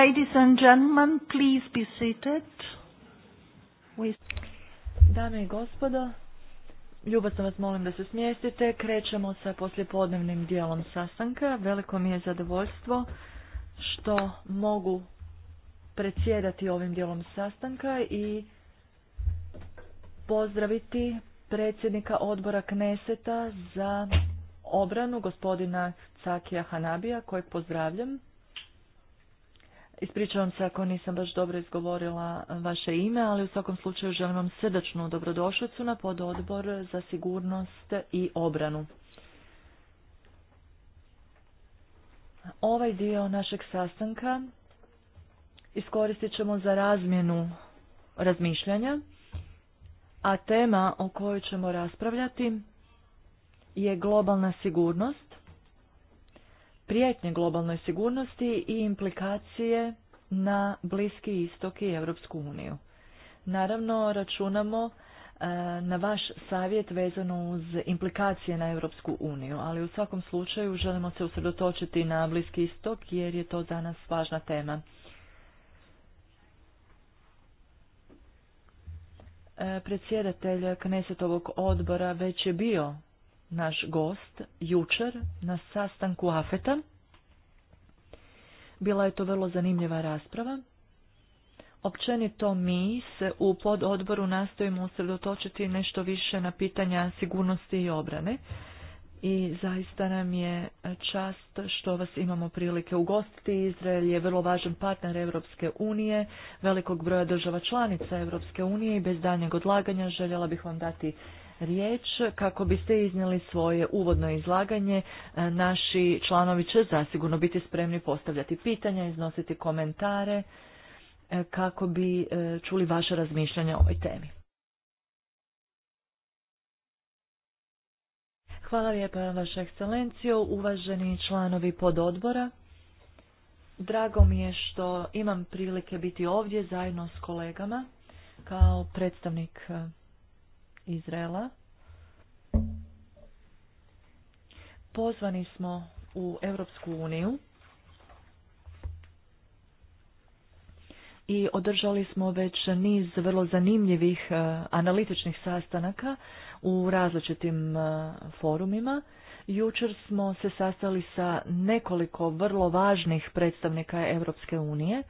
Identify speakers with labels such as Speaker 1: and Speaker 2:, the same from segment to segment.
Speaker 1: Ladies and gentlemen, please be seated. Dame i gospodo, ljubazno vas molim da se smjestite. Krećemo sa poslijepodnevnim dijelom sastanka. Veliko mi je zadovoljstvo što mogu predsjedati ovim dijelom sastanka i pozdraviti predsjednika odbora Kneseta za obranu, gospodina Cakija Hanabija, kojeg pozdravljam. Ispričavam se ako nisam baš dobro izgovorila vaše ime, ali u svakom slučaju želim vam srdačnu dobrodošlicu na pododbor za sigurnost i obranu. Ovaj dio našeg sastanka iskoristit ćemo za razmjenu razmišljanja, a tema o kojoj ćemo raspravljati je globalna sigurnost prijetnje globalnoj sigurnosti i implikacije na Bliski istok i Europsku uniju. Naravno, računamo e, na vaš savjet vezano uz implikacije na Europsku uniju, ali u svakom slučaju želimo se usredotočiti na Bliski istok jer je to danas važna tema. E, predsjedatelj Knesetovog odbora već je bio naš gost jučer na sastanku Afeta. Bila je to vrlo zanimljiva rasprava. Općenito mi se u pododboru nastojimo usredotočiti nešto više na pitanja sigurnosti i obrane i zaista nam je čast što vas imamo prilike ugostiti. Izrael je vrlo važan partner Europske unije, velikog broja država članica Europske unije i bez daljnjeg odlaganja željela bih vam dati riječ kako biste iznijeli svoje uvodno izlaganje. E, naši članovi će zasigurno biti spremni postavljati pitanja, iznositi komentare e, kako bi e, čuli vaše razmišljanja o ovoj temi. Hvala lijepa, Vaša ekscelencijo, uvaženi članovi pododbora. Drago mi je što imam prilike biti ovdje zajedno s kolegama kao predstavnik Izraela. Pozvani smo u Europsku uniju i održali smo već niz vrlo zanimljivih e, analitičnih sastanaka u različitim e, forumima. Jučer smo se sastali sa nekoliko vrlo važnih predstavnika Europske unije.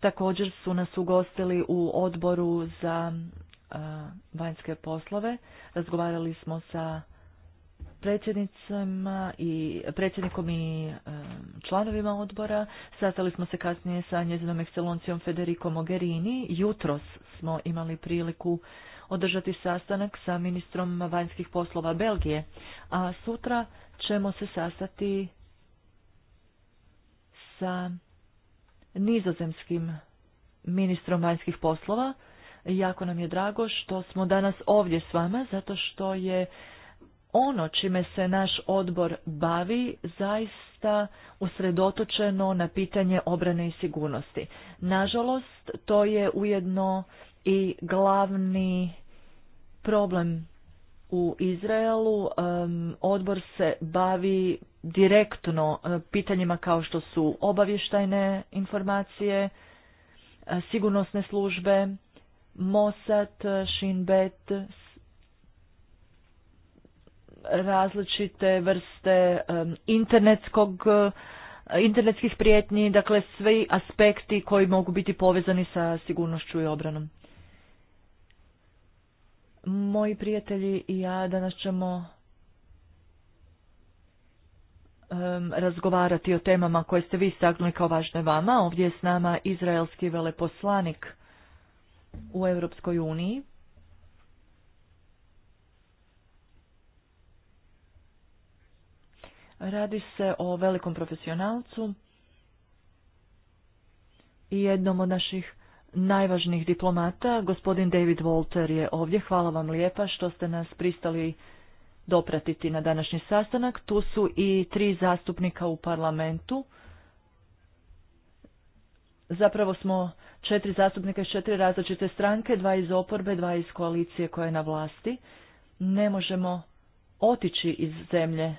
Speaker 1: Također su nas ugostili u odboru za vanjske poslove. Razgovarali smo sa i predsjednikom i članovima odbora. Sastali smo se kasnije sa njezinom ekscelencijom Federico Mogherini. Jutros smo imali priliku održati sastanak sa ministrom vanjskih poslova Belgije, a sutra ćemo se sastati sa nizozemskim ministrom vanjskih poslova Jako nam je drago što smo danas ovdje s vama, zato što je ono čime se naš odbor bavi zaista usredotočeno na pitanje obrane i sigurnosti. Nažalost, to je ujedno i glavni problem u Izraelu. Odbor se bavi direktno e, pitanjima kao što su obavještajne informacije, e, sigurnosne službe, mosat Shin različite vrste internetskog internetskih prijetnji, dakle svi aspekti koji mogu biti povezani sa sigurnošću i obranom. Moji prijatelji i ja danas ćemo razgovarati o temama koje ste vi istaknuli kao važne vama. Ovdje je s nama izraelski veleposlanik u Europskoj uniji. Radi se o velikom profesionalcu i jednom od naših najvažnijih diplomata. Gospodin David Walter je ovdje. Hvala vam lijepa što ste nas pristali dopratiti na današnji sastanak. Tu su i tri zastupnika u parlamentu Zapravo smo četiri zastupnika iz četiri različite stranke, dva iz oporbe, dva iz koalicije koja je na vlasti. Ne možemo otići iz zemlje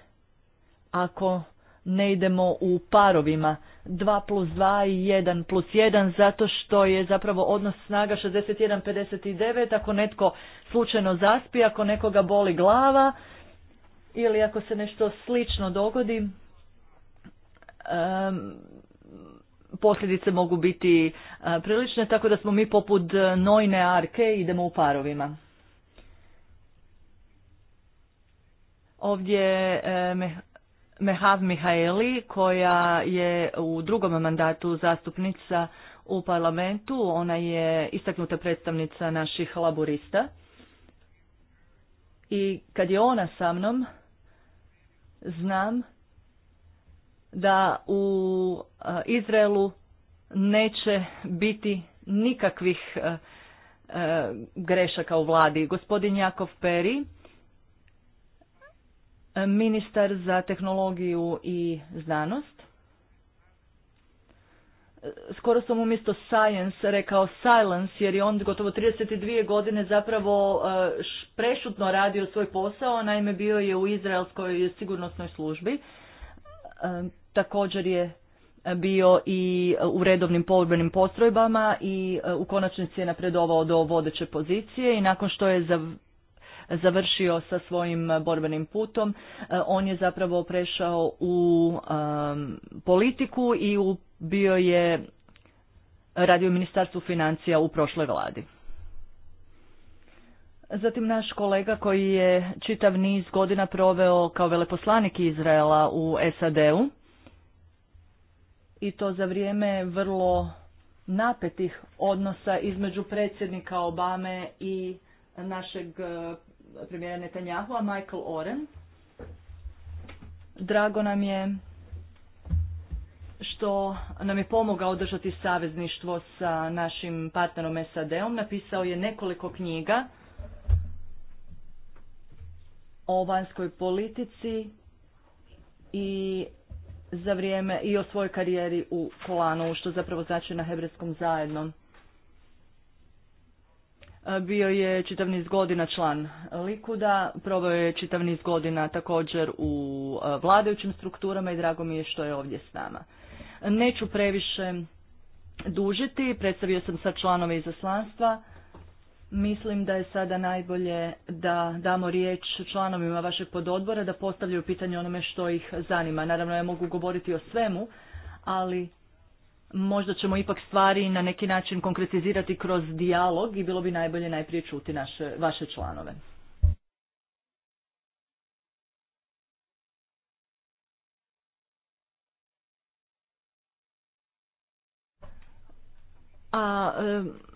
Speaker 1: ako ne idemo u parovima 2 plus 2 i 1 plus 1 zato što je zapravo odnos snaga 61-59 ako netko slučajno zaspi, ako nekoga boli glava ili ako se nešto slično dogodi um, posljedice mogu biti e, prilične, tako da smo mi poput e, nojne arke idemo u parovima. Ovdje e, Mehav Mihaeli koja je u drugom mandatu zastupnica u parlamentu, ona je istaknuta predstavnica naših laborista i kad je ona sa mnom znam da u e, Izraelu neće biti nikakvih e, e, grešaka u vladi. Gospodin Jakov Peri, ministar za tehnologiju i znanost, skoro sam umjesto science rekao silence jer je on gotovo 32 godine zapravo prešutno radio svoj posao, naime bio je u izraelskoj sigurnosnoj službi također je e, bio i e, u redovnim povrbenim postrojbama i e, u konačnici je napredovao do vodeće pozicije i nakon što je završio sa svojim borbenim putom, on je zapravo prešao u politiku i u, bio je radio u Ministarstvu financija u prošloj vladi. Zatim naš kolega koji je čitav niz godina proveo kao veleposlanik Izraela u SAD-u, i to za vrijeme vrlo napetih odnosa između predsjednika Obame i našeg e, premijera Netanjahua, Michael Oren. Drago nam je što nam je pomogao održati savezništvo sa našim partnerom SAD-om. Napisao je nekoliko knjiga o vanjskoj politici i za vrijeme i o svojoj karijeri u Kolanu, što zapravo znači na hebrejskom zajedno. E, bio je čitav niz godina član Likuda, probao je čitav niz godina također u e, vladajućim strukturama i drago mi je što je ovdje s nama. Neću previše dužiti, predstavio sam sad članove izaslanstva. Mislim da je sada najbolje da damo riječ članovima vašeg pododbora da postavljaju pitanje onome što ih zanima. Naravno ja mogu govoriti o svemu, ali možda ćemo ipak stvari na neki način konkretizirati kroz dijalog i bilo bi najbolje najprije čuti naše, vaše članove. A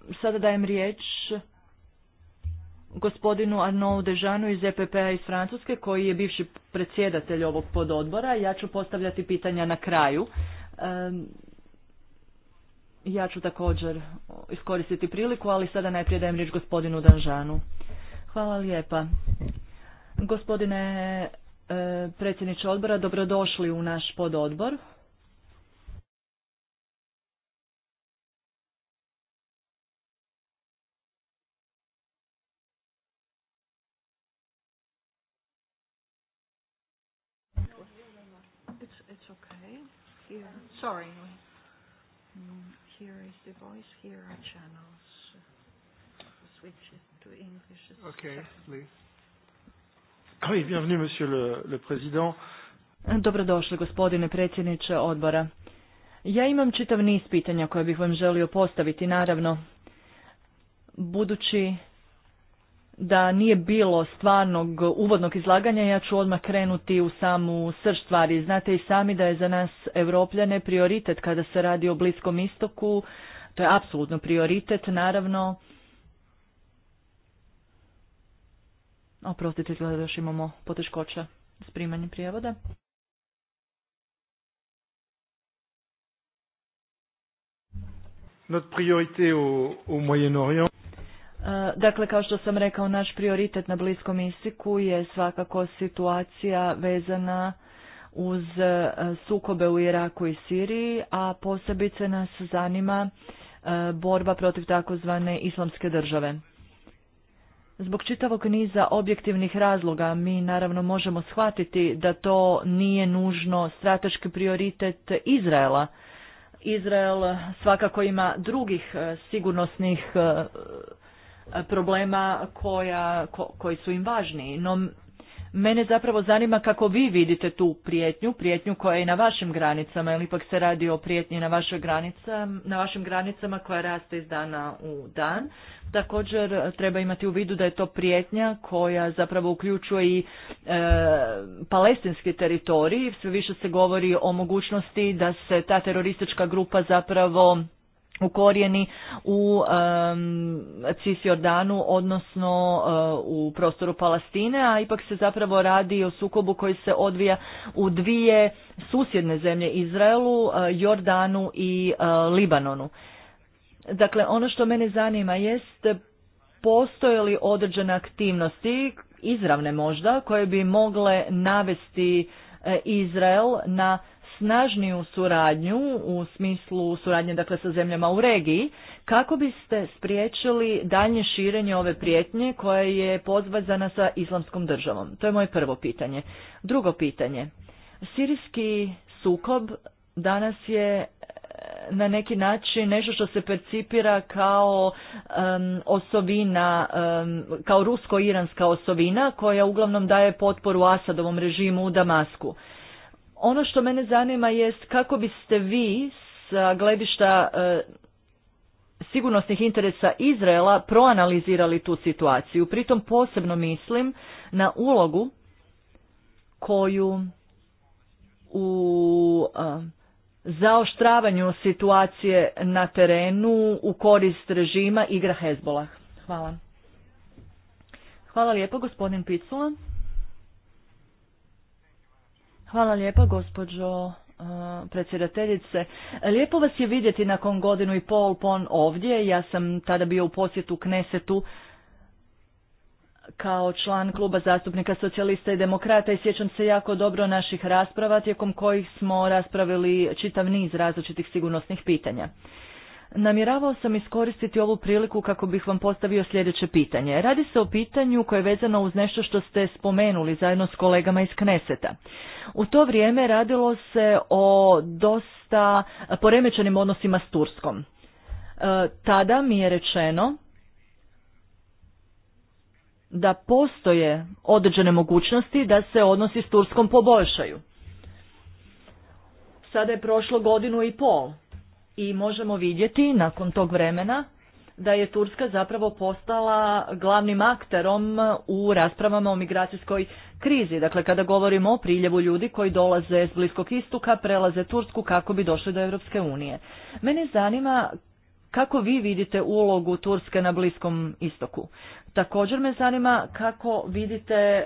Speaker 1: e, sada dajem riječ gospodinu Arnaud Dežanu iz EPP-a iz Francuske koji je bivši predsjedatelj ovog pododbora. Ja ću postavljati pitanja na kraju. Ja ću također iskoristiti priliku, ali sada najprije dajem riječ gospodinu Danžanu. Hvala lijepa. Gospodine e, predsjedniče odbora, dobrodošli u naš pododbor.
Speaker 2: Sorry. Mm, here is the voice, here are channels. Switch it to English. Okay, please.
Speaker 1: Ah oui, bienvenue, monsieur le, le président. Dobrodošli, gospodine predsjedniče odbora. Ja imam čitav niz pitanja koje bih vam želio postaviti, naravno. Budući da nije bilo stvarnog uvodnog izlaganja, ja ću odmah krenuti u samu srž stvari. Znate i sami da je za nas Evropljane prioritet kada se radi o Bliskom istoku, to je apsolutno prioritet, naravno. Oprostite, izgleda da još imamo poteškoća s primanjem prijevoda.
Speaker 2: Notre priorité au, au Moyen-Orient
Speaker 1: Eh, dakle, kao što sam rekao, naš prioritet na Bliskom istiku je svakako situacija vezana uz eh, sukobe u Iraku i Siriji, a posebice nas zanima eh, borba protiv takozvane islamske države. Zbog čitavog niza objektivnih razloga mi naravno možemo shvatiti da to nije nužno strateški prioritet Izraela. Izrael svakako ima drugih sigurnosnih problema koja, ko, koji su im važniji. No, mene zapravo zanima kako vi vidite tu prijetnju, prijetnju koja je na vašim granicama, ili ipak se radi o prijetnji na, vašoj granica, na vašim granicama koja raste iz dana u dan. Također treba imati u vidu da je to prijetnja koja zapravo uključuje i e, palestinski teritorij. Sve više se govori o mogućnosti da se ta teroristička grupa zapravo ukorijeni u um, Cisjordanu, odnosno eh, u prostoru Palestine, a ipak se zapravo radi o sukobu koji se odvija u dvije susjedne zemlje Izraelu, eh, Jordanu i eh, Libanonu. Dakle, ono što mene zanima jest postoje li određene aktivnosti, izravne možda, koje bi mogle navesti Izrael na snažniju suradnju u smislu suradnje dakle sa zemljama u regiji kako biste spriječili daljnje širenje ove prijetnje koja je pozvazana sa islamskom državom? To je moje prvo pitanje. Drugo pitanje. Sirijski sukob danas je e, na neki način nešto što se percipira kao um, osovina, kao rusko-iranska osovina koja uglavnom daje potporu Asadovom režimu u Damasku. Ono što mene zanima jest kako biste vi sa gledišta e, sigurnosnih interesa Izraela proanalizirali tu situaciju. Pritom posebno mislim na ulogu koju u e, zaoštravanju situacije na terenu u korist režima igra Hezbolah. Hvala. Hvala lijepo gospodin Picula. Hvala lijepa gospođo e, predsjedateljice. Lijepo vas je vidjeti nakon godinu i pol pon ovdje. Ja sam tada bio u posjetu Knesetu kao član kluba zastupnika socijalista i demokrata i sjećam se jako dobro naših rasprava tijekom kojih smo raspravili čitav niz različitih sigurnosnih pitanja. Namjeravao sam iskoristiti ovu priliku kako bih vam postavio sljedeće pitanje. Radi se o pitanju koje je vezano uz nešto što ste spomenuli zajedno s kolegama iz Kneseta. U to vrijeme radilo se o dosta poremećenim odnosima s Turskom. E, tada mi je rečeno da postoje određene mogućnosti da se odnosi s Turskom poboljšaju. Sada je prošlo godinu i pol i možemo vidjeti nakon tog vremena da je Turska zapravo postala glavnim akterom u raspravama o migracijskoj krizi. Dakle, kada govorimo o priljevu ljudi koji dolaze s Bliskog istoka, prelaze Tursku kako bi došli do Europske unije. Mene zanima kako vi vidite ulogu Turske na Bliskom istoku? Također me zanima kako vidite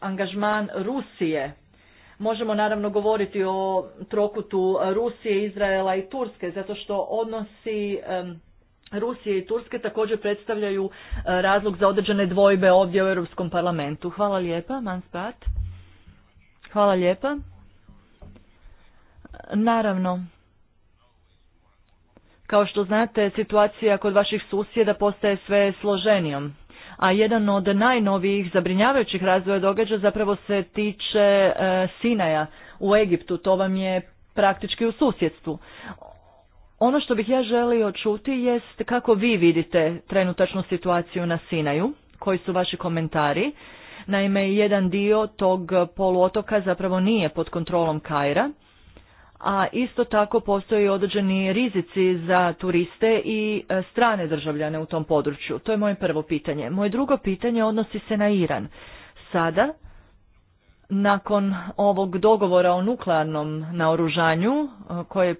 Speaker 1: angažman Rusije Možemo naravno govoriti o trokutu Rusije, Izraela i Turske, zato što odnosi Rusije i Turske također predstavljaju eh, razlog za određene dvojbe ovdje u Europskom parlamentu. Hvala lijepa, Manspat. Hvala lijepa. Naravno, kao što znate, situacija kod vaših susjeda postaje sve složenijom a jedan od najnovijih zabrinjavajućih razvoja događa zapravo se tiče e, Sinaja u Egiptu, to vam je praktički u susjedstvu. Ono što bih ja želio čuti jest kako vi vidite trenutačnu situaciju na Sinaju, koji su vaši komentari. Naime, jedan dio tog poluotoka zapravo nije pod kontrolom Kaira a isto tako postoje određeni rizici za turiste i e, strane državljane u tom području. To je moje prvo pitanje. Moje drugo pitanje odnosi se na Iran. Sada, nakon ovog dogovora o nuklearnom naoružanju e, koje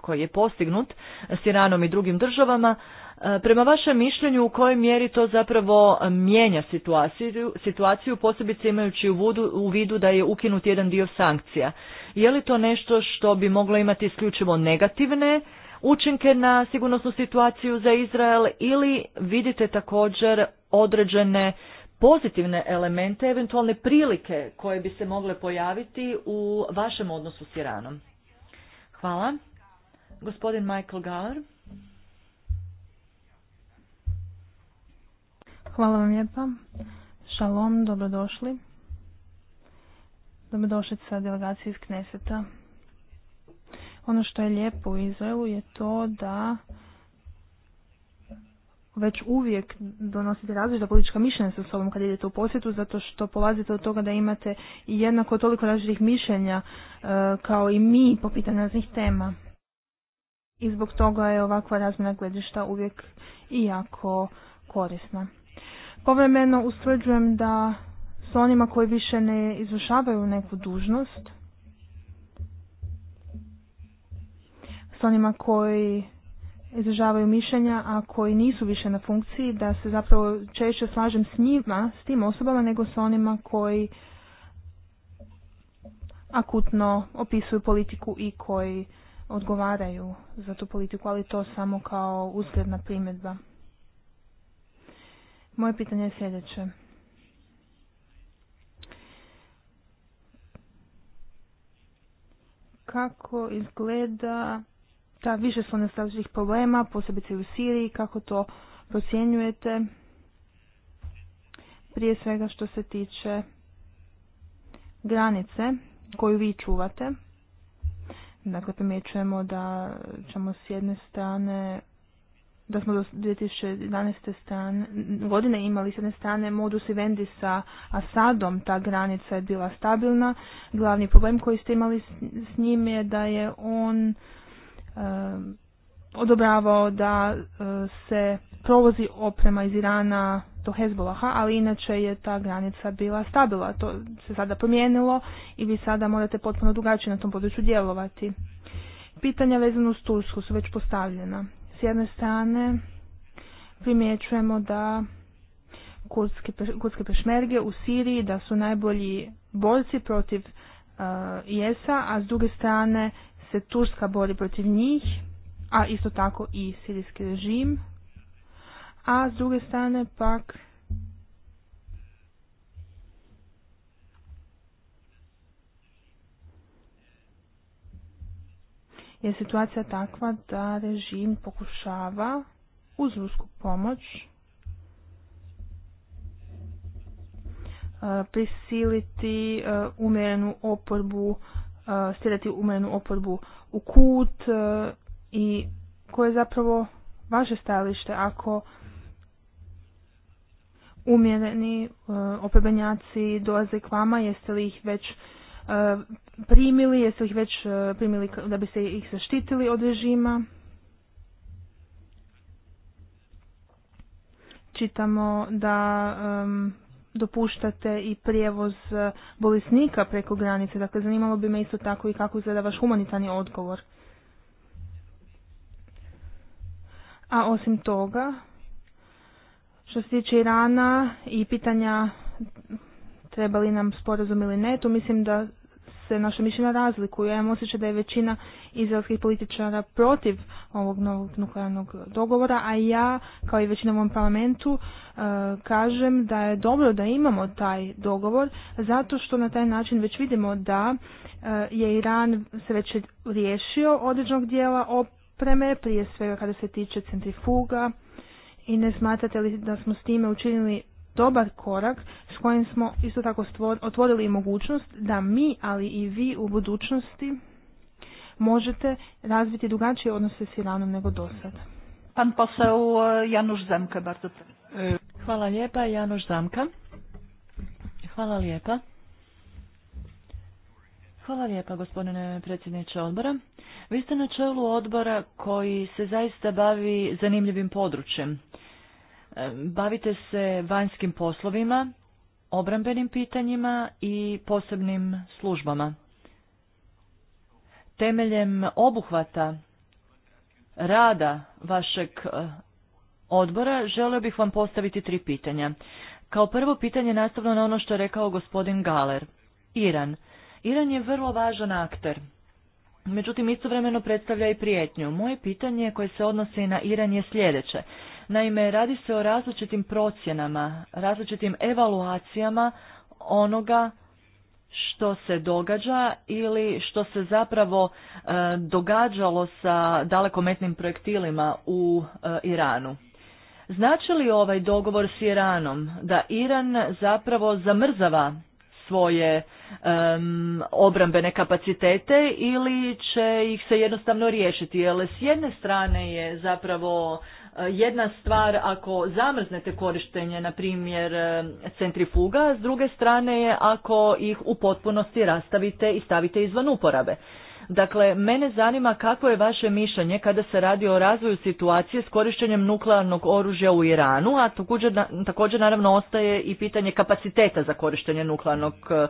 Speaker 1: koji je postignut s Iranom i drugim državama, E, prema vašem mišljenju u kojoj mjeri to zapravo mijenja situaciju, situaciju posebice imajući u, vidu da je ukinut jedan dio sankcija. Je li to nešto što bi moglo imati isključivo negativne učinke na sigurnosnu situaciju za Izrael ili vidite također određene pozitivne elemente, eventualne prilike koje bi se mogle pojaviti u vašem odnosu s Iranom? Hvala. Gospodin Michael Gower.
Speaker 3: Hvala vam lijepa. Šalom, dobrodošli. Dobrodošli sa delegacije iz Kneseta. Ono što je lijepo u Izraelu je to da već uvijek donosite različita politička mišljenja sa sobom kad idete u posjetu, zato što polazite od toga da imate jednako toliko različitih mišljenja e, kao i mi po pitanju raznih tema. I zbog toga je ovakva razmjena gledišta uvijek i jako korisna. Povremeno ustvrđujem da s onima koji više ne izvršavaju neku dužnost, s onima koji izražavaju mišljenja, a koji nisu više na funkciji, da se zapravo češće slažem s njima, s tim osobama, nego s onima koji akutno opisuju politiku i koji odgovaraju za tu politiku, ali to samo kao usljedna primjedba. Moje pitanje je sljedeće. Kako izgleda ta više slone problema, posebice u Siriji, kako to procjenjujete? Prije svega što se tiče granice koju vi čuvate. Dakle, primjećujemo da ćemo s jedne strane da smo do 2011. Stan, godine imali s jedne strane modus vendi sa Asadom, ta granica je bila stabilna. Glavni problem koji ste imali s, njim je da je on eh, odobravao da eh, se provozi oprema iz Irana do Hezbolaha, ali inače je ta granica bila stabilna. To se sada promijenilo i vi sada morate potpuno drugačije na tom području djelovati. Pitanja vezano uz Tursku su već postavljena. S jedne strane primjećujemo da kurske kurdske pešmerge u Siriji da su najbolji borci protiv uh, a a s druge strane se Turska bori protiv njih, a isto tako i sirijski režim. A s druge strane pak je situacija takva da režim pokušava uz rusku pomoć eh, prisiliti eh, umjerenu oporbu, eh, stirati umjerenu oporbu u kut i koje je zapravo vaše stajalište ako umjereni oporbenjaci dolaze k vama, jeste li ih već E, primili, jesu ih već e, primili da bi se ih zaštitili od režima. Čitamo da dopuštate i prijevoz e, bolesnika preko granice. Dakle, zanimalo bi me isto tako i kako izgleda vaš humanitarni odgovor. A osim toga, što se tiče Irana i pitanja treba li nam sporazum ili ne, to mislim da se naša mišljenja razlikuju. Ja imam osjećaj da je većina izraelskih političara protiv ovog novog nuklearnog dogovora, a ja, kao i većina u ovom parlamentu, e, kažem da je dobro da imamo taj dogovor, zato što na taj način već vidimo da e, je Iran se već riješio određenog dijela opreme, prije svega kada se tiče centrifuga, i ne smatrate li da smo s time učinili dobar korak s kojim smo isto tako otvorili mogućnost da mi, ali i vi u budućnosti možete razviti
Speaker 1: drugačije odnose s Iranom nego do sada. Pan posao e, Januš Zamka, bardzo e, Hvala lijepa, Januš Zamka. Hvala lijepa. Hvala lijepa, gospodine predsjedniče odbora. Vi ste na čelu odbora koji se zaista bavi zanimljivim područjem. Bavite se vanjskim poslovima, obrambenim pitanjima i posebnim službama. Temeljem obuhvata rada vašeg eh, odbora želio bih vam postaviti tri pitanja. Kao prvo pitanje nastavno na ono što je rekao gospodin Galer. Iran. Iran je vrlo važan akter. Međutim, istovremeno predstavlja i prijetnju. Moje pitanje koje se odnosi na Iran je sljedeće. Naime, radi se o različitim procjenama, različitim evaluacijama onoga što se događa ili što se zapravo e, događalo sa dalekometnim projektilima u e, Iranu. Znači li ovaj dogovor s Iranom da Iran zapravo zamrzava svoje obrambene kapacitete ili će ih se jednostavno riješiti. Jer s jedne strane je zapravo jedna stvar ako zamrznete korištenje, na primjer, e, centrifuga, s druge strane je ako ih u potpunosti rastavite i stavite izvan uporabe. Dakle, mene zanima kako je vaše mišljenje kada se radi o razvoju situacije s korištenjem nuklearnog oružja u Iranu, a također naravno ostaje i pitanje kapaciteta za korištenje nuklearnog e,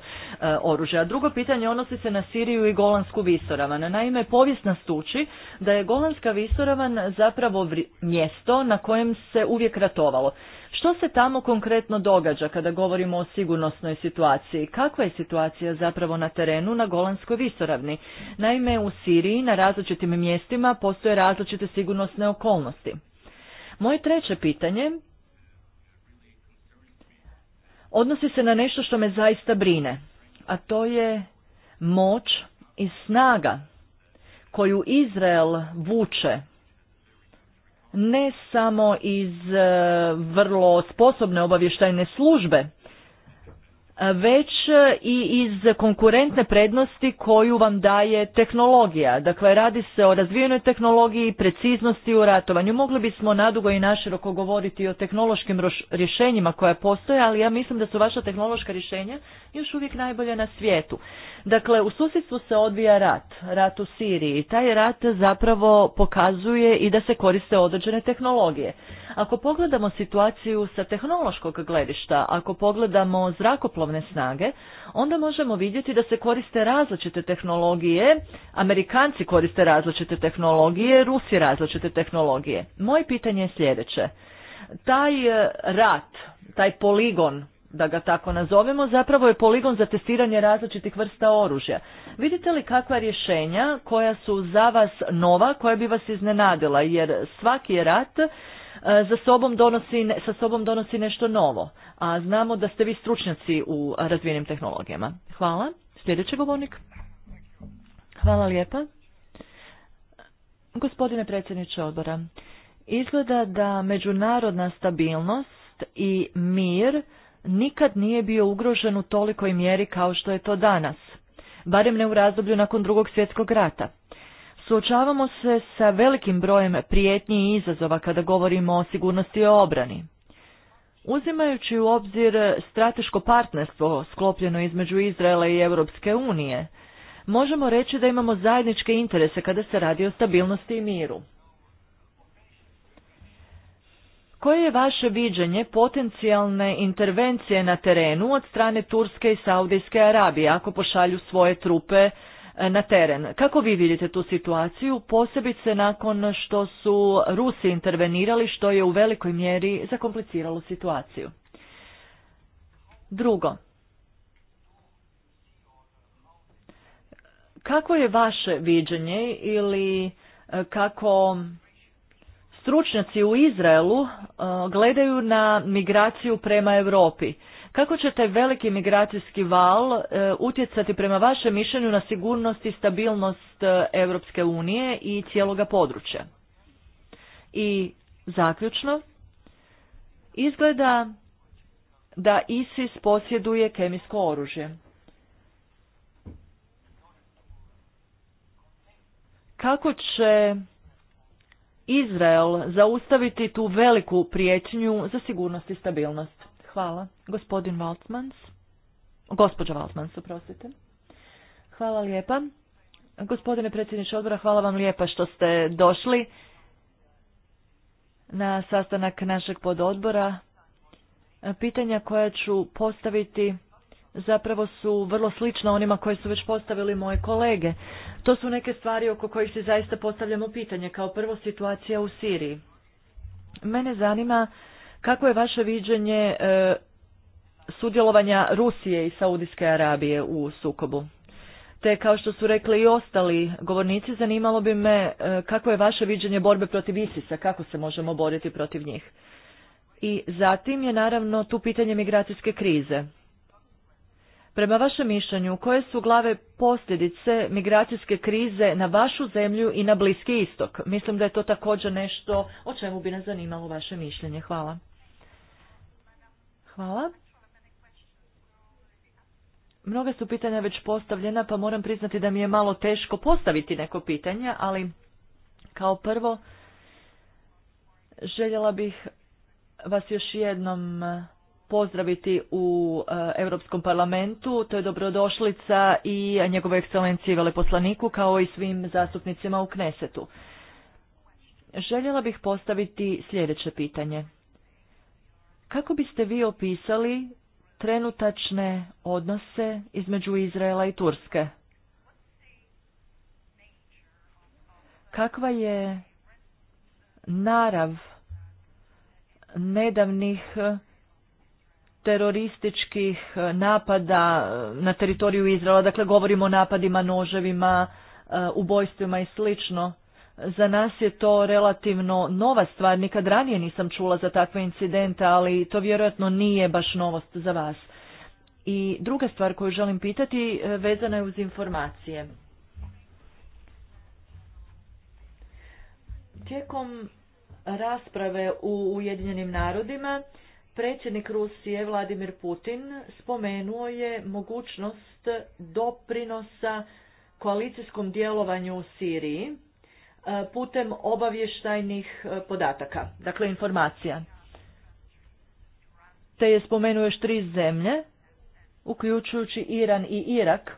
Speaker 1: oružja. Drugo pitanje odnosi se na Siriju i Golansku visoravan. Naime, povijest nas tuči da je Golanska visoravan zapravo mjesto na kojem se uvijek ratovalo. Što se tamo konkretno događa kada govorimo o sigurnosnoj situaciji? Kakva je situacija zapravo na terenu na Golanskoj visoravni? Naime, u Siriji na različitim mjestima postoje različite sigurnosne okolnosti. Moje treće pitanje odnosi se na nešto što me zaista brine, a to je moć i snaga koju Izrael vuče ne samo iz e, vrlo sposobne obavještajne službe već e, i iz konkurentne prednosti koju vam daje tehnologija. Dakle, radi se o razvijenoj tehnologiji, preciznosti u ratovanju. Mogli bismo nadugo i naširoko govoriti o tehnološkim rješenjima koja postoje, ali ja mislim da su vaša tehnološka rješenja još uvijek najbolje na svijetu. Dakle, u susjedstvu se odvija rat, rat u Siriji. Taj rat zapravo pokazuje i da se koriste određene tehnologije. Ako pogledamo situaciju sa tehnološkog gledišta, ako pogledamo zrakoplovne snage, onda možemo vidjeti da se koriste različite tehnologije, Amerikanci koriste različite tehnologije, Rusi različite tehnologije. Moje pitanje je sljedeće. Taj e, rat, taj poligon da ga tako nazovemo, zapravo je poligon za testiranje različitih vrsta oružja. Vidite li kakva rješenja koja su za vas nova, koja bi vas iznenadila, jer svaki rat E, za sobom donosi, sa sobom donosi nešto novo, a znamo da ste vi stručnjaci u razvijenim tehnologijama. Hvala. Sljedeći govornik. Hvala lijepa. Gospodine predsjedniče odbora, izgleda da međunarodna stabilnost i mir nikad nije bio ugrožen u tolikoj mjeri kao što je to danas, barem ne u razdoblju nakon drugog svjetskog rata. Suočavamo se sa velikim brojem prijetnji i izazova kada govorimo o sigurnosti i obrani. Uzimajući u obzir strateško partnerstvo sklopljeno između Izraela i Europske unije, možemo reći da imamo zajedničke interese kada se radi o stabilnosti i miru. Koje je vaše viđenje potencijalne intervencije na terenu od strane Turske i Saudijske Arabije ako pošalju svoje trupe na teren. Kako vi vidite tu situaciju, posebice nakon što su Rusi intervenirali, što je u velikoj mjeri zakompliciralo situaciju? Drugo, kako je vaše viđenje ili e, kako stručnjaci u Izraelu e, gledaju na migraciju prema Europi? Kako će taj veliki migracijski val e, utjecati prema vašem mišljenju na sigurnost i stabilnost e, Europske unije i cijeloga područja? I zaključno, izgleda da ISIS posjeduje kemijsko oružje. Kako će Izrael zaustaviti tu veliku prijetnju za sigurnost i stabilnost? Hvala. Gospodin Valtmans. Gospođa Valtmans, oprostite. Hvala lijepa. Gospodine predsjedniče odbora, hvala vam lijepa što ste došli na sastanak našeg pododbora. Pitanja koja ću postaviti zapravo su vrlo slična onima koje su već postavili moje kolege. To su neke stvari oko kojih se zaista postavljamo pitanje. Kao prvo situacija u Siriji. Mene zanima kako je vaše viđenje e, sudjelovanja Rusije i Saudijske Arabije u sukobu. Te kao što su rekli i ostali govornici, zanimalo bi me e, kako je vaše viđenje borbe protiv ISIS-a, kako se možemo boriti protiv njih. I zatim je naravno tu pitanje migracijske krize. Prema vašem mišljenju, koje su glave posljedice migracijske krize na vašu zemlju i na Bliski istok? Mislim da je to također nešto o čemu bi nas zanimalo vaše mišljenje. Hvala. Hvala. Mnoga su pitanja već postavljena, pa moram priznati da mi je malo teško postaviti neko pitanje, ali kao prvo željela bih vas još jednom pozdraviti u e, Europskom parlamentu. To je dobrodošlica i njegove ekscelencije veleposlaniku kao i svim zastupnicima u Knesetu. Željela bih postaviti sljedeće pitanje. Kako biste vi opisali trenutačne odnose između Izraela i Turske. Kakva je narav nedavnih terorističkih napada na teritoriju Izraela, dakle govorimo o napadima, noževima, e, ubojstvima i slično. Za nas je to relativno nova stvar, nikad ranije nisam čula za takve incidente, ali to vjerojatno nije baš novost za vas. I druga stvar koju želim pitati e, vezana je uz informacije. Tijekom rasprave u Ujedinjenim narodima predsjednik Rusije Vladimir Putin spomenuo je mogućnost doprinosa koalicijskom djelovanju u Siriji E, putem obavještajnih e, podataka, dakle informacija. Te je spomenuo još tri zemlje, uključujući Iran i Irak,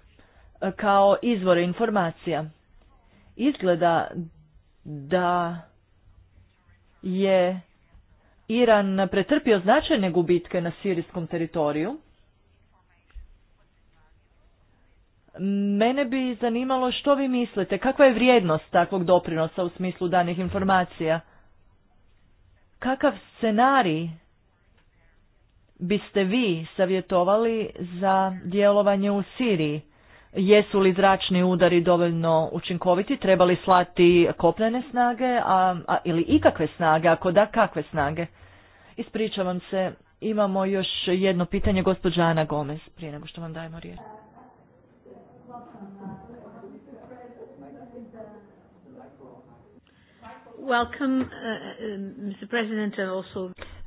Speaker 1: e, kao izvore informacija. Izgleda da je Iran pretrpio značajne gubitke na sirijskom teritoriju, Mene bi zanimalo što vi mislite, kakva je vrijednost takvog doprinosa u smislu danih informacija? Kakav scenarij biste vi savjetovali za djelovanje u Siriji? Jesu li zračni udari dovoljno učinkoviti? trebali slati kopnene snage a, a, ili ikakve snage? Ako da, kakve snage? Ispričavam se, imamo još jedno pitanje gospođa Ana Gomez prije nego što vam dajemo riječ.
Speaker 2: Uh, um,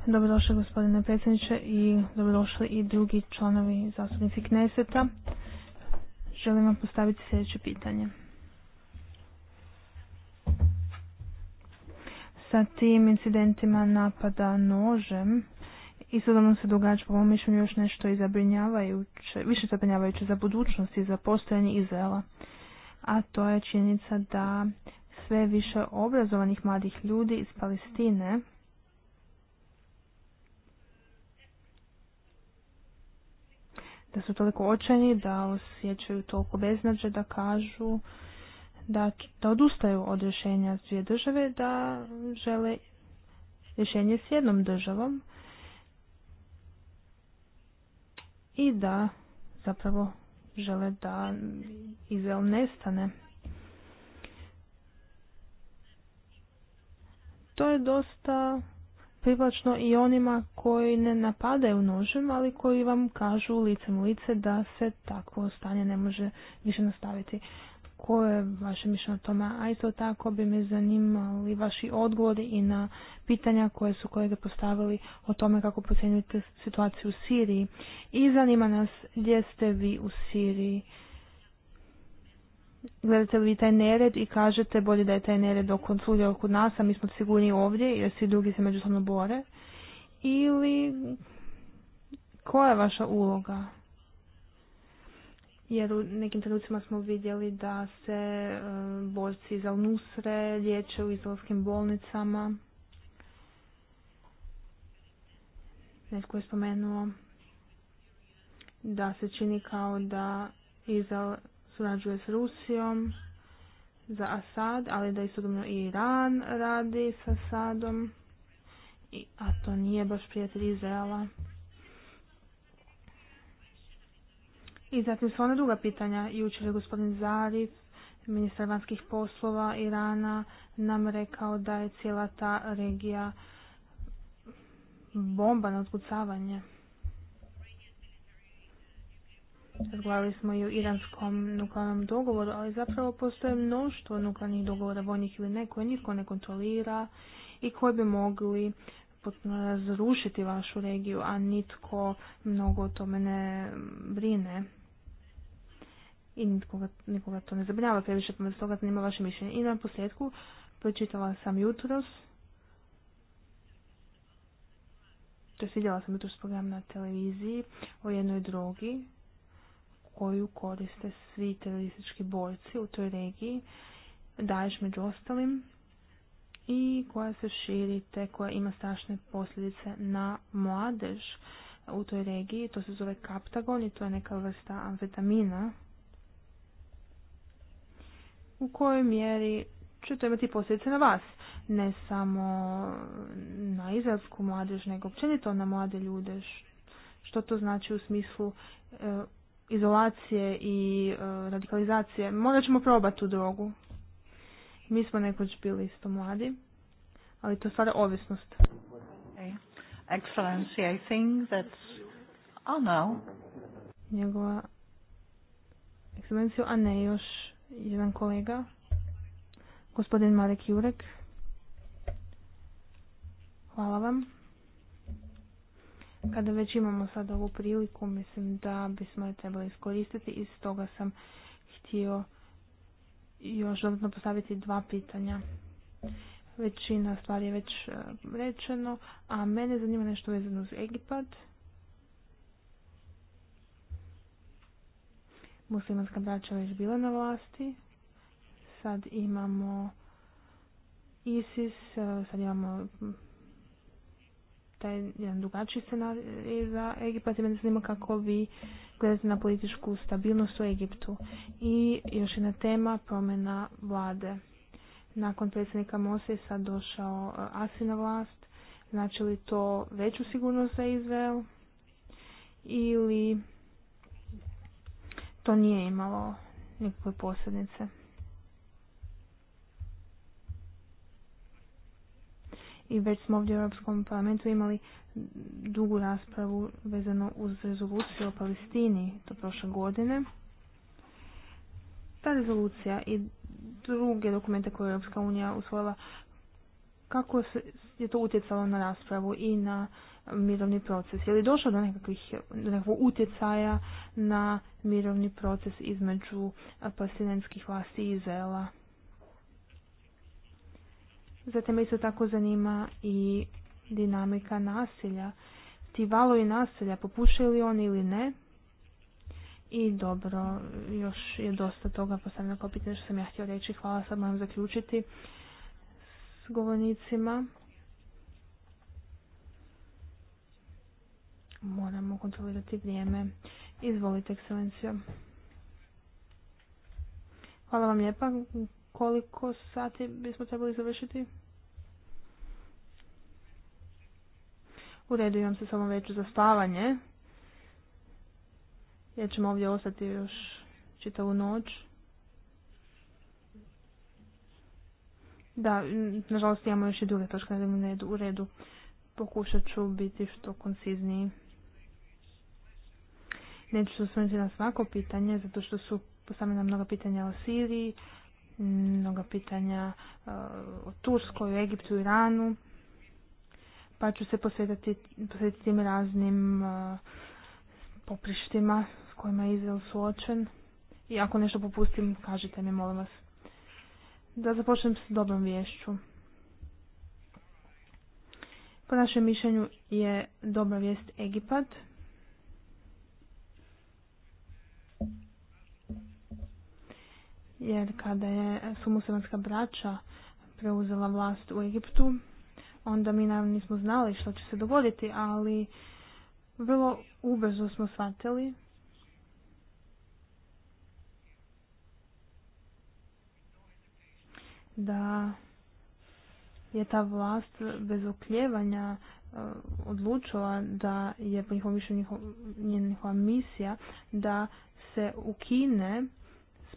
Speaker 3: dobrodošli gospodine predsjedniče i dobrodošli i drugi članovi zastupnici Kneseta. Želim vam postaviti sljedeće pitanje. Sa tim incidentima napada nožem I Istodobno se događa po mom mišljenju još nešto i zabrinjavajuće, više zabrinjavajuće za budućnost i za postojanje Izraela. A to je činjenica da sve više obrazovanih mladih ljudi iz Palestine da su toliko očajni da osjećaju toliko beznađe da kažu da, da odustaju od rješenja s dvije države, da žele rješenje s jednom državom i da zapravo žele da Izrael nestane. to je dosta privlačno i onima koji ne napadaju nožem, ali koji vam kažu licem u lice da se takvo stanje ne može više nastaviti. Koje je vaše mišljenje o tome? A isto tako bi me zanimali vaši odgovori i na pitanja koje su kolege postavili o tome kako procjenjujete situaciju u Siriji. I zanima nas gdje ste vi u Siriji gledate li vi taj nered i kažete bolje da je taj nered oko svugdje oko nas, a mi smo sigurni ovdje jer svi drugi se međusobno bore? Ili koja je vaša uloga? Jer u nekim trenucima smo vidjeli da se e, borci za unusre liječe u izolskim bolnicama. Netko je spomenuo da se čini kao da Izrael surađuje s Rusijom za Asad, ali da istodobno i Iran radi sa Asadom, a to nije baš prijatelj Izraela. I zatim su ona druga pitanja. Jučer je gospodin Zarif, ministar vanjskih poslova Irana, nam rekao da je cijela ta regija bomba na odgucavanje. Razgovarali smo i o iranskom nuklearnom dogovoru, ali zapravo postoje mnoštvo nuklearnih dogovora, vojnih ili ne, koje nitko ne kontrolira i koje bi mogli potpuno razrušiti vašu regiju, a nitko mnogo o tome ne brine. I nikoga, nikoga to ne zabrinjava previše, pa toga zanima vaše mišljenje. I na posljedku pročitala sam jutros, to vidjela sam jutros program na televiziji o jednoj drogi koju koriste svi teroristički borci u toj regiji, daješ među ostalim, i koja se širi te koja ima strašne posljedice na mladež u toj regiji. To se zove kaptagon i to je neka vrsta amfetamina u kojoj mjeri će to imati posljedice na vas. Ne samo na izraelsku mladež, nego općenito na mlade ljude. Što to znači u smislu e, izolacije i e, radikalizacije, Možda ćemo probati tu drogu. Mi smo nekoć bili isto mladi, ali to stvara ovisnost. Okay. Excellency, I think that's... Oh no. Njegova a ne još jedan kolega, gospodin Marek Jurek. Hvala vam. Kada već imamo sad ovu priliku, mislim da bismo je trebali iskoristiti i stoga sam htio još dodatno postaviti dva pitanja. Većina stvari je već e, rečeno, a mene zanima nešto vezano uz Egipat. Muslimanska braća već bila na vlasti. Sad imamo ISIS, e, sad imamo taj jedan drugačiji scenarij za Egipat i mene zanima kako vi gledate na političku stabilnost u Egiptu. I još jedna tema promjena vlade. Nakon predsjednika Mose sad došao eh, Asi na vlast. Znači li to veću sigurnost za Izrael ili to nije imalo nikakve posljedice? i već smo ovdje u Europskom parlamentu imali dugu raspravu vezano uz rezoluciju o Palestini to prošle godine. Ta rezolucija i druge dokumente koje je Europska unija usvojila, kako je to utjecalo na raspravu i na mirovni proces? Je li došlo do nekakvih do nekakvog utjecaja na mirovni proces između palestinenskih vlasti i Izraela? Zatim isto tako zanima i dinamika nasilja. Ti i nasilja, popušaju li oni ili ne? I dobro, još je dosta toga postavljeno kao pitanje što sam ja htio reći. Hvala, sad moram zaključiti s govornicima. Moramo kontrolirati vrijeme. Izvolite, ekscelencija. Hvala vam lijepa, koliko sati bismo trebali završiti? U redu imam se samo već za spavanje. Ja ćemo ovdje ostati još čitavu noć. Da, nažalost imamo još i druge točke na redu. U redu pokušat ću biti što koncizniji. Neću se osvrnuti na svako pitanje, zato što su postavljena mnoga pitanja o Siriji, mnoga pitanja e, o Turskoj, Egiptu, Iranu, pa ću se posvetiti, posvetiti tim raznim e, poprištima s kojima je Izrael suočen. I ako nešto popustim, kažite mi, molim vas. Da započnem s dobrom vješću. Po našem mišljenju je dobra vijest Egipat, jer kada je, su muslimanska braća preuzela vlast u Egiptu, onda mi naravno nismo znali što će se dogoditi, ali vrlo ubrzo smo shvatili da je ta vlast bez okljevanja e, odlučila da je njihova misija da se ukine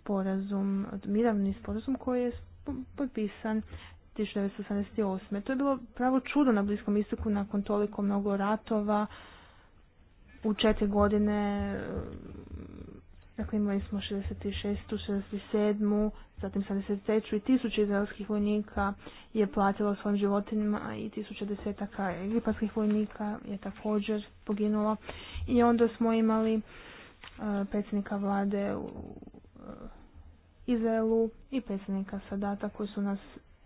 Speaker 3: sporazum, mirovni sporazum koji je potpisan 1988. To je bilo pravo čudo na Bliskom istoku nakon toliko mnogo ratova. U četiri godine dakle, imali smo
Speaker 2: 66.
Speaker 3: 67. zatim 73. i tisuće izraelskih vojnika je platilo svojim životinima i tisuće desetaka egipatskih vojnika je također poginulo. I onda smo imali eh, predsjednika vlade u eh, Izraelu i predsjednika Sadata koji su nas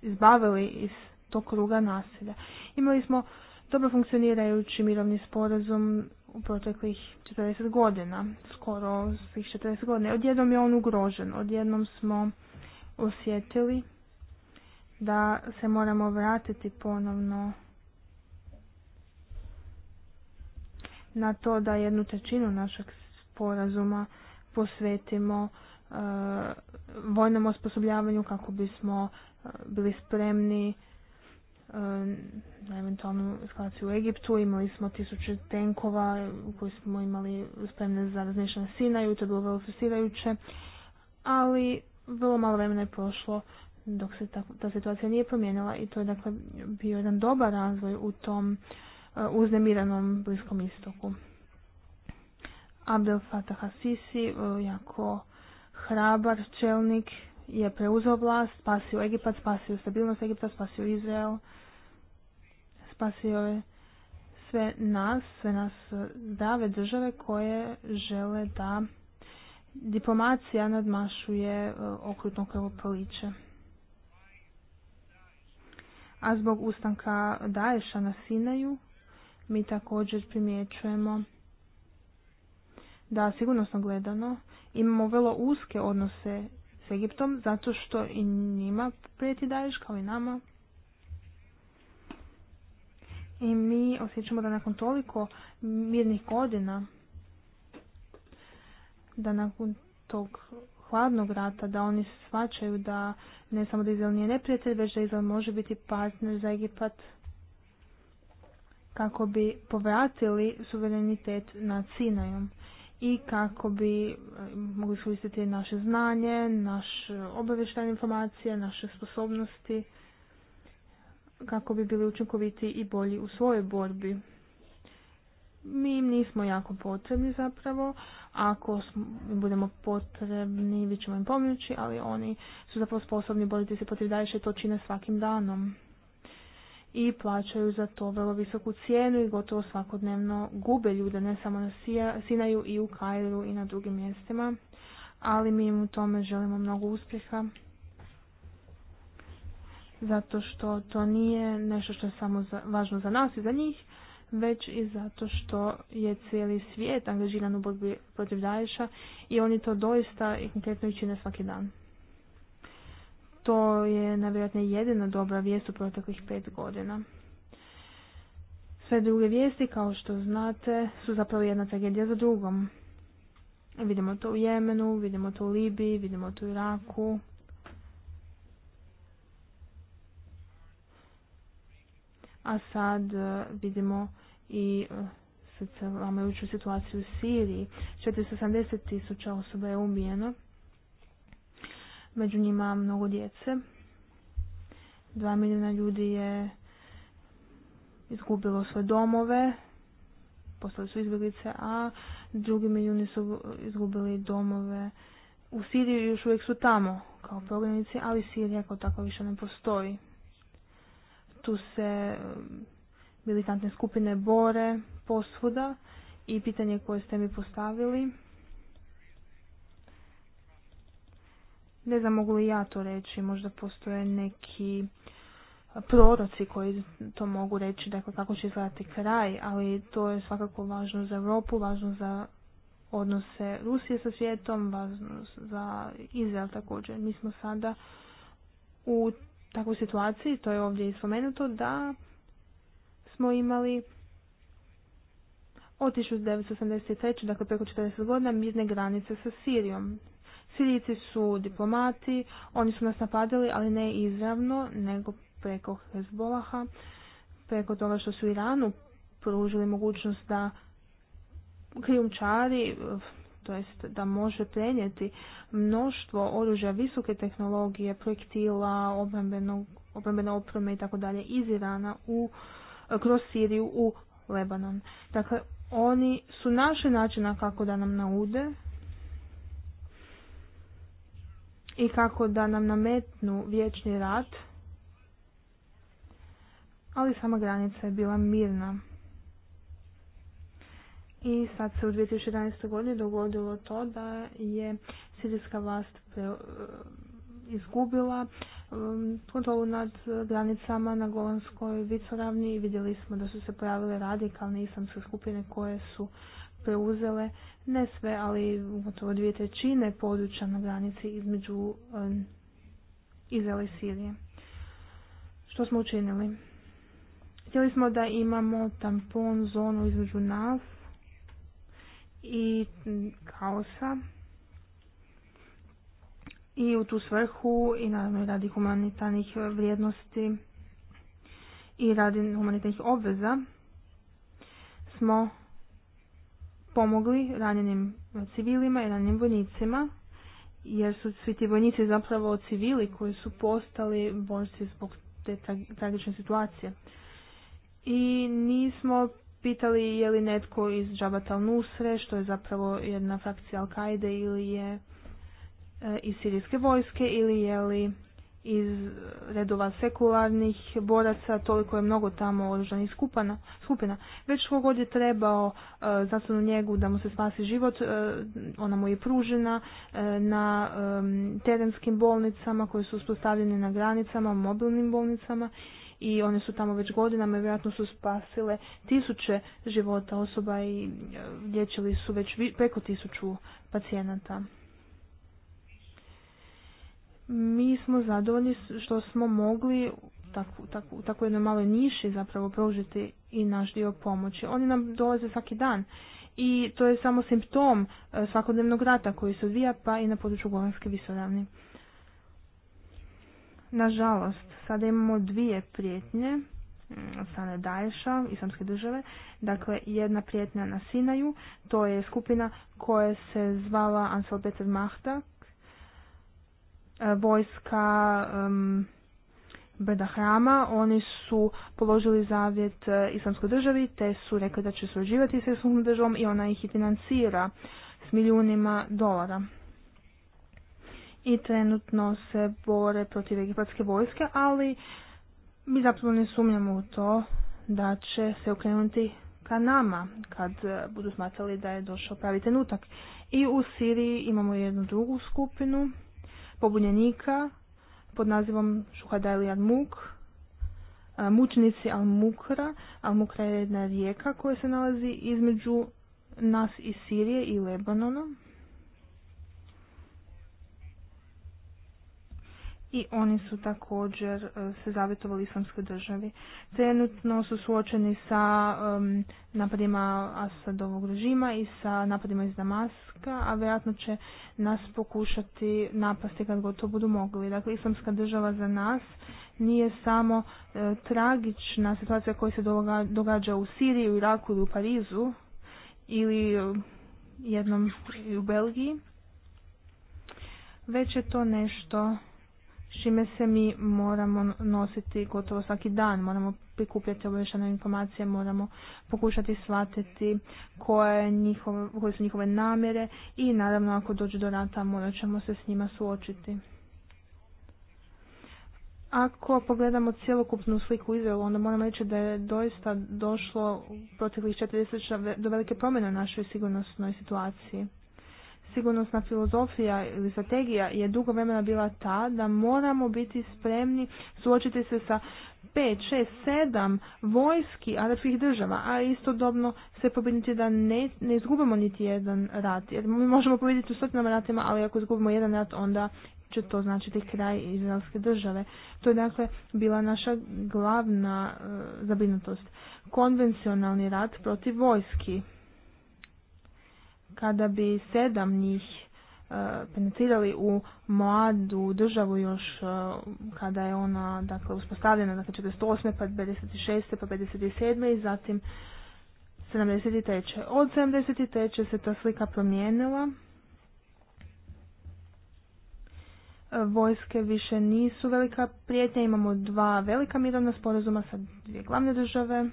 Speaker 3: izbavili iz tog kruga nasilja. Imali smo dobro funkcionirajući mirovni sporazum u proteklih 40 godina, skoro svih 40 godina. Odjednom je on ugrožen, odjednom smo osjetili da se moramo vratiti ponovno na to da jednu trećinu našeg sporazuma posvetimo Eh, vojnom osposobljavanju kako bismo eh, bili spremni eh, na eventualnu eskalaciju u Egiptu. Imali smo tisuće tenkova koji smo imali spremne za razmišljanje i to je bilo vrlo ali vrlo malo vremena je prošlo dok se ta, ta situacija nije promijenila i to je dakle bio jedan dobar razvoj u tom uznemiranom Bliskom istoku. Abdel Fattah Sisi jako hrabar čelnik je preuzeo vlast, spasio Egipat, spasio stabilnost Egipta, spasio Izrael, spasio je sve nas, sve nas e, dave države koje žele da diplomacija nadmašuje e, okrutno proliče A zbog ustanka daješa na Sinaju mi također primjećujemo da sigurnosno gledano imamo vrlo uske odnose s Egiptom zato što i njima prijeti daješ kao i nama. I mi osjećamo da nakon toliko mirnih godina, da nakon tog hladnog rata, da oni svačaju da ne samo da Izrael nije neprijatelj, već da Izrael može biti partner za Egipat kako bi povratili suverenitet nad Sinajom i kako bi e, mogli koristiti naše znanje, naše obavještajne informacije, naše sposobnosti, kako bi bili učinkoviti i bolji u svojoj borbi. Mi im nismo jako potrebni zapravo, ako budemo potrebni, vi ćemo im pomoći, ali oni su zapravo sposobni boriti se protiv Daješa to čine svakim danom i plaćaju za to vrlo visoku cijenu i gotovo svakodnevno gube ljude, ne samo na Sinaju i u Kairu i na drugim mjestima, ali mi im u tome želimo mnogo uspjeha zato što to nije nešto što je samo za, važno za nas i za njih, već i zato što je cijeli svijet angažiran u borbi protiv Daješa i oni to doista i konkretno i svaki dan to je navjerojatno jedina dobra vijest u proteklih pet godina. Sve druge vijesti, kao što znate, su zapravo jedna tragedija za drugom. Vidimo to u Jemenu, vidimo to u Libiji, vidimo to u Iraku. A sad e, vidimo i e, se uču situaciju u Siriji. 470 tisuća osoba je ubijeno među njima mnogo djece. Dva milijuna ljudi je izgubilo svoje domove, postali su izbjeglice, a drugi milijuni su izgubili domove u Siriji još uvijek su tamo kao prognanici, ali Sirija kao tako više ne postoji. Tu se um, militantne skupine bore posvuda i pitanje koje ste mi postavili Ne znam mogu li ja to reći, možda postoje neki proroci koji to mogu reći, dakle kako će izgledati kraj, ali to je svakako važno za Europu, važno za odnose Rusije sa svijetom, važno za Izrael također. Mi smo sada u takvoj situaciji, to je ovdje i spomenuto, da smo imali od 1983. dakle preko 40 godina mirne granice sa Sirijom. Sirijci su diplomati, oni su nas napadali, ali ne izravno, nego preko Hezbolaha, preko toga što su Iranu pružili mogućnost da krijumčari, to jest da može prenijeti mnoštvo oružja visoke tehnologije, projektila, obrambene opreme i tako dalje iz Irana u, kroz Siriju u Lebanon. Dakle, oni su naše načina kako da nam naude, i kako da nam nametnu vječni rat, ali sama granica je bila mirna. I sad se u 2011. godini dogodilo to da je sirijska vlast e, izgubila um, kontrolu nad granicama na Golanskoj vicoravni i vidjeli smo da su se pojavile radikalne islamske skupine koje su preuzele ne sve, ali gotovo dvije trećine područja na granici između Izraela i Sirije. Što smo učinili? Htjeli smo da imamo tampon zonu između nas i kaosa. I u tu svrhu i naravno radi humanitarnih vrijednosti i radi humanitarnih obveza smo pomogli ranjenim civilima i ranjenim vojnicima, jer su svi ti vojnici zapravo civili koji su postali borci zbog te tragične situacije. I nismo pitali je li netko iz Džabata al-Nusre, što je zapravo jedna frakcija Al-Kaide ili je e, iz sirijske vojske ili je li iz redova sekularnih boraca, toliko je mnogo tamo oružanih skupana, skupina. Već tko god je trebao e, znanstvenu njegu da mu se spasi život, e, ona mu je pružena e, na terenskim bolnicama koje su uspostavljene na granicama, mobilnim bolnicama i one su tamo već godinama i vjerojatno su spasile tisuće života osoba i e, liječili su već preko tisuću pacijenata mi smo zadovoljni što smo mogli tako, tako, u takvoj jednoj maloj niši zapravo pružiti i naš dio pomoći. Oni nam dolaze svaki dan i to je samo simptom e, svakodnevnog rata koji se odvija pa i na području Golanske visoravni. Nažalost, sada imamo dvije prijetnje mm, strane Daesha, islamske države. Dakle, jedna prijetnja na Sinaju, to je skupina koja se zvala Ansel Betel Mahta, E, vojska um, Brda Hrama, oni su položili zavjet e, islamskoj državi te su rekli da će surađivati sa islamskom državom i ona ih i financira s milijunima dolara. I trenutno se bore protiv egipatske vojske, ali mi zapravo ne sumnjamo u to da će se okrenuti ka nama kad e, budu smatrali da je došao pravi trenutak. I u Siriji imamo jednu drugu skupinu pobunjenika pod nazivom Šuhadajli Al-Muk, e, mučnici Al-Mukra. Al-Mukra je jedna rijeka koja se nalazi između nas i Sirije i Lebanona. i oni su također e, se zavjetovali islamskoj državi. Trenutno su suočeni sa napadima Asadovog režima i sa napadima iz Damaska, a vjerojatno će nas pokušati napasti kad god to budu mogli. Dakle, islamska država za nas nije samo e, tragična situacija koja se događa u Siriji, u Iraku ili u Parizu ili e, jednom u Belgiji, već je to nešto čime se mi moramo nositi gotovo svaki dan, moramo prikupljati obješane informacije, moramo pokušati shvatiti koje, koje su njihove namjere i naravno ako dođe do rata morat ćemo se s njima suočiti. Ako pogledamo cjelokupnu sliku Izraelu, onda moramo reći da je doista došlo proteklih 40 do velike promjene u našoj sigurnosnoj situaciji sigurnosna filozofija ili strategija je dugo vremena bila ta da moramo biti spremni suočiti se sa 5, 6, 7 vojski arapskih država, a istodobno se pobjediti da ne, izgubimo niti jedan rat. Jer mi možemo pobjediti u stotinama ratima, ali ako izgubimo jedan rat, onda će to značiti kraj izraelske države. To je dakle bila naša glavna eh, zabrinutost. Konvencionalni rat protiv vojski kada bi sedam njih e, penetrirali u mladu državu još e, kada je ona dakle, uspostavljena, dakle 48. pa 56. pa 57. i zatim 73. Od 73. se ta slika promijenila. Vojske više nisu velika prijetnja, imamo dva velika mirovna sporazuma sa dvije glavne države.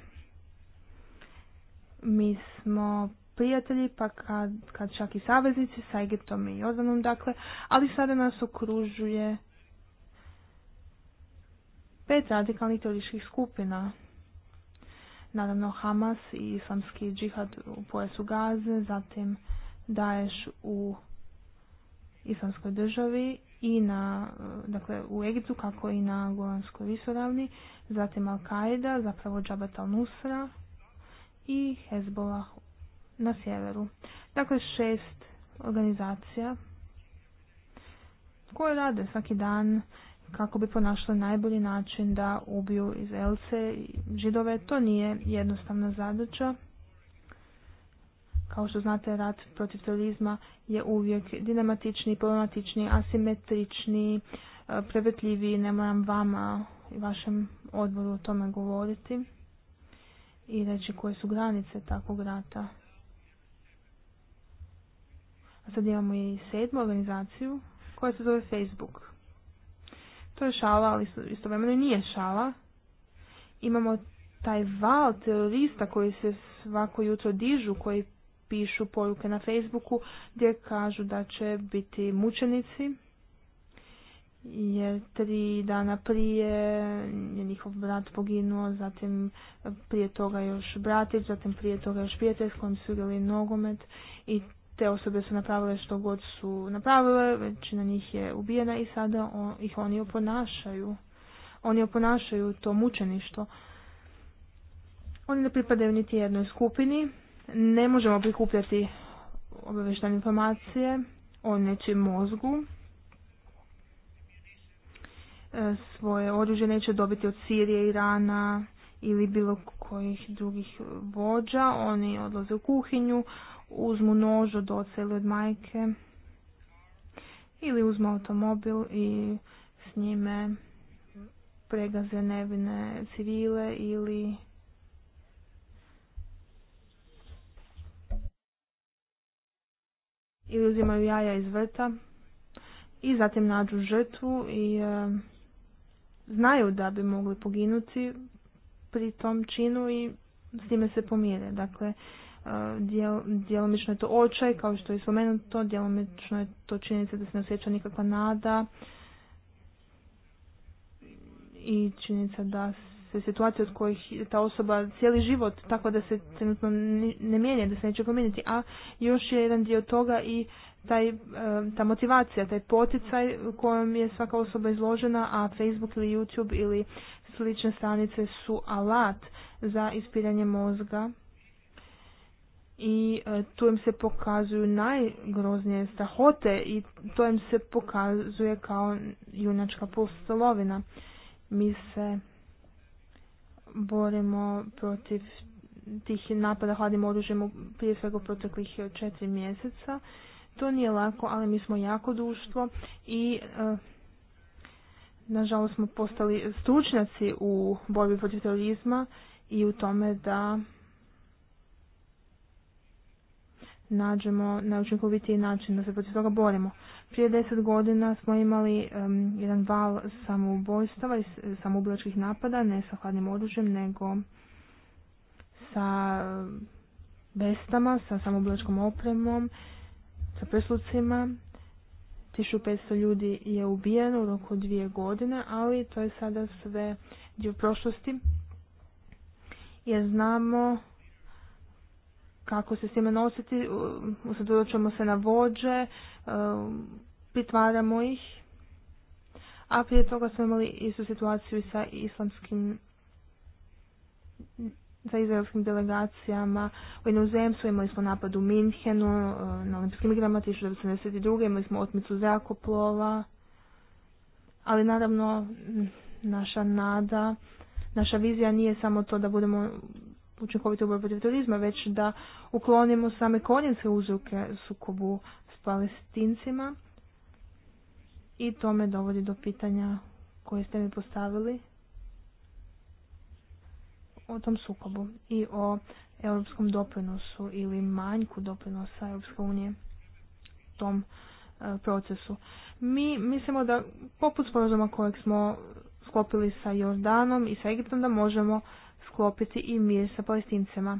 Speaker 3: Mi smo prijatelji, pa kad, kad čak i saveznici sa Egiptom i Jordanom, dakle, ali sada nas okružuje pet radikalnih teoriških skupina. Naravno Hamas i islamski džihad u pojasu Gaze, zatim Daesh u islamskoj državi i na, dakle, u Egiptu kako i na Golanskoj visoravni, zatim al qaeda zapravo Džabat al-Nusra i Hezbollah na sjeveru. Dakle, šest organizacija koje rade svaki dan kako bi ponašali najbolji način da ubiju Izraelce i židove. To nije jednostavna zadaća. Kao što znate, rat protiv terorizma je uvijek dinamatični, problematični, asimetrični, e, prevetljivi. Ne moram vama i vašem odboru o tome govoriti i reći koje su granice takvog rata. Sad imamo i sedmu organizaciju koja se zove Facebook. To je šala, ali istovremeno i nije šala. Imamo taj val terorista koji se svako jutro dižu, koji pišu poruke na Facebooku gdje kažu da će biti mučenici jer tri dana prije je njihov brat poginuo, zatim prije toga još bratić, zatim prije toga još prijatelj s nogomet i te osobe su napravile što god su napravile, većina njih je ubijena i sada ih oni oponašaju. Oni oponašaju to mučeništvo. Oni ne pripadaju niti jednoj skupini, ne možemo prikupljati obaveštene informacije o neće mozgu. E, svoje oružje neće dobiti od Sirije, Irana ili bilo kojih drugih vođa. Oni odlaze u kuhinju, uzmu nož od oca ili od majke ili uzmu automobil i s njime pregaze nevine civile ili ili uzimaju jaja iz vrta i zatim nađu žrtvu i e, znaju da bi mogli poginuti pri tom činu i s time se pomire. Dakle, E, djelomično je to očaj, kao što je spomenuto, djelomično je to činjenica da se ne osjeća nikakva nada i činjenica da se situacija od kojih ta osoba cijeli život, tako da se trenutno ne mijenja, da se neće promijeniti, a još je jedan dio toga i taj, e, ta motivacija, taj poticaj kojom je svaka osoba izložena, a Facebook ili YouTube ili slične stranice su alat za ispiranje mozga i e, tu im se pokazuju najgroznije strahote i to im se pokazuje kao junačka postolovina Mi se borimo protiv tih napada hladnim oružjem prije svega proteklih e, četiri mjeseca. To nije lako, ali mi smo jako duštvo i e, nažalost smo postali stručnjaci u borbi protiv terorizma i u tome da nađemo na učinkovitiji način, da se protiv toga borimo. Prije deset godina smo imali jedan val samoubojstava i e, samoubilačkih napada, ne sa hladnim oružjem, nego sa bestama, sa samoubilačkom opremom, sa preslucima. 1500 ljudi je ubijeno u roku dvije godine, ali to je sada sve dio prošlosti. Jer znamo kako se s time nositi, ćemo se na vođe, e, pritvaramo ih, a prije toga smo imali istu situaciju i sa islamskim sa izraelskim delegacijama u inozemstvu, imali smo napad u Minhenu, e, na olimpijskim igrama 1972. imali smo otmicu zrakoplova, ali naravno naša nada, naša vizija nije samo to da budemo učinkovitu u protiv turizma, već da uklonimo same konjenske uzroke sukobu s palestincima i to me dovodi do pitanja koje ste mi postavili o tom sukobu i o europskom doprinosu ili manjku doprinosa Europske unije tom e, procesu. Mi mislimo da poput sporazuma kojeg smo sklopili sa Jordanom i sa Egiptom da možemo sklopiti i mir sa palestincima.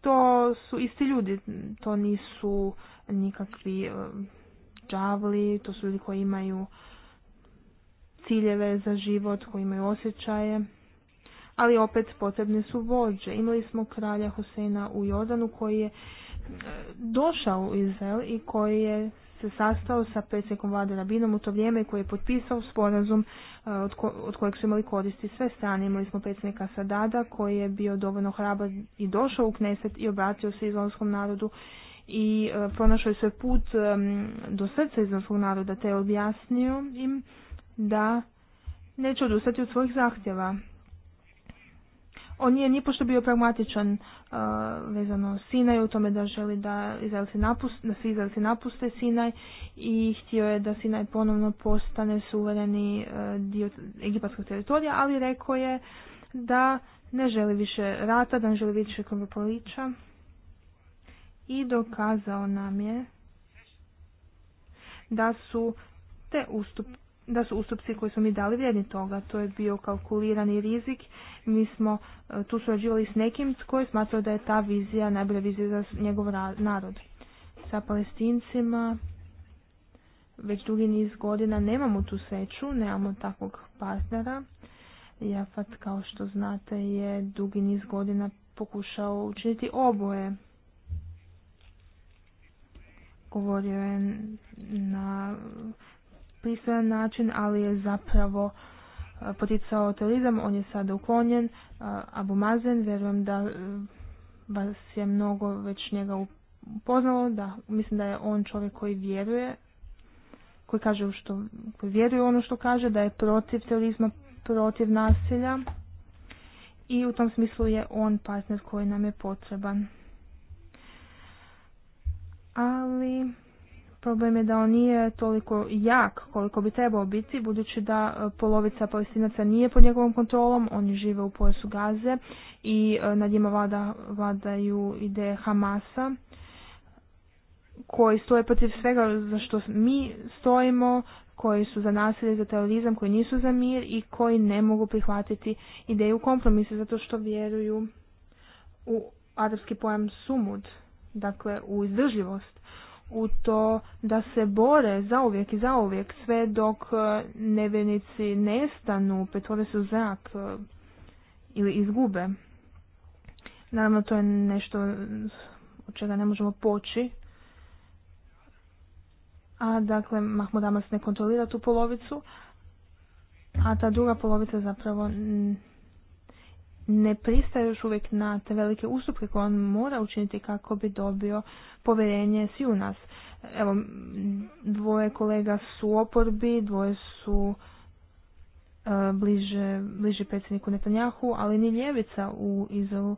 Speaker 3: To su isti ljudi, to nisu nikakvi džavli, e, to su ljudi koji imaju ciljeve za život, koji imaju osjećaje, ali opet potrebne su vođe. Imali smo kralja Huseina u Jordanu koji je e, došao u Izrael i koji je se sastao sa predsjednikom vlade Rabinom u to vrijeme koji je potpisao sporazum e, od, kojeg su imali koristi sve strane. Imali smo predsjednika Sadada koji je bio dovoljno hrabar i došao u Kneset i obratio se izlamskom narodu i e, pronašao je svoj put e, do srca izlamskog naroda te objasnio im da neće odustati od svojih zahtjeva on nije pošto bio pragmatičan uh, vezano Sinaj u tome da želi da, Izraelci da svi Izraelci napuste Sinaj i htio je da Sinaj ponovno postane suvereni uh, dio egipatskog teritorija, ali rekao je da ne želi više rata, da ne želi više krvopolića i dokazao nam je da su te ustupke da su ustupci koji su mi dali vrijedni toga. To je bio kalkulirani rizik. Mi smo e, tu surađivali s nekim koji smatrao da je ta vizija najbolja vizija za njegov narod. Sa palestincima već dugi niz godina nemamo tu sreću, nemamo takvog partnera. Jafat, kao što znate, je dugi niz godina pokušao učiniti oboje. Govorio je na pristojan način, ali je zapravo e, poticao terorizam, on je sada uklonjen, e, Abu vjerujem da e, vas je mnogo već njega upoznalo, da mislim da je on čovjek koji vjeruje, koji kaže u što, koji vjeruje u ono što kaže, da je protiv terorizma, protiv nasilja i u tom smislu je on partner koji nam je potreban. Ali Problem je da on nije toliko jak koliko bi trebao biti, budući da e, polovica palestinaca nije pod njegovom kontrolom, oni žive u pojasu Gaze i e, nad njima vladaju ideje Hamasa koji stoje protiv svega za što mi stojimo, koji su za nasilje, za terorizam, koji nisu za mir i koji ne mogu prihvatiti ideju kompromisa zato što vjeruju u arapski pojam sumud, dakle u izdržljivost u to da se bore zauvijek i zauvijek sve dok e, nevenici nestanu, petove su zrak e, ili izgube. Naravno to je nešto od čega ne možemo poći. A dakle Mahmud Amas ne kontrolira tu polovicu, a ta druga polovica zapravo ne pristaje još uvijek na te velike ustupke koje on mora učiniti kako bi dobio povjerenje svi u nas. Evo, dvoje kolega su u oporbi, dvoje su e, bliže, bliže predsjedniku Netanjahu, ali ni ljevica u Izraelu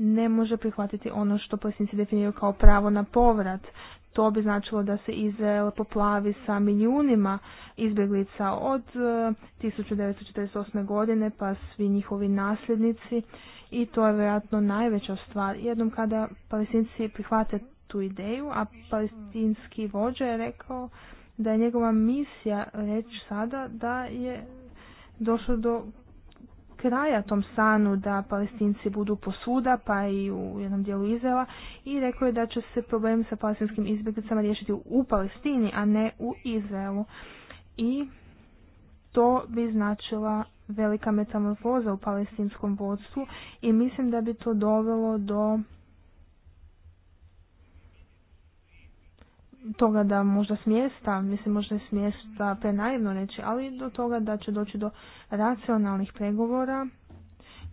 Speaker 3: ne može prihvatiti ono što plesnici definiraju kao pravo na povrat to bi značilo da se Izrael poplavi sa milijunima izbjeglica od 1948. E, godine pa svi njihovi nasljednici i to je vjerojatno najveća stvar. Jednom kada palestinci prihvate tu ideju, a palestinski vođa je rekao da je njegova misija reći sada da je došlo do kraja tom sanu da palestinci budu posuda pa i u jednom dijelu Izraela i rekao je da će se problem sa palestinskim izbjeglicama riješiti u Palestini, a ne u Izraelu. I to bi značila velika metamorfoza u palestinskom vodstvu i mislim da bi to dovelo do toga da možda smjesta, mislim možda je smjesta prenaivno reći, ali do toga da će doći do racionalnih pregovora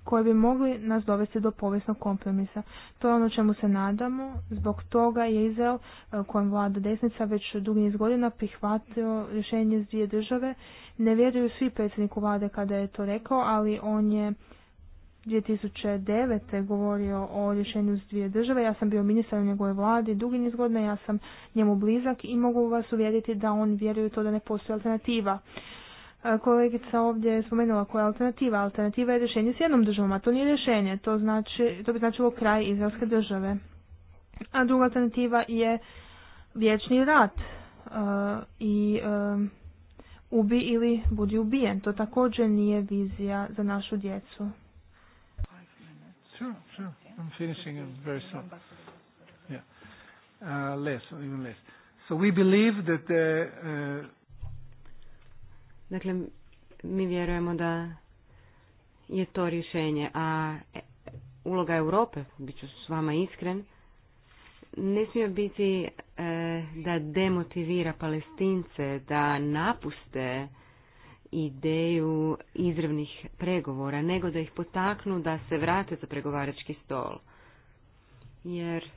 Speaker 3: koji bi mogli nas dovesti do povijesnog kompromisa. To je ono čemu se nadamo, zbog toga je Izrael eh, kojem vlada desnica već dugi niz godina prihvatio rješenje iz dvije države. Ne vjeruju svi predsjedniku vlade kada je to rekao, ali on je 2009. govorio o rješenju s dvije države. Ja sam bio ministar u njegove vladi dugi niz godina, ja sam njemu blizak i mogu vas uvjeriti da on vjeruje to da ne postoji alternativa. E, kolegica ovdje je spomenula koja je alternativa. Alternativa je rješenje s jednom državom, a to nije rješenje. To, znači, to bi značilo kraj izraelske države. A druga alternativa je vječni rat e, i e, ubi ili budi ubijen. To također nije vizija za našu
Speaker 2: djecu. Sure, sure. I'm finishing it very soon. Yeah. Uh, less, even less. So we believe that the,
Speaker 4: uh... Dakle, mi vjerujemo da je to rješenje, a uloga Europe, bit ću s vama iskren, ne smije biti e, da demotivira palestince, da napuste ideju izravnih pregovora, nego da ih potaknu da se vrate za pregovarački stol. Jer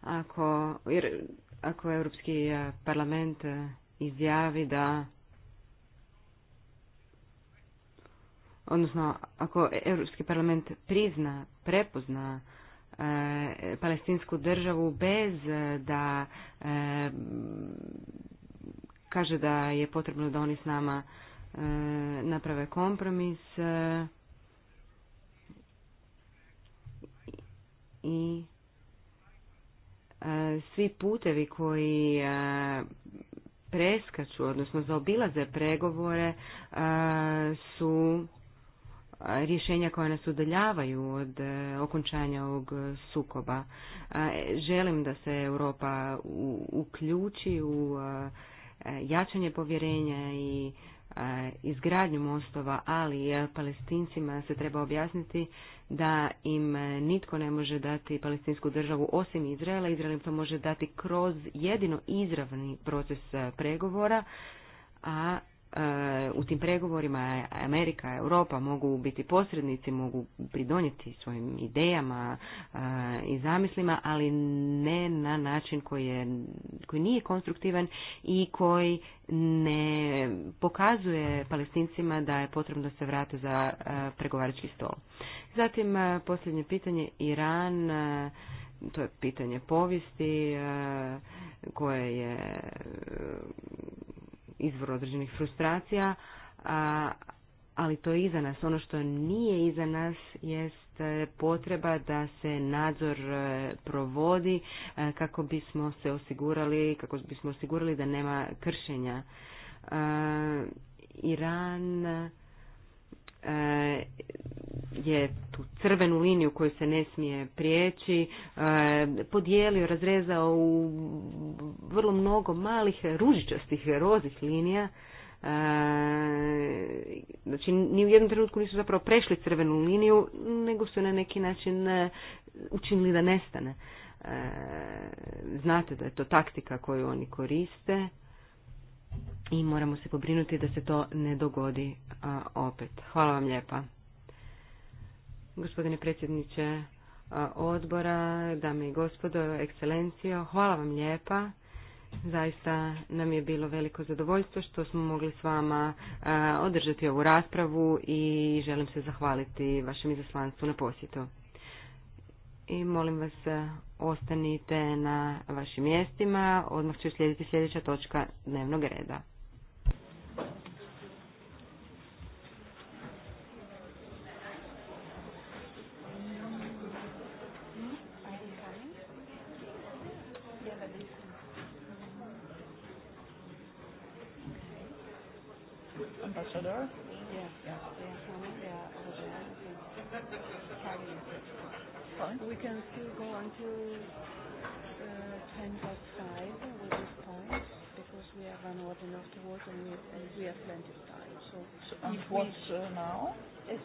Speaker 4: ako, jer ako Europski eh, parlament eh, izjavi da odnosno ako Europski parlament prizna, prepozna eh, palestinsku državu bez da kaže da je potrebno da oni s nama E, naprave kompromis e, i e, svi putevi koji preskaču, odnosno zaobilaze pregovore, su rješenja koja nas udaljavaju od okončanja ovog sukoba. Želim da se Europa uključi u jačanje povjerenja i izgradnju mostova, ali e, palestincima se treba objasniti da im e, nitko ne može dati palestinsku državu osim Izraela. Izrael im to može dati kroz jedino izravni proces e, pregovora, a u tim pregovorima Amerika, Europa mogu biti posrednici, mogu pridonijeti svojim idejama e, i zamislima, ali ne na način koji, je, koji nije konstruktivan i koji ne pokazuje palestincima da je potrebno da se vrate za e, pregovarački stol. Zatim e, posljednje pitanje Iran to je pitanje povijesti koje je izvor određenih frustracija, a, ali to je iza nas. Ono što nije iza nas jest e, potreba da se nadzor e, provodi e, kako bismo se osigurali, kako bismo osigurali da nema kršenja. Iran je tu crvenu liniju koju se ne smije prijeći, e, podijelio, razrezao u vrlo mnogo malih ružičastih rozih linija. E, znači, ni u jednom trenutku nisu zapravo prešli crvenu liniju, nego su na neki način e, učinili da nestane. Znate da je to taktika koju oni koriste i moramo se pobrinuti da se to ne dogodi opet. Hvala vam lijepa. Gospodine predsjedniče e, odbora, dame i gospodo, ekscelencijo, hvala vam lijepa. Zaista nam je bilo veliko zadovoljstvo što smo mogli s vama e, održati ovu raspravu i želim se zahvaliti vašem izaslanstvu na posjetu. I molim vas, e, ostanite na vašim mjestima, odmah će slijediti sljedeća točka dnevnog reda.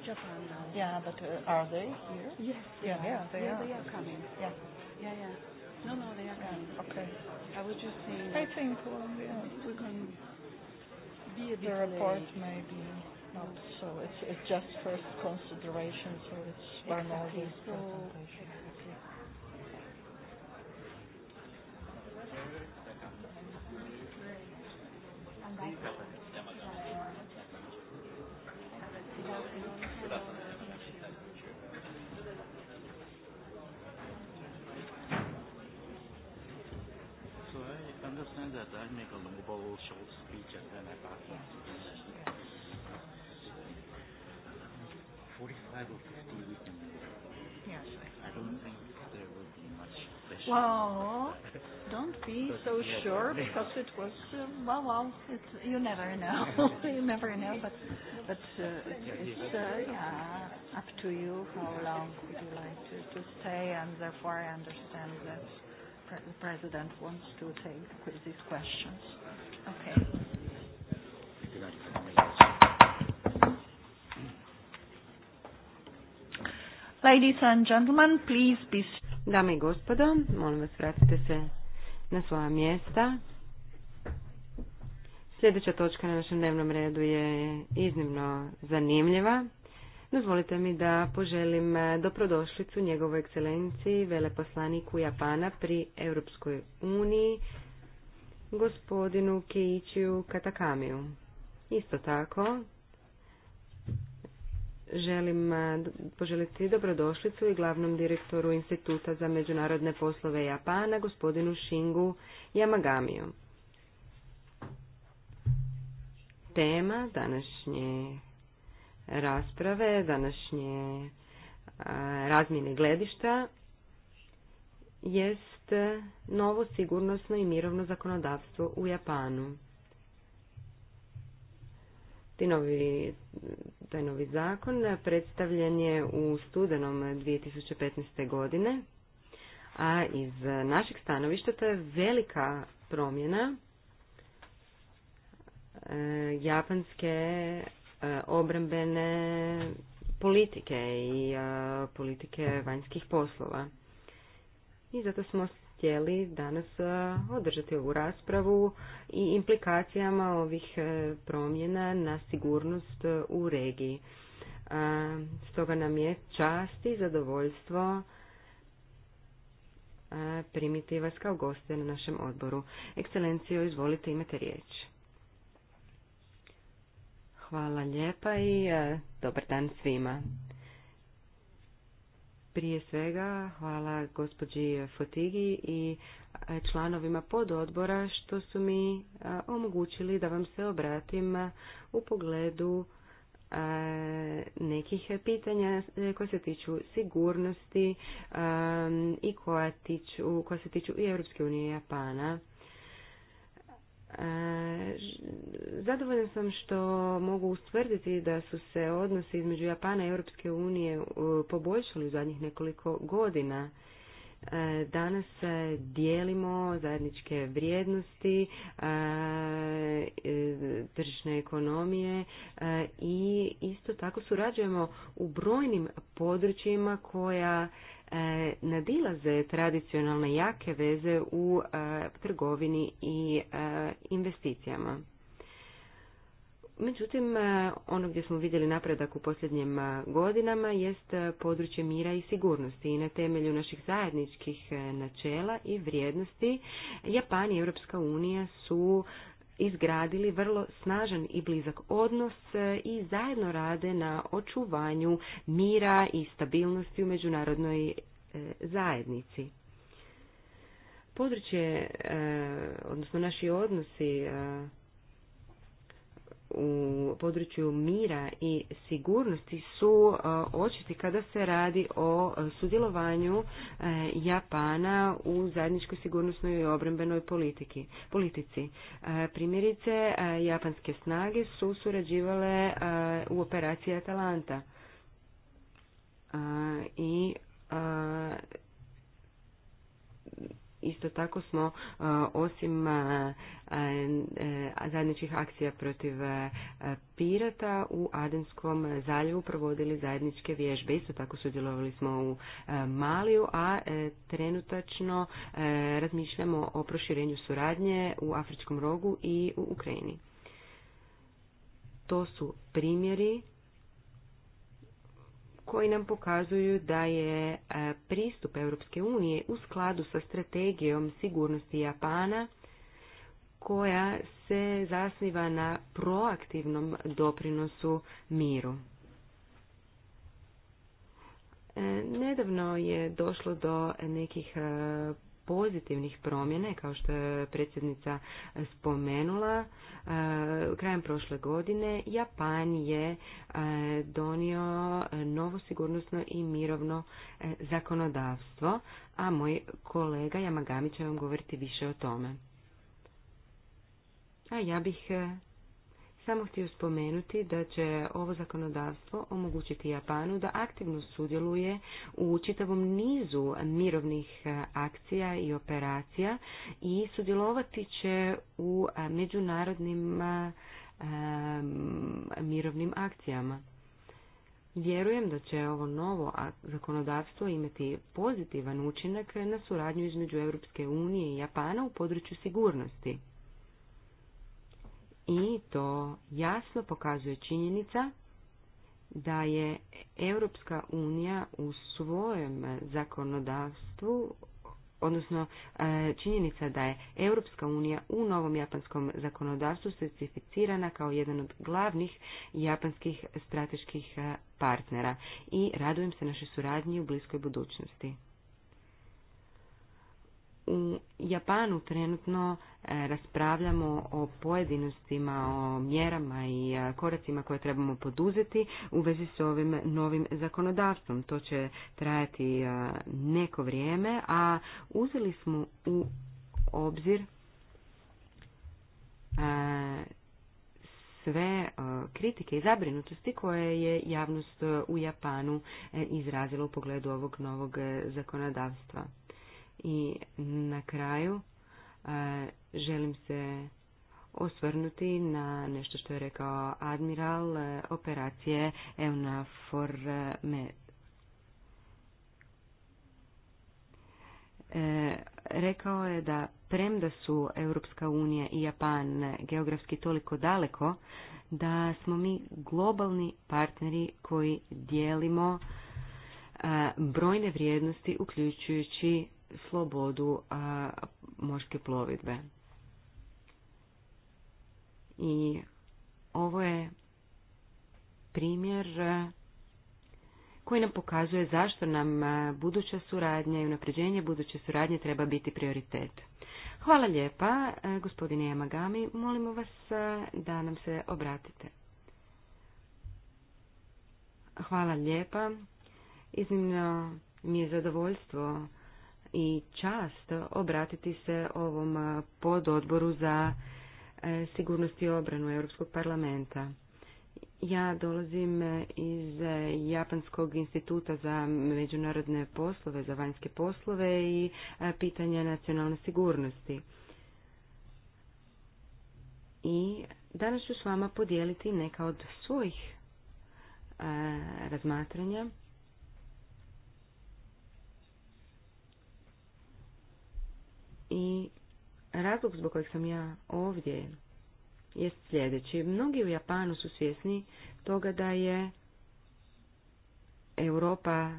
Speaker 2: Japan now. Yeah, but uh, are they here? Yes. Yeah, yeah, they, yeah, are. they are coming. Yeah. Yeah, yeah. No, no, they are coming. okay. I was just saying. I think well, yeah. we can be a The report late. maybe not so. It's, it's just first consideration, so it's one of these presentations. find that I make a long short speech and then I pass it to the 45 or 50 we can Yes. I don't think there will be much pressure. Well, don't be so sure because it was, uh, well, well, it's you never know. you never know, but, but uh, it, it's uh, yeah, up to you how long would you like to, to stay and therefore I understand that the President wants to take these questions. Okay.
Speaker 4: Ladies and gentlemen, please be... Dame i gospodo, molim vas vratite se na svoja mjesta. Sljedeća točka na našem dnevnom redu je iznimno zanimljiva. Dozvolite mi da poželim e, dobrodošlicu njegovoj ekscelenciji, veleposlaniku Japana pri Europskoj uniji, gospodinu Keičiju Katakamiju. Isto tako, želim e, poželiti dobrodošlicu i glavnom direktoru Instituta za međunarodne poslove Japana, gospodinu Shingu Yamagamiju. Tema današnje rasprave, današnje razmjene gledišta jest novo sigurnosno i mirovno zakonodavstvo u Japanu. Ti novi, taj novi zakon predstavljen je u studenom 2015. godine, a iz našeg stanovišta to je velika promjena e, japanske E, obrambene politike i e, politike vanjskih poslova. I zato smo htjeli danas e, održati ovu raspravu i implikacijama ovih promjena na sigurnost u regiji. Stoga nam je čast i zadovoljstvo primiti vas kao goste na našem odboru. Ekscelencijo, izvolite, imate riječ. Hvala lijepa i e, dobar dan svima. Prije svega hvala gospođi Fotigi i e, članovima pododbora što su mi e, omogućili da vam se obratim u pogledu nekih pitanja koja se tiču sigurnosti i koja, se tiču i Europske unije i Japana. E, Zadovoljna sam što mogu ustvrditi da su se odnosi između Japana i Europske unije e, poboljšali u zadnjih nekoliko godina. E, danas dijelimo zajedničke vrijednosti tržišne ekonomije i isto tako surađujemo u brojnim područjima koja E, nadilaze tradicionalne jake veze u e, trgovini i e, investicijama. Međutim, ono gdje smo vidjeli napredak u posljednjim godinama jest područje mira i sigurnosti i na temelju naših zajedničkih načela i vrijednosti Japan i Europska unija su izgradili vrlo snažan i blizak odnos e, i zajedno rade na očuvanju mira i stabilnosti u međunarodnoj e, zajednici. Područje, e, odnosno naši odnosi u području mira i sigurnosti su e, očiti kada se radi o sudjelovanju e, Japana u zajedničkoj sigurnosnoj i obrambenoj politici. E, primjerice, japanske snage su surađivale u operaciji Atalanta i Isto tako smo e, osim e, e, zajedničkih akcija protiv pirata u Adenskom zaljevu provodili zajedničke vježbe. Isto tako sudjelovali smo u Maliju, a trenutačno razmišljamo o proširenju suradnje u Afričkom rogu i u Ukrajini. To su primjeri koji nam pokazuju da je e, pristup Europske unije u skladu sa strategijom sigurnosti Japana koja se zasniva na proaktivnom doprinosu miru. E, nedavno je došlo do nekih e, pozitivnih promjene, kao što je predsjednica spomenula, e, krajem prošle godine Japan je e, donio novo sigurnosno i mirovno e, zakonodavstvo, a moj kolega Jamagami će vam govoriti više o tome. A ja bih samo htio spomenuti da će ovo zakonodavstvo omogućiti Japanu da aktivno sudjeluje u čitavom nizu mirovnih e, akcija i operacija i sudjelovati će u e, međunarodnim e, mirovnim akcijama. Vjerujem da će ovo novo zakonodavstvo imati pozitivan učinak na suradnju između Europske unije i Japana u području sigurnosti i to jasno pokazuje činjenica da je Europska unija u svojem zakonodavstvu odnosno e, činjenica da je Europska unija u novom japanskom zakonodavstvu specificirana kao jedan od glavnih japanskih strateških e, partnera i radujem se našoj suradnji u bliskoj budućnosti. U Japanu trenutno e, raspravljamo o pojedinostima, o mjerama i e, koracima koje trebamo poduzeti u vezi s ovim novim zakonodavstvom. To će trajati e, neko vrijeme, a uzeli smo u obzir sve kritike i zabrinutosti koje je javnost u Japanu izrazila u pogledu ovog novog zakonodavstva. I na kraju e, želim se osvrnuti na nešto što je rekao admiral e, operacije EUNAFOR e, MED. E, rekao je da premda su Europska unija i Japan geografski toliko daleko, da smo mi globalni partneri koji dijelimo brojne vrijednosti uključujući slobodu a, morske plovidbe. I ovo je primjer koji nam pokazuje zašto nam buduća suradnja i unapređenje buduće suradnje treba biti prioritet. Hvala lijepa, gospodine Yamagami, molimo vas da nam se obratite. Hvala lijepa, iznimno mi je zadovoljstvo i čast obratiti se ovom pododboru za e, sigurnost i obranu Europskog parlamenta. Ja dolazim e, iz e, Japanskog instituta za međunarodne poslove, za vanjske poslove i pitanja nacionalne sigurnosti. I danas ću s vama podijeliti neka od svojih razmatranja I razlog zbog kojeg sam ja ovdje jest sljedeći. Mnogi u Japanu su svjesni toga da je Europa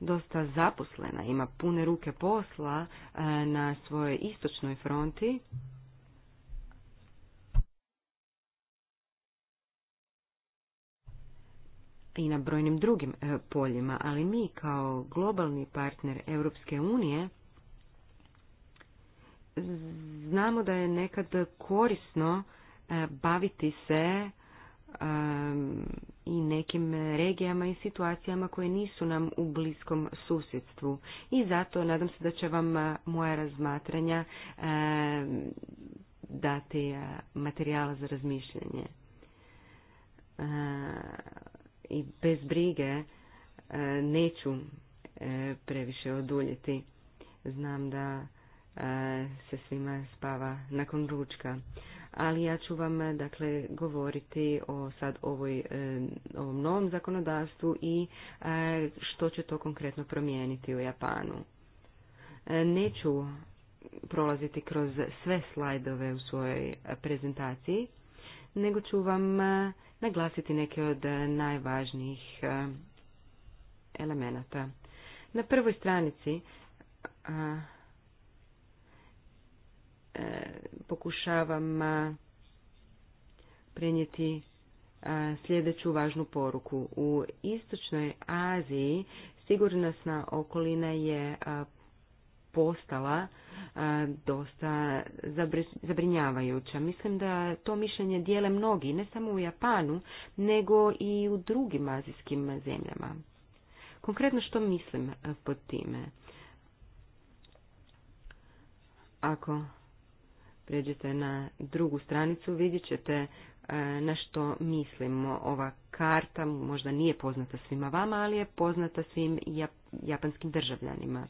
Speaker 4: dosta zaposlena, ima pune ruke posla e, na svojoj istočnoj fronti. i na brojnim drugim e, poljima, ali mi kao globalni partner Europske unije znamo da je nekad korisno e, baviti se e, i nekim regijama i situacijama koje nisu nam u bliskom susjedstvu. I zato nadam se da će vam e, moja razmatranja dati materijala za razmišljanje. I bez brige neću previše oduljiti. Znam da se svima spava nakon ručka. Ali ja ću vam dakle govoriti o sad ovoj, e, ovom novom zakonodavstvu i e, što će to konkretno promijeniti u Japanu. E, neću prolaziti kroz sve slajdove u svojoj prezentaciji, nego ću vam naglasiti neke od najvažnijih elemenata. Na prvoj stranici E, pokušavam e, prenijeti e, sljedeću važnu poruku. U istočnoj Aziji sigurnosna okolina je postala dosta zabrinjavajuća. Mislim da to mišljenje dijele mnogi, ne samo u Japanu, nego i u drugim azijskim zemljama. Konkretno što mislim pod time? Ako pređete na drugu stranicu, vidjet ćete e, na što mislimo. Ova karta možda nije poznata svima vama, ali je poznata svim japanskim državljanima.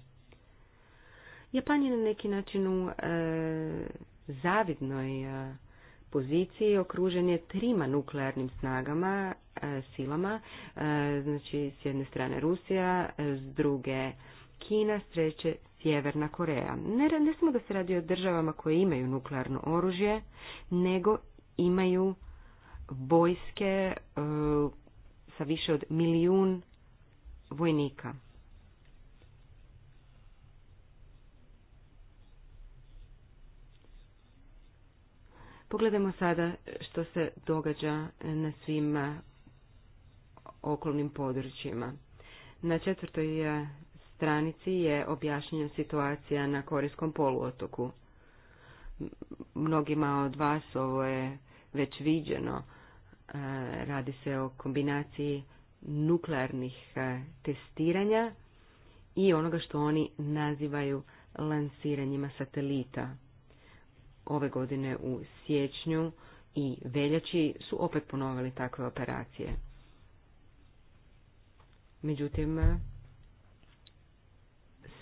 Speaker 4: Japan je na neki način u e, zavidnoj e, poziciji okružen je trima nuklearnim snagama, silama, znači s jedne strane Rusija, s druge Kina, s treće Sjeverna Koreja. Ne, ne samo da se radi o državama koje imaju nuklearno oružje, nego imaju vojske e, sa više od milijun vojnika. Pogledajmo sada što se događa na svim e, okolnim područjima. Na četvrtoj e, stranici je objašnjena situacija na Korijskom poluotoku. Mnogima od vas ovo je već viđeno. E, radi se o kombinaciji nuklearnih e, testiranja i onoga što oni nazivaju lansiranjima satelita. Ove godine u siječnju i veljači su opet ponovili takve operacije. Međutim,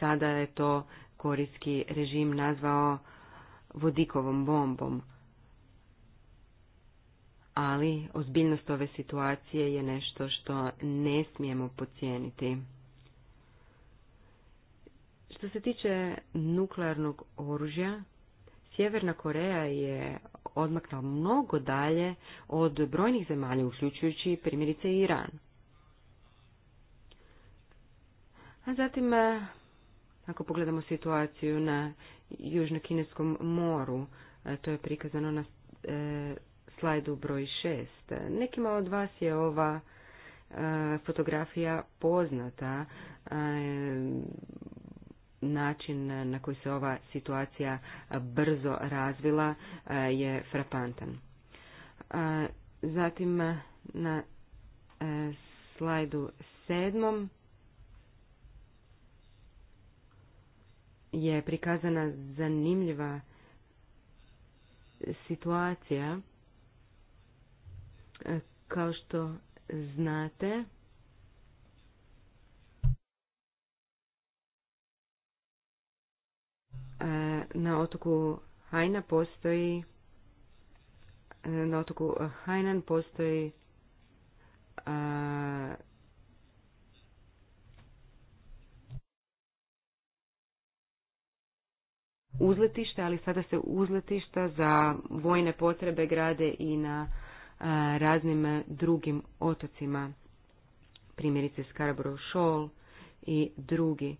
Speaker 4: Sada je to korijski režim nazvao vodikovom bombom. Ali ozbiljnost ove situacije je nešto što ne smijemo pocijeniti. Što se tiče nuklearnog oružja, Sjeverna Koreja je odmakla mnogo dalje od brojnih zemalja, uključujući primjerice Iran. A zatim ako pogledamo situaciju na Južno-Kineskom moru, e, to je prikazano na e, slajdu broj šest. Nekima od vas je ova e, fotografija poznata, način na koji se ova situacija brzo razvila je frapantan. Zatim na slajdu sedmom je prikazana zanimljiva situacija. Kao što znate, na otoku Hajna postoji na otoku Hajnan postoji uzletišta, ali sada se uzletišta za vojne potrebe grade i na e, raznim drugim otocima, primjerice Scarborough Shoal i drugi.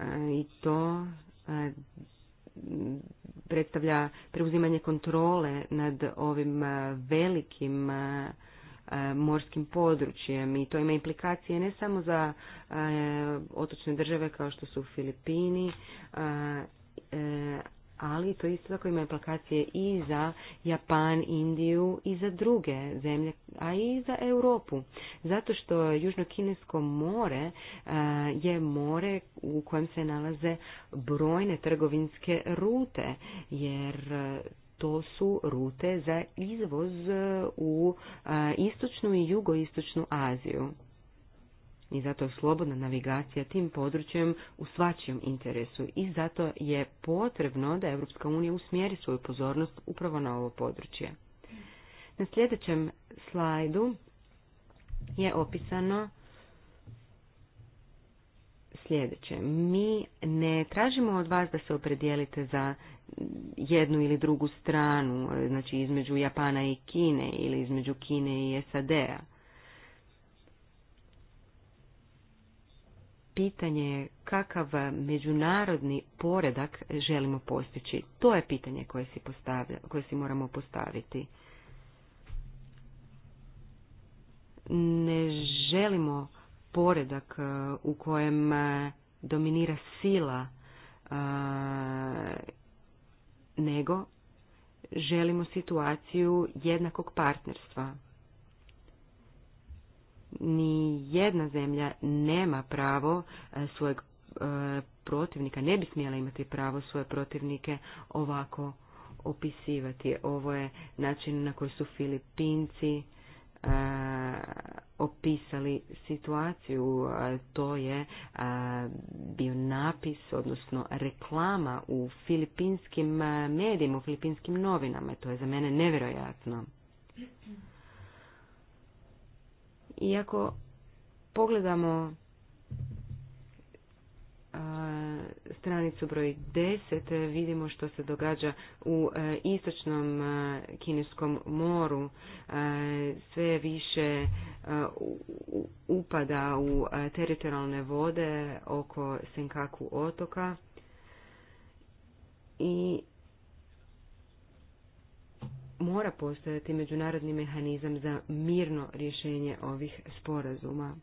Speaker 4: E, I to e, predstavlja preuzimanje kontrole nad ovim velikim E, morskim područjem i to ima implikacije ne samo za e, otočne države kao što su Filipini, e, ali to isto tako ima implikacije i za Japan, Indiju i za druge zemlje, a i za Europu. Zato što Južno-Kinesko more je more u kojem se nalaze brojne trgovinske rute, jer to su rute za izvoz u istočnu i jugoistočnu Aziju. I zato je slobodna navigacija tim područjem u svačijem interesu i zato je potrebno da Europska unija usmjeri svoju pozornost upravo na ovo područje. Na sljedećem slajdu je opisano sljedeće. Mi ne tražimo od vas da se opredijelite za jednu ili drugu stranu, znači između Japana i Kine ili između Kine i SAD-a. Pitanje je kakav međunarodni poredak želimo postići. To je pitanje koje si, koje si moramo postaviti. Ne želimo poredak e, u kojem e, dominira sila e, nego želimo situaciju jednakog partnerstva. Ni jedna zemlja nema pravo e, svojeg e, protivnika, ne bi smjela imati pravo svoje protivnike ovako opisivati. Ovo je način na koji su Filipinci e, opisali situaciju, to je bio napis, odnosno reklama u filipinskim medijima, u filipinskim novinama. To je za mene nevjerojatno. Iako pogledamo stranicu broj 10 e, vidimo što se događa u e, istočnom e, kineskom moru. Sve više upada u teritorijalne vode oko Senkaku otoka i mora postojati međunarodni mehanizam za mirno rješenje ovih sporazuma.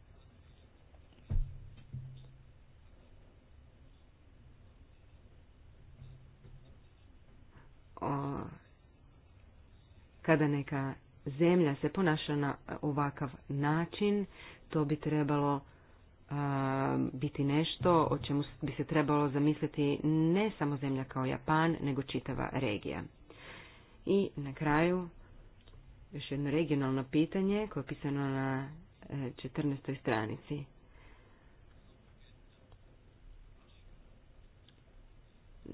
Speaker 4: o, kada neka zemlja se ponaša na ovakav način, to bi trebalo biti nešto o čemu bi se trebalo zamisliti ne samo zemlja kao Japan, nego čitava regija. I na kraju još jedno regionalno pitanje koje je pisano na 14. E, stranici.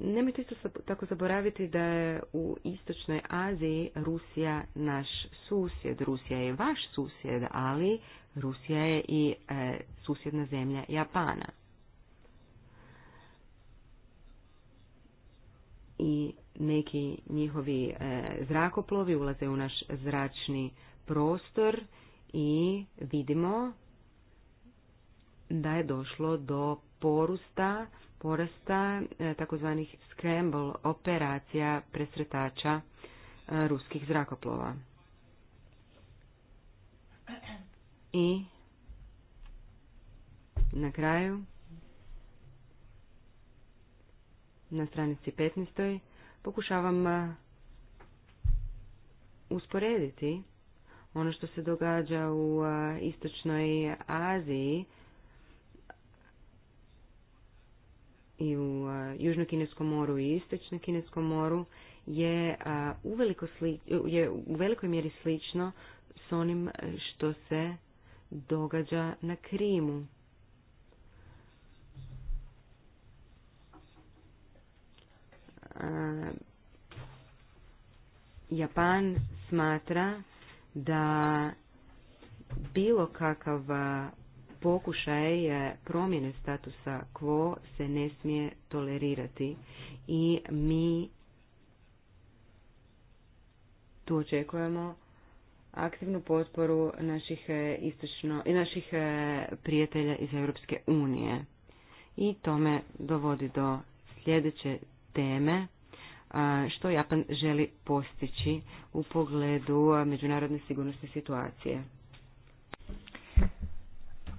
Speaker 4: Nemojte isto tako zaboraviti da je u istočnoj Aziji Rusija naš susjed. Rusija je vaš susjed, ali Rusija je i e, susjedna zemlja Japana. I neki njihovi e, zrakoplovi ulaze u naš zračni prostor i vidimo da je došlo do porusta porasta e, takozvanih scramble operacija presretača e, ruskih zrakoplova. I na kraju na stranici 15. pokušavam e, usporediti ono što se događa u istočnoj Aziji i u Južno-Kineskom moru i Istočno-Kineskom moru je u, veliko je u velikoj mjeri slično s onim što se događa na Krimu. Japan smatra da bilo kakav pokušaj e, promjene statusa quo se ne smije tolerirati i mi tu očekujemo aktivnu potporu naših, e, istočno, naših e, prijatelja iz Europske unije. I tome dovodi do sljedeće teme što Japan želi postići u pogledu međunarodne sigurnosne situacije.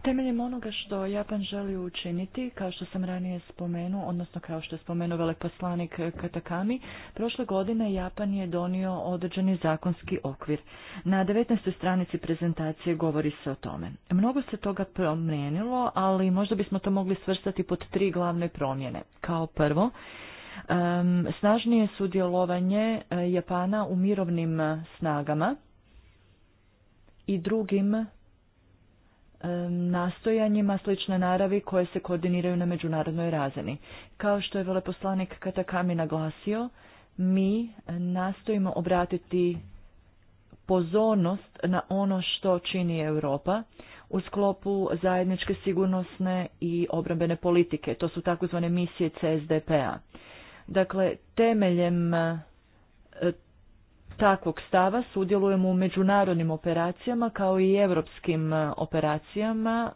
Speaker 1: Temeljem onoga što Japan želi učiniti, kao što sam ranije spomenuo, odnosno kao što je spomenuo veleposlanik Katakami, prošle godine Japan je donio određeni zakonski okvir. Na 19. stranici prezentacije govori se o tome. Mnogo se toga promijenilo, ali možda bismo to mogli svrstati pod tri glavne promjene. Kao prvo, snažnije sudjelovanje eh, Japana u mirovnim eh, snagama i drugim nastojanjima slične naravi koje se koordiniraju na međunarodnoj razini. Kao što je veleposlanik Katakami naglasio, mi nastojimo obratiti pozornost na ono što čini Europa u sklopu zajedničke sigurnosne i obrambene politike. To su takozvane misije CSDP-a. Dakle, temeljem takvog stava sudjelujemo u međunarodnim operacijama kao i europskim e, operacijama,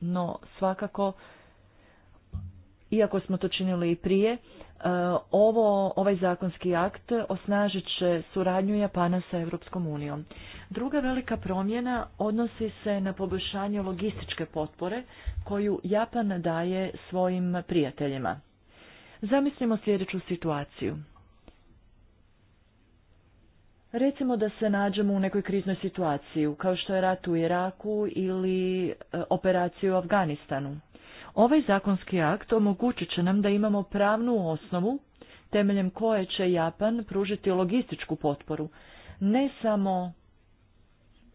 Speaker 1: no svakako, iako smo to činili i prije, e, ovo, ovaj zakonski akt osnažit će suradnju Japana sa Europskom unijom. Druga velika promjena odnosi se na poboljšanje logističke potpore koju Japan daje svojim prijateljima. Zamislimo sljedeću situaciju. Recimo da se nađemo u nekoj kriznoj situaciji, kao što je rat u Iraku ili e, operaciju u Afganistanu. Ovaj zakonski akt omogućit će nam da imamo pravnu osnovu temeljem koje će Japan pružiti logističku potporu, ne samo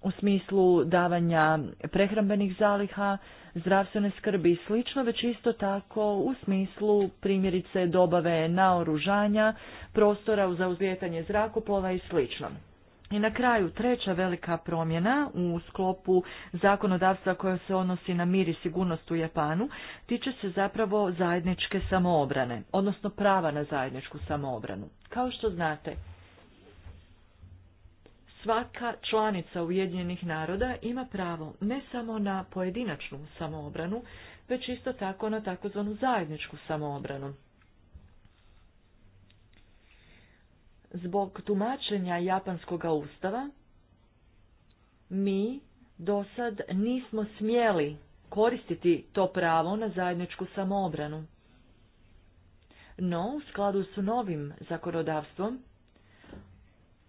Speaker 1: u smislu davanja prehrambenih zaliha, zdravstvene skrbi i slično, već isto tako u smislu primjerice dobave naoružanja, prostora za zrakoplova i slično. I na kraju treća velika promjena u sklopu zakonodavstva koja se odnosi na mir i sigurnost u Japanu tiče se zapravo zajedničke samoobrane, odnosno prava na zajedničku samoobranu. Kao što znate, svaka članica Ujedinjenih naroda ima pravo ne samo na pojedinačnu samoobranu, već isto tako na takozvanu zajedničku samoobranu. Zbog tumačenja japanskog ustava, mi do sad nismo smjeli koristiti to pravo na zajedničku samoobranu. No, u skladu s novim zakonodavstvom,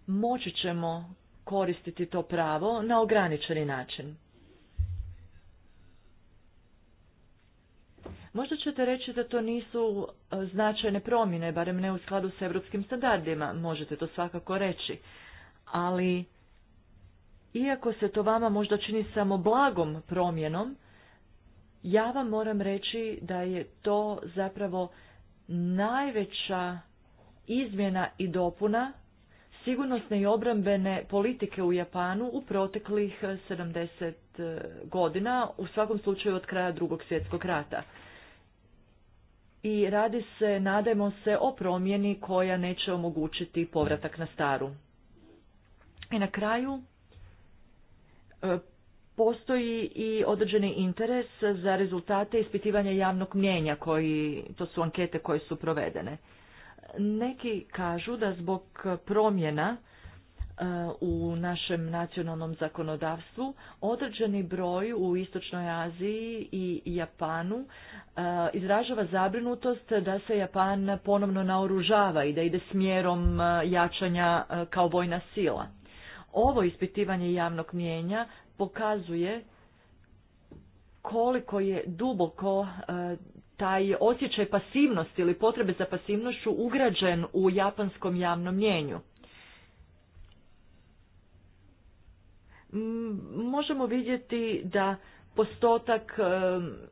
Speaker 1: moći ćemo koristiti to pravo na ograničeni način. Možda ćete reći da to nisu e, značajne promjene, barem ne u skladu s europskim standardima, možete to svakako reći, ali iako se to vama možda čini samo blagom promjenom, ja vam moram reći da je to zapravo najveća izmjena i dopuna sigurnosne i obrambene politike u Japanu u proteklih 70 eh, eh, godina, u svakom slučaju od kraja drugog svjetskog rata. I radi se, nadajmo se, o promjeni koja neće omogućiti povratak na staru. I na kraju eh, postoji i određeni interes za rezultate ispitivanja javnog mnjenja, koji, to su ankete koje su provedene. Neki kažu da zbog promjena e, u našem nacionalnom zakonodavstvu određeni broj u Istočnoj Aziji i Japanu e, izražava zabrinutost da se Japan ponovno naoružava i da ide smjerom e, jačanja kao vojna sila. Ovo ispitivanje javnog mijenja pokazuje koliko je duboko taj osjećaj pasivnosti ili potrebe za pasivnošću ugrađen u japanskom javnom mjenju. Možemo vidjeti da postotak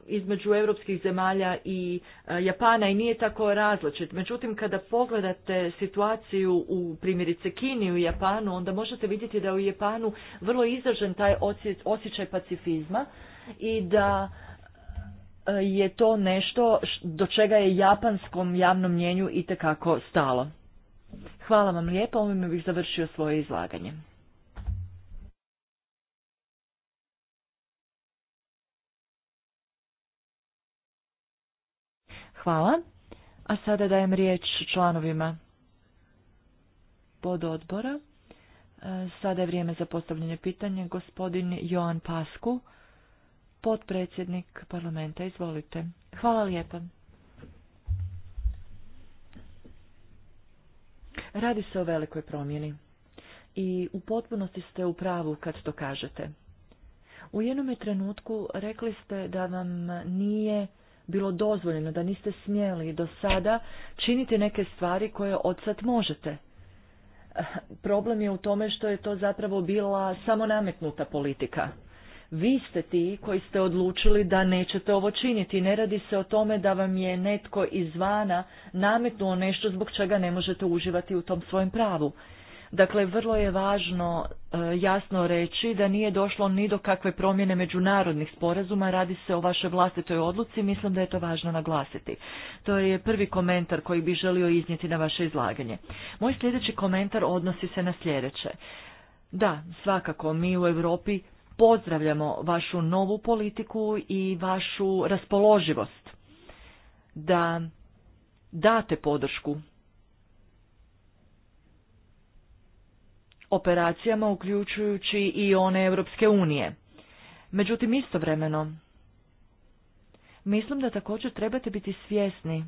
Speaker 1: između europskih zemalja i e, Japana i nije tako različit. Međutim, kada pogledate situaciju u primjerice Kini u Japanu, onda možete vidjeti da je u Japanu vrlo izražen taj osjećaj pacifizma i da E, je to nešto do čega je japanskom javnom mjenju itekako stalo. Hvala vam lijepo, ovime bih završio svoje izlaganje. Hvala. A sada dajem riječ članovima pod odbora. E, sada je vrijeme za postavljanje pitanja. Gospodin Joan Pasku potpredsjednik parlamenta. Izvolite. Hvala lijepa. Radi se o velikoj promjeni. I u potpunosti ste u pravu kad to kažete. U jednom trenutku rekli ste da vam nije bilo dozvoljeno, da niste smjeli do sada činiti neke stvari koje od sad možete. Problem je u tome što je to zapravo bila samo nametnuta politika vi ste ti koji ste odlučili da nećete ovo činiti. Ne radi se o tome da vam je netko izvana nametnuo nešto zbog čega ne možete uživati u tom svojem pravu. Dakle, vrlo je važno e, jasno reći da nije došlo ni do kakve promjene međunarodnih sporazuma, radi se o vašoj vlastitoj odluci, mislim da je to važno naglasiti. To je prvi komentar koji bi želio iznijeti na vaše izlaganje. Moj sljedeći komentar odnosi se na sljedeće. Da, svakako, mi u Europi pozdravljamo vašu novu politiku i vašu raspoloživost da date podršku operacijama uključujući i one Europske unije. Međutim, istovremeno, mislim da također trebate biti svjesni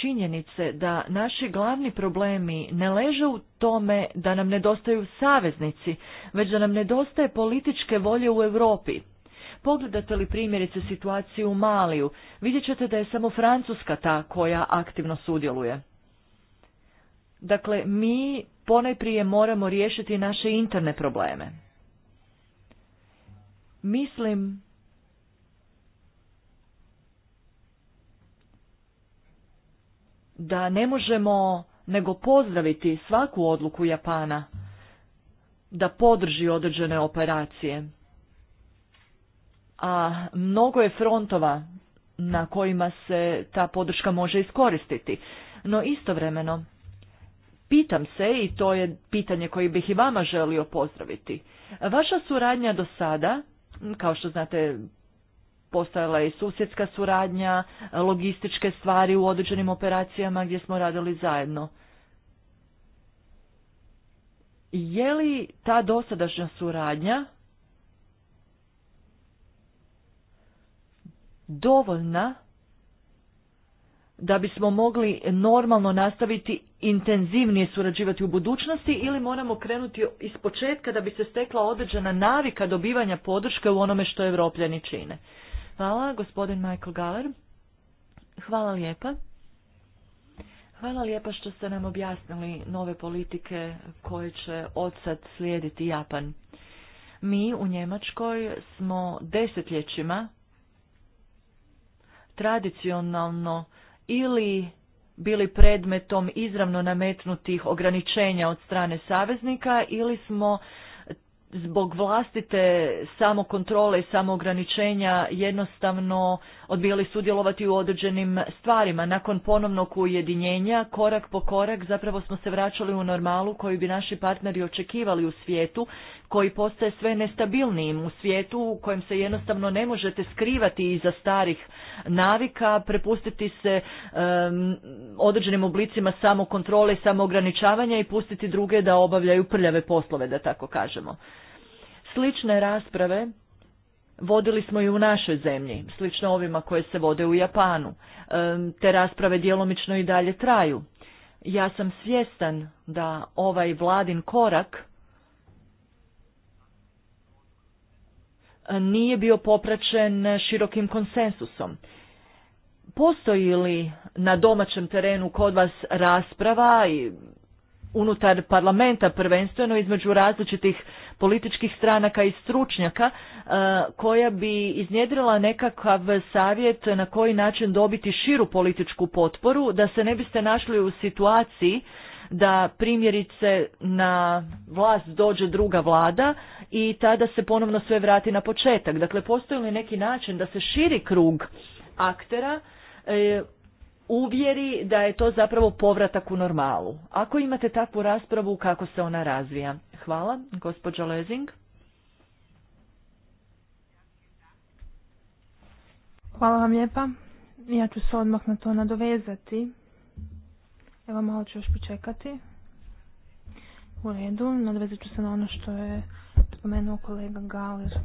Speaker 1: činjenice da naši glavni problemi ne leže u tome da nam nedostaju saveznici, već da nam nedostaje političke volje u Europi. Pogledate li primjerice situaciju u Maliju, vidjet ćete da je samo Francuska ta koja aktivno sudjeluje. Dakle, mi ponajprije moramo riješiti naše interne probleme. Mislim da ne možemo nego pozdraviti svaku odluku Japana da podrži određene operacije. A mnogo je frontova na kojima se ta podrška može iskoristiti. No istovremeno, pitam se i to je pitanje koje bih i vama želio pozdraviti. Vaša suradnja do sada, kao što znate, postojala je i susjedska suradnja, logističke stvari u određenim operacijama gdje smo radili zajedno. Je li ta dosadašnja suradnja dovoljna da bismo mogli normalno nastaviti intenzivnije surađivati u budućnosti ili moramo krenuti iz da bi se stekla određena navika dobivanja podrške u onome što evropljani čine. Hvala, gospodin Michael Galler. Hvala lijepa. Hvala lijepa što ste nam objasnili nove politike koje će od sad slijediti Japan. Mi u Njemačkoj smo desetljećima tradicionalno ili bili predmetom izravno nametnutih ograničenja od strane saveznika ili smo zbog vlastite samokontrole i samoograničenja jednostavno odbijali sudjelovati u određenim stvarima. Nakon ponovnog ujedinjenja, korak po korak, zapravo smo se vraćali u normalu koju bi naši partneri očekivali u svijetu, koji postaje sve nestabilnijim u svijetu u kojem se jednostavno ne možete skrivati iza starih navika, prepustiti se um, određenim oblicima samokontrole i samoograničavanja i pustiti druge da obavljaju prljave poslove, da tako kažemo. Slične rasprave vodili smo i u našoj zemlji, slično ovima koje se vode u Japanu. Te rasprave djelomično i dalje traju. Ja sam svjestan da ovaj vladin korak nije bio popraćen širokim konsensusom. Postoji li na domaćem terenu kod vas rasprava i unutar parlamenta prvenstveno između različitih političkih stranaka i stručnjaka e, koja bi iznjedrila nekakav savjet na koji način dobiti širu političku potporu da se ne biste našli u situaciji da primjerice na vlast dođe druga vlada i tada se ponovno sve vrati na početak. Dakle, postoji li neki način da se širi krug aktera e, uvjeri da je to zapravo povratak u normalu. Ako imate takvu raspravu, kako se ona razvija? Hvala, gospođo Lezing.
Speaker 3: Hvala vam lijepa. Ja ću se odmah na to nadovezati. Evo malo ću još počekati. U redu, nadovezat ću se na ono što je spomenuo kolega Galer.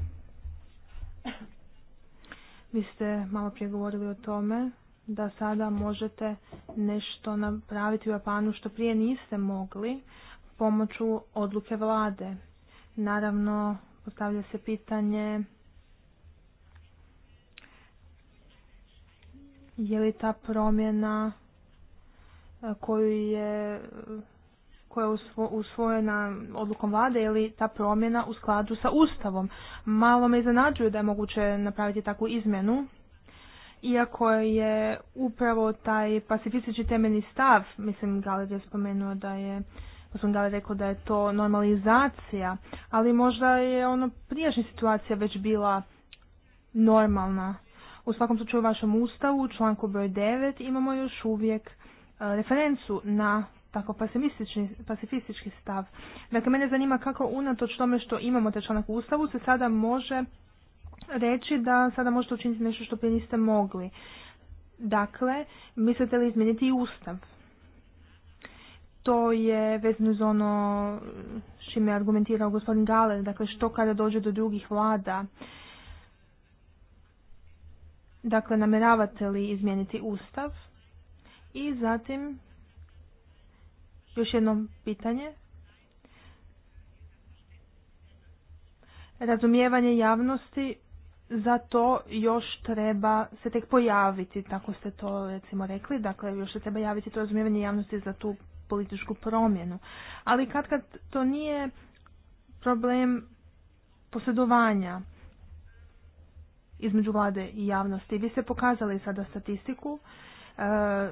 Speaker 3: Vi ste malo prije govorili o tome da sada možete nešto napraviti u Japanu što prije niste mogli pomoću odluke vlade. Naravno, postavlja se pitanje je li ta promjena e, koju je koja je usvojena odlukom vlade ili ta promjena u skladu sa Ustavom. Malo me iznenađuje da je moguće napraviti takvu izmjenu iako je upravo taj pacifistički temeljni stav, mislim Galer je spomenuo da je pa gospodin rekao da je to normalizacija, ali možda je ono prijašnja situacija već bila normalna. U svakom slučaju u vašem ustavu, u članku broj 9, imamo još uvijek e, referencu na tako pasifistički, stav. Dakle, mene zanima kako unatoč tome što imamo taj članak u Ustavu se sada može reći da sada možete učiniti nešto što prije niste mogli. Dakle, mislite li izmijeniti ustav? To je vezano za ono čime je argumentirao gospodin Galer, dakle što kada dođe do drugih vlada. Dakle, namjeravate li izmijeniti ustav? I zatim, još jedno pitanje. Razumijevanje javnosti za to još treba se tek pojaviti, tako ste to recimo rekli, dakle još se treba javiti to razumijevanje javnosti za tu političku promjenu. Ali kad, kad to nije problem posjedovanja između vlade i javnosti. Vi ste pokazali sada statistiku, e,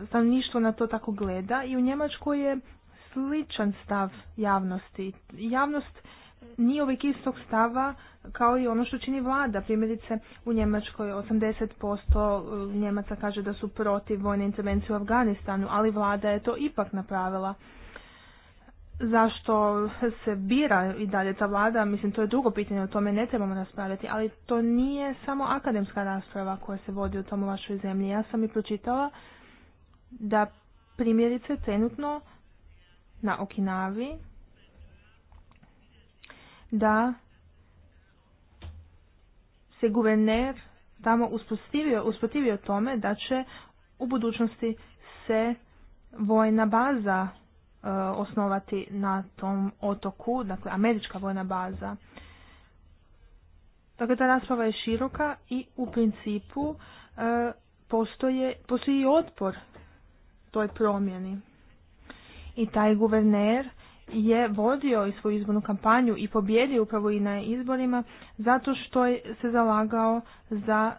Speaker 3: stanovništvo na to tako gleda i u Njemačkoj je sličan stav javnosti. Javnost nije uvijek istog stava kao i ono što čini vlada. Primjerice u Njemačkoj 80% e, Njemaca kaže da su protiv vojne intervencije u Afganistanu, ali vlada je to ipak napravila. Zašto se bira i dalje ta vlada, mislim to je drugo pitanje, o tome ne trebamo raspravljati, ali to nije samo akademska rasprava koja se vodi u tom u vašoj zemlji. Ja sam i pročitala da primjerice trenutno na Okinavi da se guverner tamo usprotivio, tome da će u budućnosti se vojna baza e, osnovati na tom otoku, dakle američka vojna baza. Dakle, ta rasprava je široka i u principu e, postoje, postoji otpor toj promjeni. I taj guverner je vodio i svoju izbornu kampanju i pobjedio upravo i na izborima zato što je se zalagao za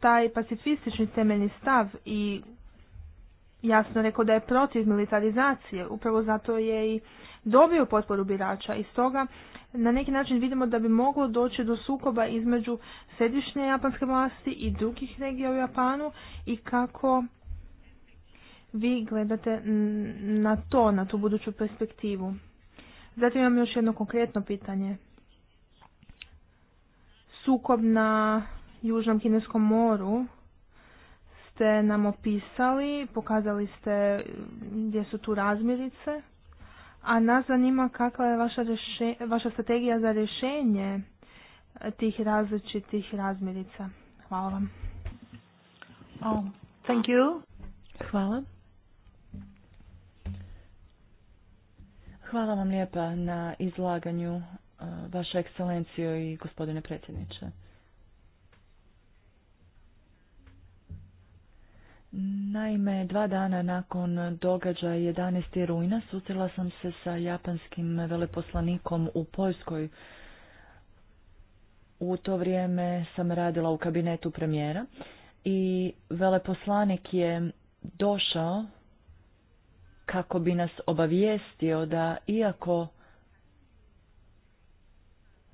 Speaker 3: taj pacifistični temeljni stav i jasno rekao da je protiv militarizacije. Upravo zato je i dobio potporu birača i stoga na neki način vidimo da bi moglo doći do sukoba između središnje japanske vlasti i drugih regija u Japanu i kako vi gledate na to, na tu buduću perspektivu. Zatim imam još jedno konkretno pitanje. Sukob na Južnom Kineskom moru ste nam opisali, pokazali ste mm, gdje su tu razmirice, a nas zanima kakva je vaša, vaša strategija za rješenje e, tih različitih razmirica. Hvala vam.
Speaker 1: Oh, thank you. Hvala. Hvala vam lijepa na izlaganju e, vaše ekscelencijo i gospodine predsjedniče. Naime, dva dana nakon događaja 11. rujna sutrila sam se sa japanskim veleposlanikom u Poljskoj. U to vrijeme sam radila u kabinetu premijera i veleposlanik je došao kako bi nas obavijestio da iako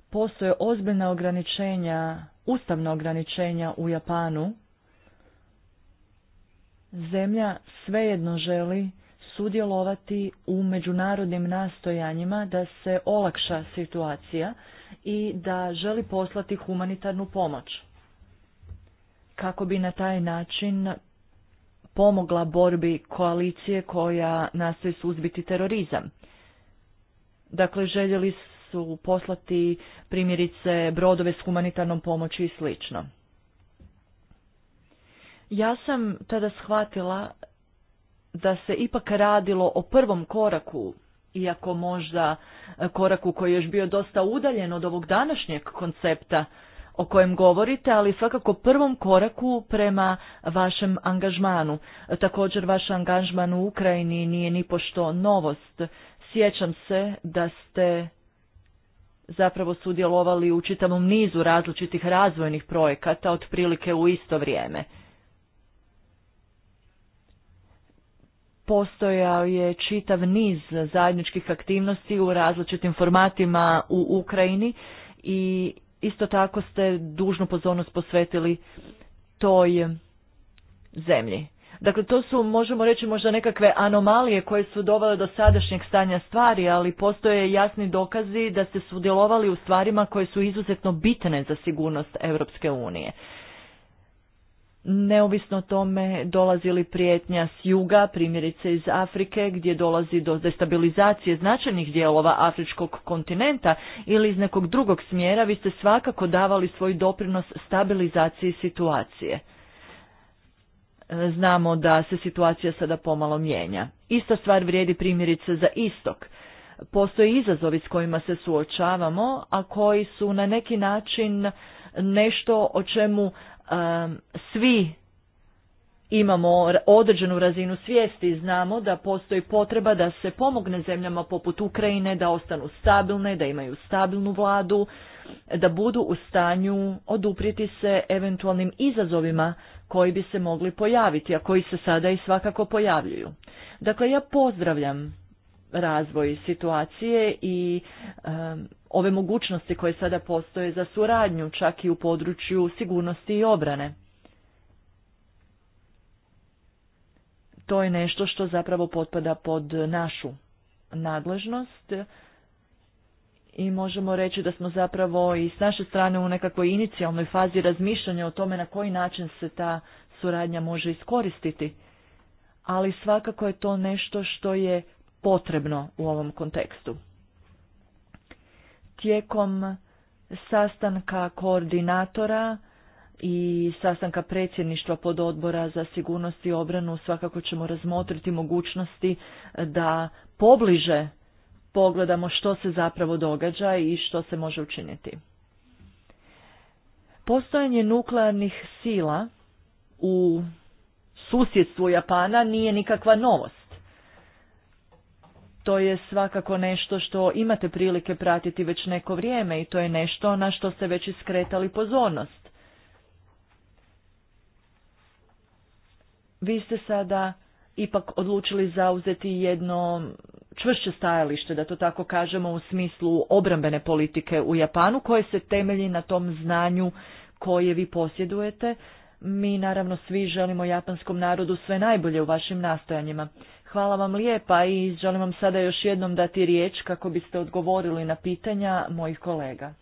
Speaker 1: postoje ozbiljna ograničenja, ustavna ograničenja u Japanu, zemlja svejedno želi sudjelovati u međunarodnim nastojanjima da se olakša situacija i da želi poslati humanitarnu pomoć kako bi na taj način pomogla borbi koalicije koja nastoji suzbiti terorizam. Dakle, željeli su poslati primjerice brodove s humanitarnom pomoći i slično. Ja sam tada shvatila da se ipak radilo o prvom koraku, iako možda koraku koji je još bio dosta udaljen od ovog današnjeg koncepta o kojem govorite, ali svakako prvom koraku prema vašem angažmanu. Također vaš angažman u Ukrajini nije nipošto novost. Sjećam se da ste zapravo sudjelovali u čitavom nizu različitih razvojnih projekata otprilike u isto vrijeme. postojao je čitav niz zajedničkih aktivnosti u različitim formatima u Ukrajini i Isto tako ste dužnu pozornost posvetili toj zemlji. Dakle, to su, možemo reći, možda nekakve anomalije koje su dovele do sadašnjeg stanja stvari, ali postoje jasni dokazi da ste sudjelovali u stvarima koje su izuzetno bitne za sigurnost Europske unije neovisno o tome dolazi li prijetnja s juga, primjerice iz Afrike, gdje dolazi do destabilizacije značajnih dijelova afričkog kontinenta ili iz nekog drugog smjera, vi ste svakako davali svoj doprinos stabilizaciji situacije. Znamo da se situacija sada pomalo mijenja. Ista stvar vrijedi primjerice za istok. Postoje izazovi s kojima se suočavamo, a koji su na neki način nešto o čemu svi imamo određenu razinu svijesti i znamo da postoji potreba da se pomogne zemljama poput Ukrajine da ostanu stabilne, da imaju stabilnu vladu, da budu u stanju oduprijeti se eventualnim izazovima koji bi se mogli pojaviti, a koji se sada i svakako pojavljuju. Dakle, ja pozdravljam razvoj situacije i ove mogućnosti koje sada postoje za suradnju, čak i u području sigurnosti i obrane. To je nešto što zapravo potpada pod našu nadležnost i možemo reći da smo zapravo i s naše strane u nekakvoj inicijalnoj fazi razmišljanja o tome na koji način se ta suradnja može iskoristiti. Ali svakako je to nešto što je potrebno u ovom kontekstu. Tijekom sastanka koordinatora i sastanka predsjedništva pod odbora za sigurnost i obranu svakako ćemo razmotriti mogućnosti da pobliže pogledamo što se zapravo događa i što se može učiniti. Postojanje nuklearnih sila u susjedstvu Japana nije nikakva novost to je svakako nešto što imate prilike pratiti već neko vrijeme i to je nešto na što ste već iskretali pozornost. Vi ste sada ipak odlučili zauzeti jedno čvršće stajalište, da to tako kažemo, u smislu obrambene politike u Japanu, koje se temelji na tom znanju koje vi posjedujete. Mi naravno svi želimo japanskom narodu sve najbolje u vašim nastojanjima. Hvala vam lijepa i želim vam sada još jednom dati riječ kako biste odgovorili na pitanja mojih kolega.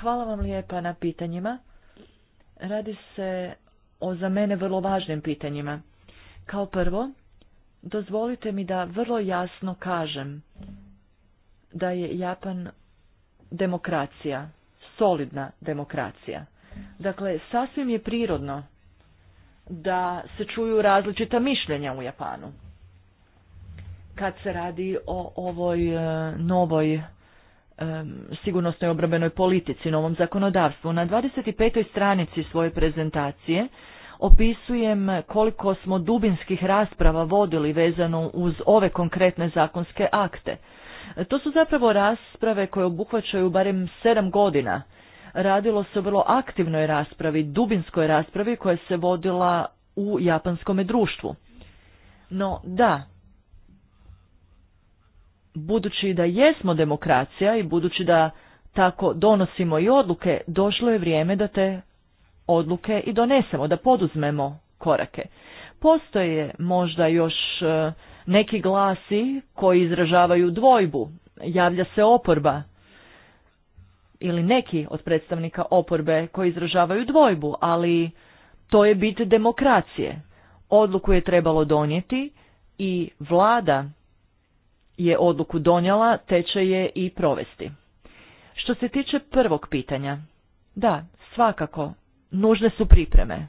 Speaker 1: Hvala vam lijepa na pitanjima. Radi se o za mene vrlo važnim pitanjima. Kao prvo, dozvolite mi da vrlo jasno kažem da je Japan demokracija, solidna demokracija. Dakle, sasvim je prirodno da se čuju različita mišljenja u Japanu. Kad se radi o ovoj e, novoj e, sigurnosnoj obrambenoj politici, novom zakonodavstvu. Na 25. stranici svoje prezentacije opisujem koliko smo dubinskih rasprava vodili vezano uz ove konkretne zakonske akte. E, to su zapravo rasprave koje obuhvaćaju barem sedam godina Radilo se o vrlo aktivnoj raspravi, dubinskoj raspravi koja se vodila u japanskom društvu. No da, budući da jesmo demokracija i budući da tako donosimo i odluke, došlo je vrijeme da te odluke i donesemo, da poduzmemo korake. Postoje možda još e, neki glasi koji izražavaju dvojbu, javlja se oporba, ili neki od predstavnika oporbe koji izražavaju dvojbu, ali to je bit demokracije. Odluku je trebalo donijeti i vlada je odluku donijela, te će je i provesti. Što se tiče prvog pitanja, da, svakako, nužne su pripreme.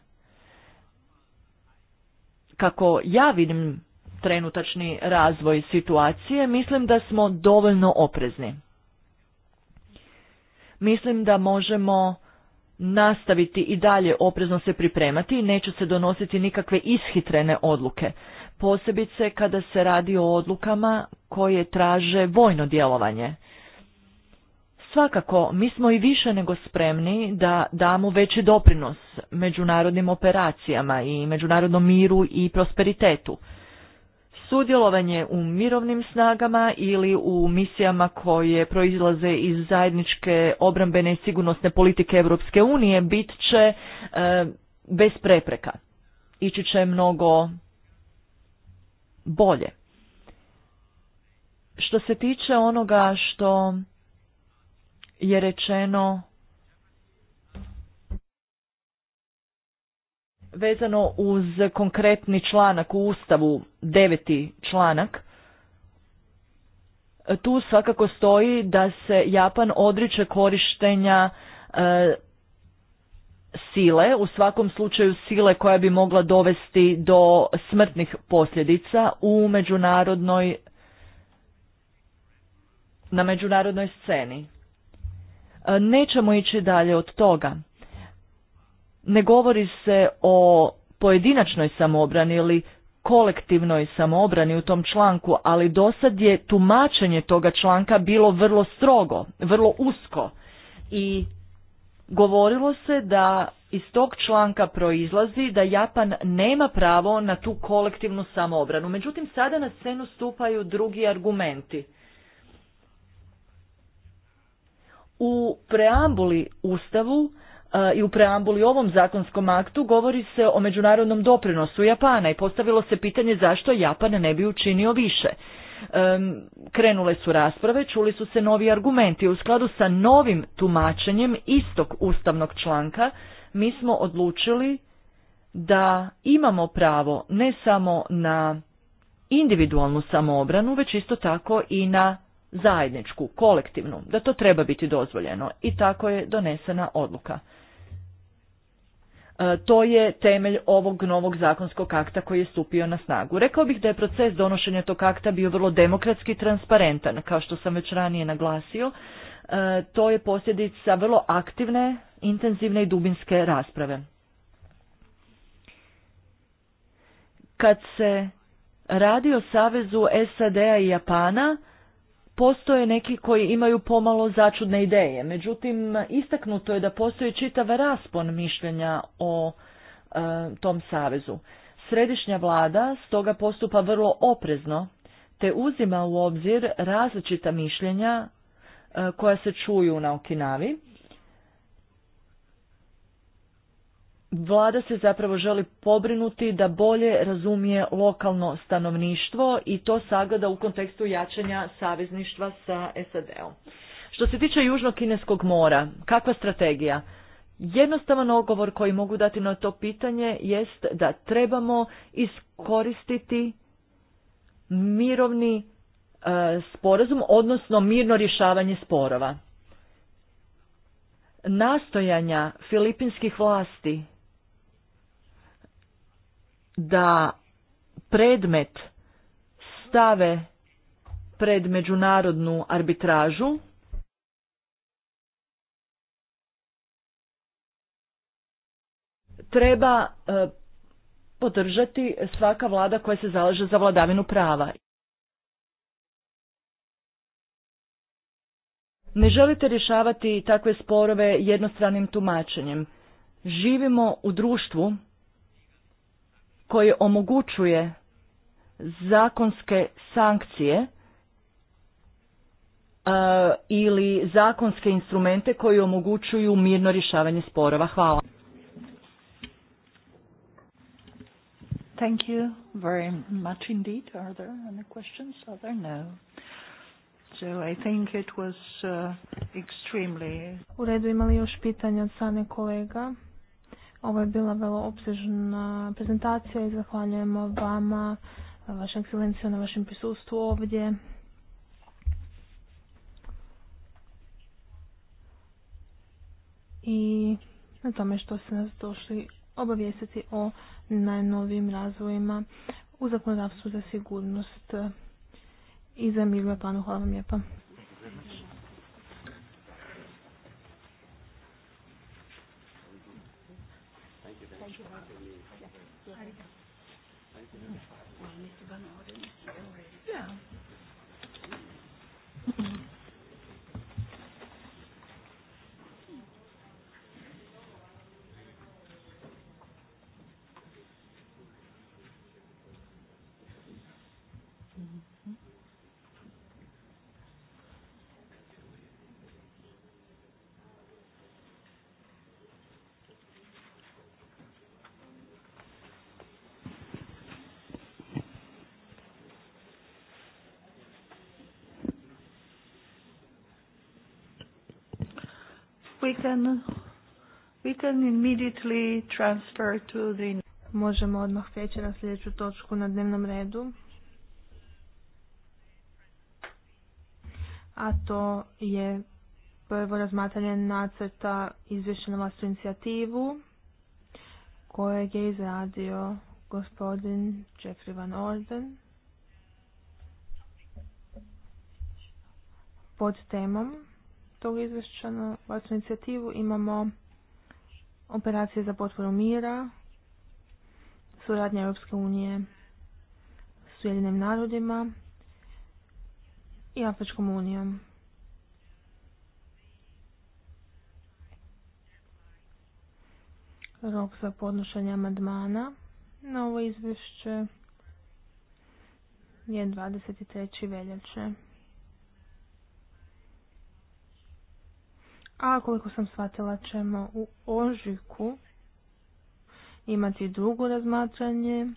Speaker 1: Kako ja vidim trenutačni razvoj situacije, mislim da smo dovoljno oprezni mislim da možemo nastaviti i dalje oprezno se pripremati i neće se donositi nikakve ishitrene odluke, posebice kada se radi o odlukama koje traže vojno djelovanje. Svakako, mi smo i više nego spremni da damo veći doprinos međunarodnim operacijama i međunarodnom miru i prosperitetu. Sudjelovanje u mirovnim snagama ili u misijama koje proizlaze iz zajedničke obrambene i sigurnosne politike Europske unije bit će e, bez prepreka. Ići će mnogo bolje. Što se tiče onoga što je rečeno vezano uz konkretni članak u Ustavu, deveti članak, tu svakako stoji da se Japan odriče korištenja e, sile, u svakom slučaju sile koja bi mogla dovesti do smrtnih posljedica u međunarodnoj na međunarodnoj sceni. E, nećemo ići dalje od toga ne govori se o pojedinačnoj samobrani ili kolektivnoj samobrani u tom članku, ali dosad je tumačenje toga članka bilo vrlo strogo, vrlo usko i govorilo se da iz tog članka proizlazi da Japan nema pravo na tu kolektivnu samobranu. Međutim, sada na scenu stupaju drugi argumenti. U preambuli Ustavu E, i u preambuli ovom zakonskom aktu govori se o međunarodnom doprinosu Japana i postavilo se pitanje zašto Japan ne bi učinio više. Krenule su rasprave, čuli su se novi argumenti. U skladu sa novim tumačenjem istog ustavnog članka mi smo odlučili da imamo pravo ne samo na individualnu samoobranu, već isto tako i na zajedničku, kolektivnu, da to treba biti dozvoljeno i tako je donesena odluka. E, to je temelj ovog novog zakonskog akta koji je stupio na snagu. Rekao bih da je proces donošenja tog akta bio vrlo demokratski i transparentan, kao što sam već ranije naglasio. E, to je posljedica vrlo aktivne, intenzivne i dubinske rasprave. Kad se radi o savezu SAD-a i Japana, postoje neki koji imaju pomalo začudne ideje. Međutim, istaknuto je da postoji čitav raspon mišljenja o e, tom savezu. Središnja vlada stoga postupa vrlo oprezno te uzima u obzir različita mišljenja e, koja se čuju na Okinavi Vlada se zapravo želi pobrinuti da bolje razumije lokalno stanovništvo i to sagleda u kontekstu jačanja savezništva sa SAD-om. Što se tiče Južnog kineskog mora, kakva strategija? Jednostavan odgovor koji mogu dati na to pitanje jest da trebamo iskoristiti mirovni e, sporazum, odnosno mirno rješavanje sporova. Nastojanja filipinskih vlasti da predmet stave pred međunarodnu arbitražu treba e, podržati svaka vlada koja se zalaže za vladavinu prava. Ne želite rješavati takve sporove jednostranim tumačenjem. Živimo u društvu koji omogućuje zakonske sankcije e, ili zakonske instrumente koji omogućuju mirno rješavanje sporova. Hvala. Thank you very much indeed. Are there any questions? there no?
Speaker 2: So I think it was uh, extremely... U redu imali još pitanja
Speaker 3: od strane kolega. Ovo je bila vrlo opsežna prezentacija i zahvaljujemo vama, vašem ekscelenciju na vašem prisustvu ovdje. I na tome što ste nas došli obavijestiti o najnovijim razvojima u zakonodavstvu za sigurnost i za mirno planu. Hvala vam lijepa.
Speaker 2: Hvala we
Speaker 3: can, immediately transfer to the... Možemo odmah prijeći na sljedeću točku na dnevnom redu. A to je prvo razmatranje nacrta izvješća na u inicijativu kojeg je izradio gospodin Jeffrey Van Orden pod temom tog izvješća na vašu inicijativu imamo operacije za potporu mira, suradnje Europske unije s Ujedinim narodima i Afričkom unijom. Rok za podnošenje amandmana na ovo izvješće je 23. veljače. A koliko sam shvatila ćemo u ožujku imati drugo razmatranje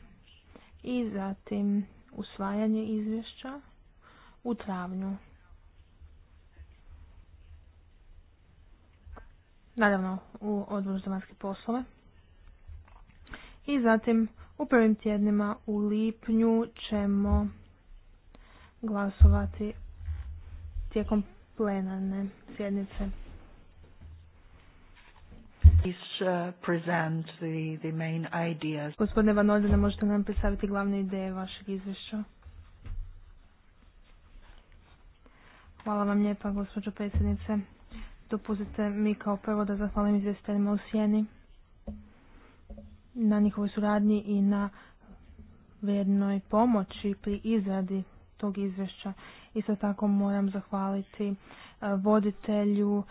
Speaker 3: i zatim usvajanje izvješća u travnju. Naravno u odboru za vanjske poslove. I zatim u prvim tjednima u lipnju ćemo glasovati tijekom plenarne sjednice.
Speaker 2: Uh, Gospodine Van možete nam
Speaker 3: predstaviti glavne ideje vašeg izvješća? Hvala vam lijepa, gospođo predsjednice. Dopustite mi kao prvo da zahvalim izvjestiteljima u Sjeni na njihovoj suradnji i na vjernoj pomoći pri izradi tog izvješća. Isto tako moram zahvaliti e, voditelju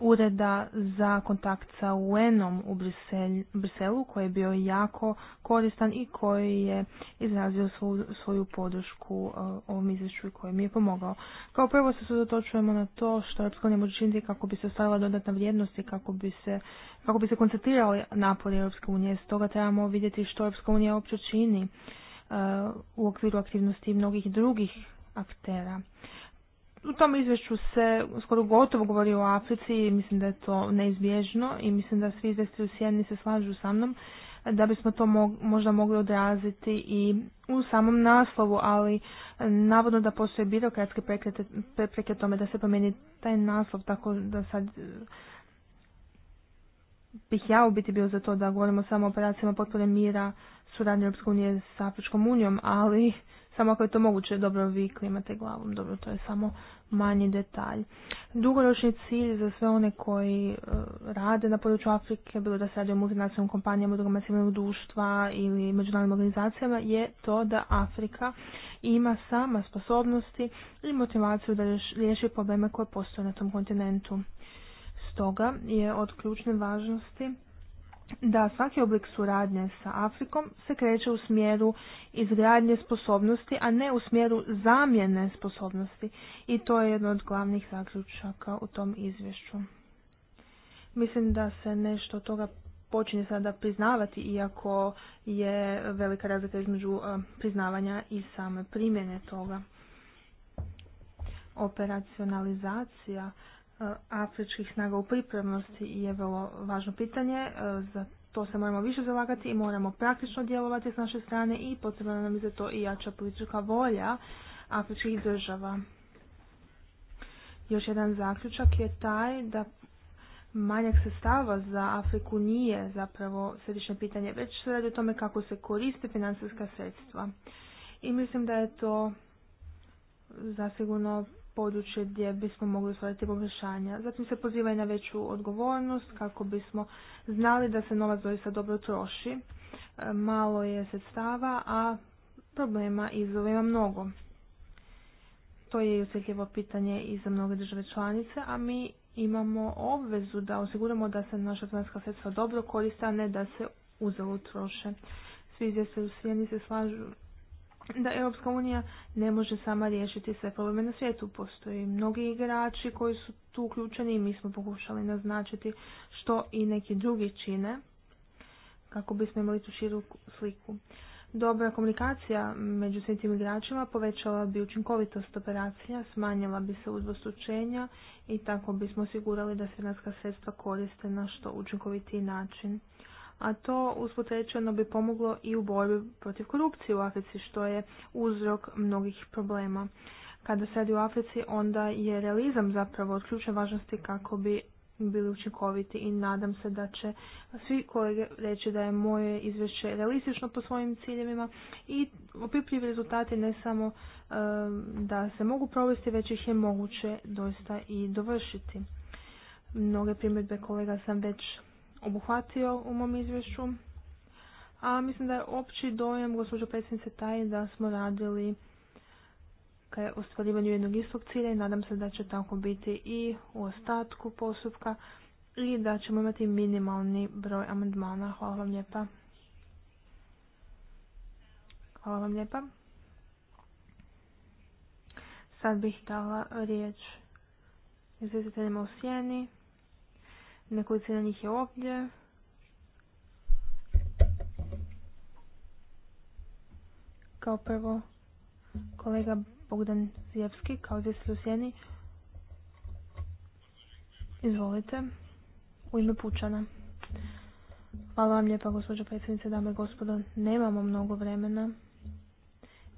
Speaker 3: ureda za kontakt sa UN-om u Briselu koji je bio jako koristan i koji je izrazio svoju, podršku e, ovom izvješću i koji mi je pomogao. Kao prvo se sudotočujemo na to što Europska unija može činiti kako bi se ostavila dodatna vrijednost i kako bi se, kako bi se koncentrirali napori Europske unije. Stoga trebamo vidjeti što Europska unija uopće čini u okviru aktivnosti mnogih drugih aktera. U tom izvješću se skoro gotovo govori o Africi i mislim da je to neizbježno i mislim da svi izvesti u Sjeni se slažu sa mnom da bismo to možda mogli odraziti i u samom naslovu, ali navodno da postoje birokratske prepreke tome da se promijeni taj naslov tako da sad bih ja u biti bio za to da govorimo samo o operacijama potpore mira suradnje Europske unije sa Afričkom unijom, ali samo ako je to moguće, dobro vi klimate glavom, dobro, to je samo manji detalj. Dugoročni cilj za sve one koji e, rade na području Afrike, bilo da se radi o multinacionalnim kompanijama, udrugama civilnog društva ili međunarodnim organizacijama, je to da Afrika ima sama sposobnosti i motivaciju da riješi probleme koje postoje na tom kontinentu toga je od ključne važnosti da svaki oblik suradnje sa Afrikom se kreće u smjeru izgradnje sposobnosti, a ne u smjeru zamjene sposobnosti. I to je jedno od glavnih zaključaka u tom izvješću. Mislim da se nešto toga počinje sada priznavati, iako je velika razlika između e, priznavanja i same primjene toga. Operacionalizacija afričkih snaga u pripremnosti je vrlo važno pitanje. E, za to se moramo više zalagati i moramo praktično djelovati s naše strane i potrebno nam je za to i jača politička volja afričkih država. Još jedan zaključak je taj da manjak sredstava za Afriku nije zapravo središnje pitanje, već se radi o tome kako se koriste financijska sredstva. I mislim da je to zasigurno područje gdje bismo mogli ostvariti poboljšanja. Zatim se poziva i na veću odgovornost kako bismo znali da se novac doista dobro troši. E, malo je sredstava, a problema i izazova mnogo. To je i osjetljivo pitanje i za mnoge države članice, a mi imamo obvezu da osiguramo da se naša financijska sredstva dobro koriste, a ne da se uzalud troše. Svi se u se slažu da Europska unija ne može sama riješiti sve probleme na svijetu. Postoji mnogi igrači koji su tu uključeni i mi smo pokušali naznačiti što i neki drugi čine kako bismo imali tu širu sliku. Dobra komunikacija među svim igračima povećala bi učinkovitost operacija, smanjila bi se uzvostučenja i tako bismo osigurali da se sredstva koriste na što učinkovitiji način a to usput rečeno bi pomoglo i u borbi protiv korupcije u Africi, što je uzrok mnogih problema. Kada se radi u Africi, onda je realizam zapravo od ključne važnosti kako bi bili učinkoviti i nadam se da će svi kolege reći da je moje izvješće realistično po svojim ciljevima i opipljivi rezultati ne samo e, da se mogu provesti, već ih je moguće doista i dovršiti. Mnoge primjedbe kolega sam već obuhvatio u mom izvješću. A mislim da je opći dojem, gospođo predsjednice, taj da smo radili ka ostvarivanju jednog istog cilja i nadam se da će tako biti i u ostatku postupka i da ćemo imati minimalni broj amandmana. Hvala vam lijepa. Hvala vam lijepa. Sad bih dala riječ izvjestiteljima u sjeni. Nekolicina njih je ovdje. Kao prvo, kolega Bogdan Zijevski, kao izvjestitelj u Sjeni. Izvolite, u ime Pučana. Hvala vam lijepa, gospođo predsjednice, dame i gospodo. Nemamo mnogo vremena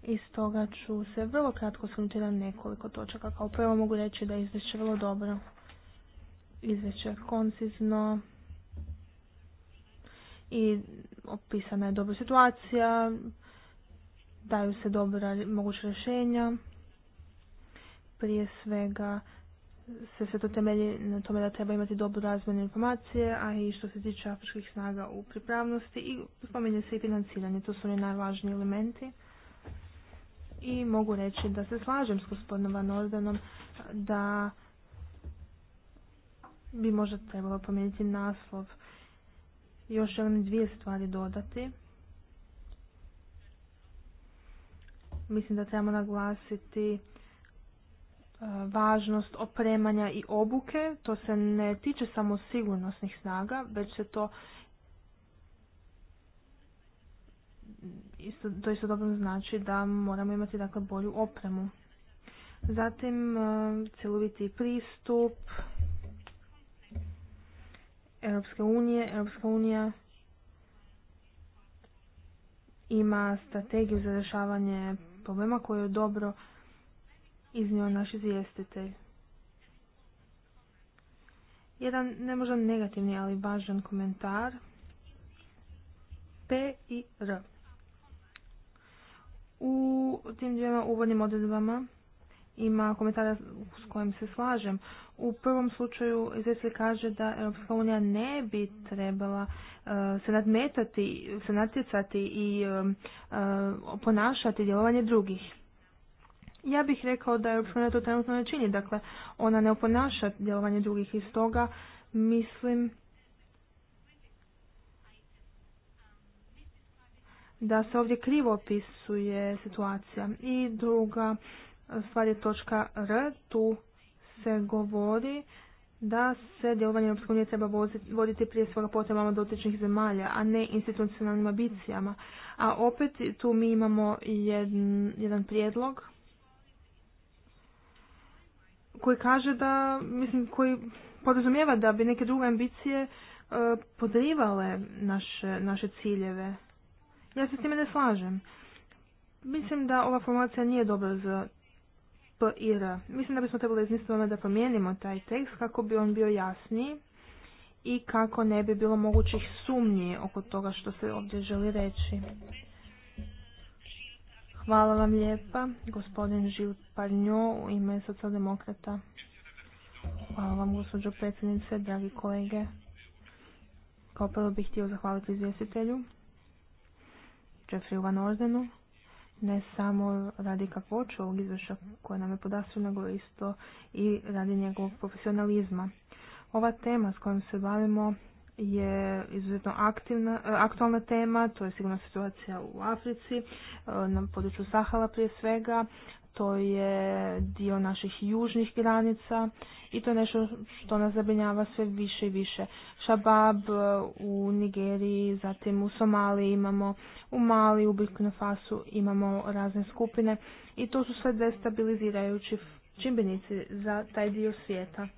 Speaker 3: i stoga ću se vrlo kratko osvrnuti na nekoliko točaka. Kao prvo mogu reći da je izvješće vrlo dobro izvješće koncizno i opisana je dobra situacija, daju se dobra moguća rješenja. Prije svega se sve to temelji na tome da treba imati dobru razmjenu
Speaker 2: informacije,
Speaker 3: a i što se tiče afričkih snaga u pripravnosti i spominje se i financiranje. To su oni najvažniji elementi. I mogu reći da se slažem s gospodinom Van Ordenom da bi možda trebalo promijeniti naslov. Još želim dvije stvari dodati. Mislim da trebamo naglasiti e, važnost opremanja i obuke. To se ne tiče samo sigurnosnih snaga, već se to isto, to isto dobro znači da moramo imati dakle bolju opremu. Zatim e, cjeloviti pristup, Europske unije. Europska unija ima strategiju za rješavanje problema koju je dobro iznio naš izvjestitelj. Jedan ne možda negativni, ali važan komentar. P i R. U tim dvijema uvodnim odredbama ima komentara s kojim se slažem. U prvom slučaju izvjestitelj kaže da Europska unija ne bi trebala e, se nadmetati, se natjecati i e, e, ponašati djelovanje drugih. Ja bih rekao da Europska unija to trenutno ne čini, dakle ona ne oponaša djelovanje drugih i stoga mislim da se ovdje krivo opisuje situacija. I druga stvar je točka R. Tu se govori da se djelovanje Europske unije treba voditi prije svega potrebama dotičnih zemalja, a ne institucionalnim ambicijama. A opet tu mi imamo jedan, jedan prijedlog koji kaže da, mislim, koji podrazumijeva da bi neke druge ambicije e, podrivale naše, naše ciljeve. Ja se s time ne slažem. Mislim da ova formacija nije dobra za pir Mislim da bismo trebali izmisliti da promijenimo taj tekst kako bi on bio jasniji i kako ne bi bilo mogućih sumnji oko toga što se ovdje želi reći. Hvala vam lijepa, gospodin Žil Parnjo u ime socijaldemokrata. Hvala vam, gospođo predsjednice, dragi kolege. Kao prvo bih htio zahvaliti izvjestitelju, Jeffrey Van Ordenu, ne samo radi kakvoću ovog izvješća koje nam je podastru, nego isto i radi njegovog profesionalizma. Ova tema s kojom se bavimo je izuzetno aktivna, e, aktualna tema, to je sigurno situacija u Africi, e, na području Sahala prije svega, to je dio naših južnih granica i to je nešto što nas zabrinjava sve više i više. Šabab e, u Nigeriji, zatim u Somaliji imamo, u Mali, u Burkina Fasu imamo razne skupine i to su sve destabilizirajući čimbenici za taj dio svijeta.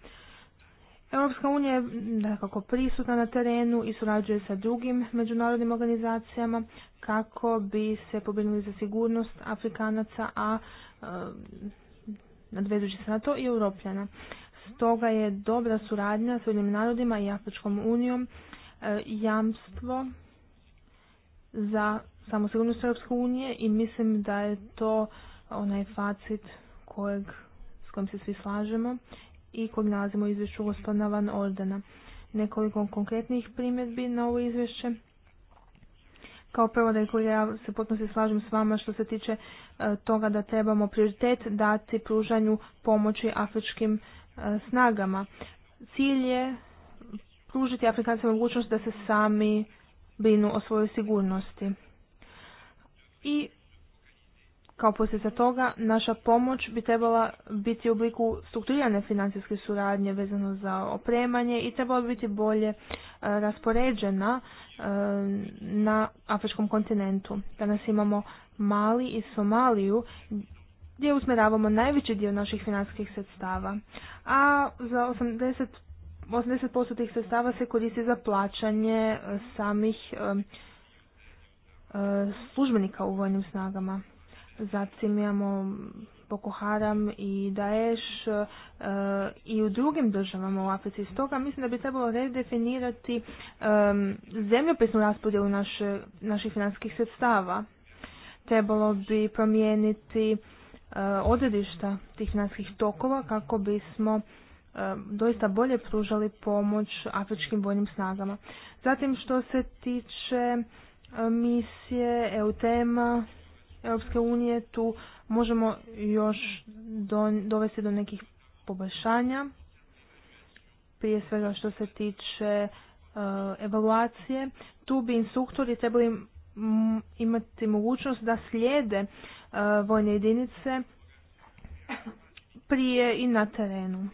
Speaker 3: Europska unija je nekako prisutna na terenu i surađuje sa drugim međunarodnim organizacijama kako bi se pobrinuli za sigurnost Afrikanaca, a e, se na to i Europljana. Stoga je dobra suradnja s Ujedinim narodima i Afričkom unijom e, jamstvo za samosigurnost Europske unije i mislim da je to onaj facit kojeg s kojim se svi slažemo i kod nalazimo u izvješću gospodina Van Ordena. Nekoliko konkretnih primjedbi na ovo izvješće. Kao prvo da dakle, ja se potpuno se slažem s vama što se tiče e, toga da trebamo prioritet dati pružanju pomoći afričkim e, snagama. Cilj je pružiti Afrikancima mogućnost da se sami brinu o svojoj sigurnosti. I kao posljedica toga, naša pomoć bi trebala biti u obliku strukturirane financijske suradnje vezano za opremanje i trebala bi biti bolje e, raspoređena e, na afričkom kontinentu. Danas imamo Mali i Somaliju gdje usmjeravamo najveći dio naših financijskih sredstava, a za 80%, 80 tih sredstava se koristi za plaćanje e, samih službenika u vojnim snagama. Zatim imamo Boko Haram i Daesh e, i u drugim državama u Africi. Stoga mislim da bi trebalo redefinirati e, zemljopisnu raspodjelu naše, naših finanskih sredstava. Trebalo bi promijeniti e, odredišta tih finanskih tokova kako bismo doista bolje pružali pomoć afričkim vojnim snagama. Zatim što se tiče misije, EU tema, Europske unije tu možemo još do, dovesti do nekih poboljšanja. Prije svega što se tiče e, evaluacije, tu bi instruktori trebali imati mogućnost da slijede e, vojne jedinice prije i na terenu.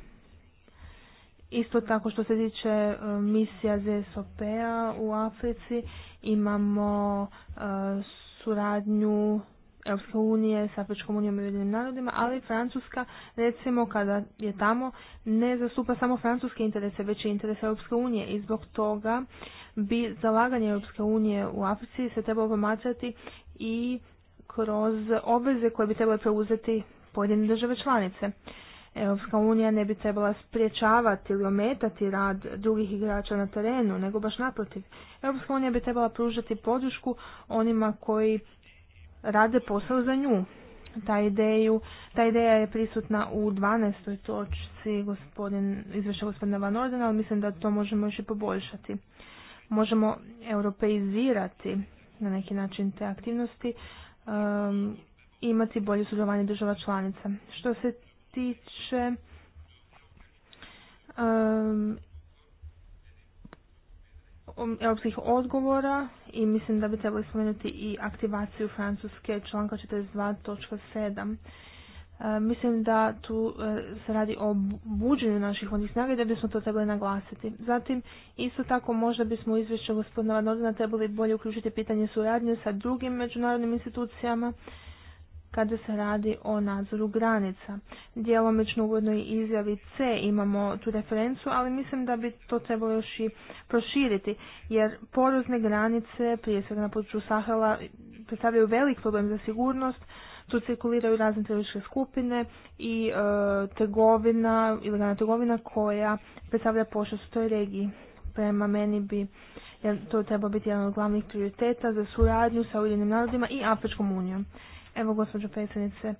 Speaker 3: Isto tako što se tiče e, misija ZSOP-a u Africi imamo suradnju Europske unije s Afričkom unijom i Ujedinim narodima, ali Francuska, recimo, kada je tamo, ne zastupa samo francuske interese, već i interese Europske unije i zbog toga bi zalaganje Europske unije u Africi se trebalo promatrati i kroz obveze koje bi trebale preuzeti pojedine države članice. Europska unija ne bi trebala spriječavati ili ometati rad drugih igrača na terenu, nego baš naprotiv. Europska unija bi trebala pružati podršku onima koji rade posao za nju. Ta, ideju, ta ideja je prisutna u 12. točci gospodin, izvješća gospodina Van Ordena, ali mislim da to možemo još i poboljšati. Možemo europeizirati na neki način te aktivnosti um, i imati bolje sudjelovanje država članica. Što se tiče um, Um, europskih odgovora i mislim da bi trebali spomenuti i aktivaciju Francuske članka 42.7. E, mislim da tu e, se radi o buđenju naših onih snaga i da bismo to trebali naglasiti. Zatim, isto tako možda bismo u izvješću gospodina Vanodina trebali bolje uključiti pitanje suradnje sa drugim međunarodnim institucijama kada se radi o nadzoru granica. Djelomično uvodnoj izjavi C imamo tu referencu, ali mislim da bi to trebalo još i proširiti, jer porozne granice, prije svega na području Sahela, predstavljaju velik problem za sigurnost, tu cirkuliraju razne terorističke skupine i e, trgovina, ilegalna trgovina koja predstavlja pošast u toj regiji. Prema meni bi jer to treba biti jedan od glavnih prioriteta za suradnju sa Ujedinim narodima i Afričkom unijom. Evo, gospođo predsjednice, e,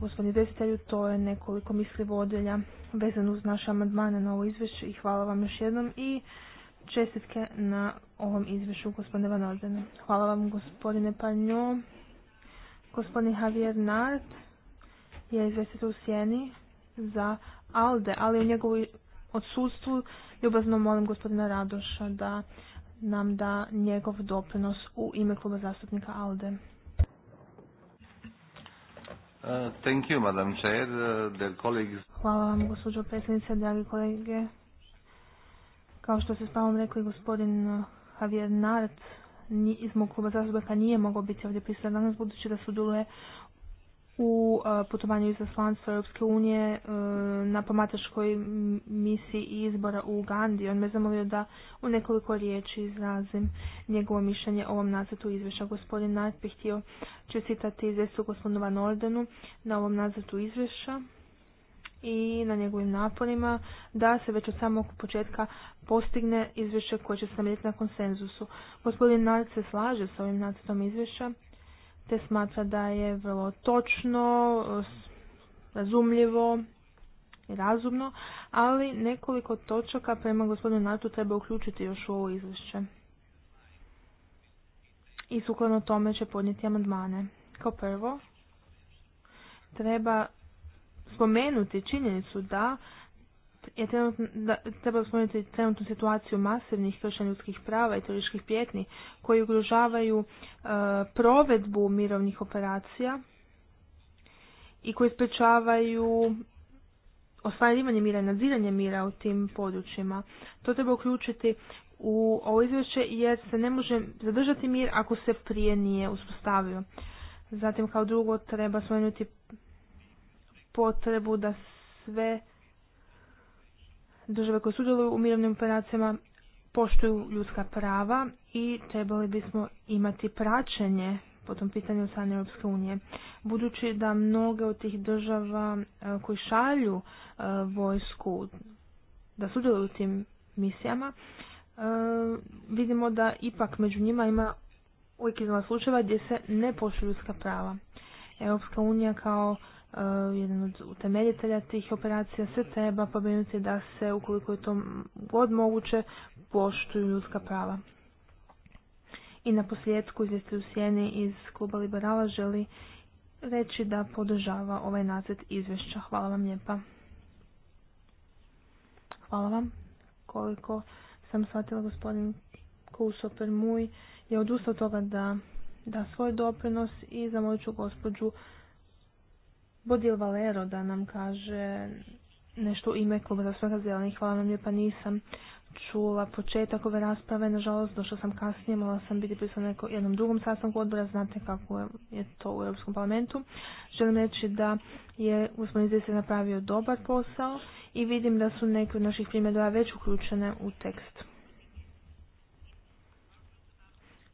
Speaker 3: gospodine desitelju, to je nekoliko misli vodelja vezano uz naše amandmane na ovo izvješće i hvala vam još jednom i čestitke na ovom izvješću gospodine Van Ordenu. Hvala vam gospodine Panjo. Gospodin Javier Nard je izvjestitelj u Sjeni za Alde, ali u njegovu odsustvu ljubazno molim gospodina Radoša da nam da njegov doprinos u ime kluba zastupnika Alde.
Speaker 2: Uh, thank you, Madam Chair, uh, colleagues. Hvala vam, gospođo
Speaker 3: predsjednice, dragi kolege. Kao što ste s pravom rekli, gospodin uh, Javier Nart iz mog kluba zastupnika nije mogao biti ovdje prisutan danas budući da sudjeluje u putovanju izaslanstva Europske unije e, na pomatačkoj misiji izbora u Ugandi. On me zamolio da u nekoliko riječi izrazim njegovo mišljenje o ovom nacrtu izvješća. Gospodin Nart bih htio čestitati izvjestu gospodinu Van Ordenu na ovom nacrtu izvješća i na njegovim naporima da se već od samog početka postigne izvješće koje će se namiriti na konsenzusu. Gospodin Nas se slaže sa ovim nacrtom izvješća te smatra da je vrlo točno, razumljivo i razumno, ali nekoliko točaka prema gospodinu natu treba uključiti još u ovo izvješće. I sukladno tome će podnijeti amandmane. Kao prvo, treba spomenuti činjenicu da je da, treba spomenuti trenutnu situaciju masivnih kršenja ljudskih prava i terorističkih prijetnji koji ugrožavaju e, provedbu mirovnih operacija i koji sprečavaju ostvarivanje mira i nadziranje mira u tim područjima. To treba uključiti u ovo izvješće jer se ne može zadržati mir ako se prije nije uspostavio. Zatim kao drugo treba spomenuti potrebu da sve države koje sudjeluju u mirovnim operacijama poštuju ljudska prava i trebali bismo imati praćenje po tom pitanju od strane Europske unije. Budući da mnoge od tih država e, koji šalju e, vojsku da sudjeluju u tim misijama, e, vidimo da ipak među njima ima uvijek iznala slučajeva gdje se ne poštuju ljudska prava. Europska unija kao E, jedan od utemeljitelja tih operacija, se treba pobrinuti da se, ukoliko je to god moguće, poštuju ljudska prava. I na posljedku u Sjeni iz kluba Liberala želi reći da podržava ovaj nacrt izvješća. Hvala vam lijepa. Hvala vam. Koliko sam shvatila gospodin Kuso Muj je odustao toga da da svoj doprinos i zamolit ću gospođu Bodil Valero da nam kaže nešto u ime kluba zastupnika zelenih. Hvala vam lijepa, nisam čula početak ove rasprave. Nažalost, došla sam kasnije, mala sam biti prisutna na jednom drugom sastanku odbora. Znate kako je to u Europskom parlamentu. Želim reći da je gospodin Zvijesek napravio dobar posao i vidim da su neke od naših primjedba već uključene u tekst.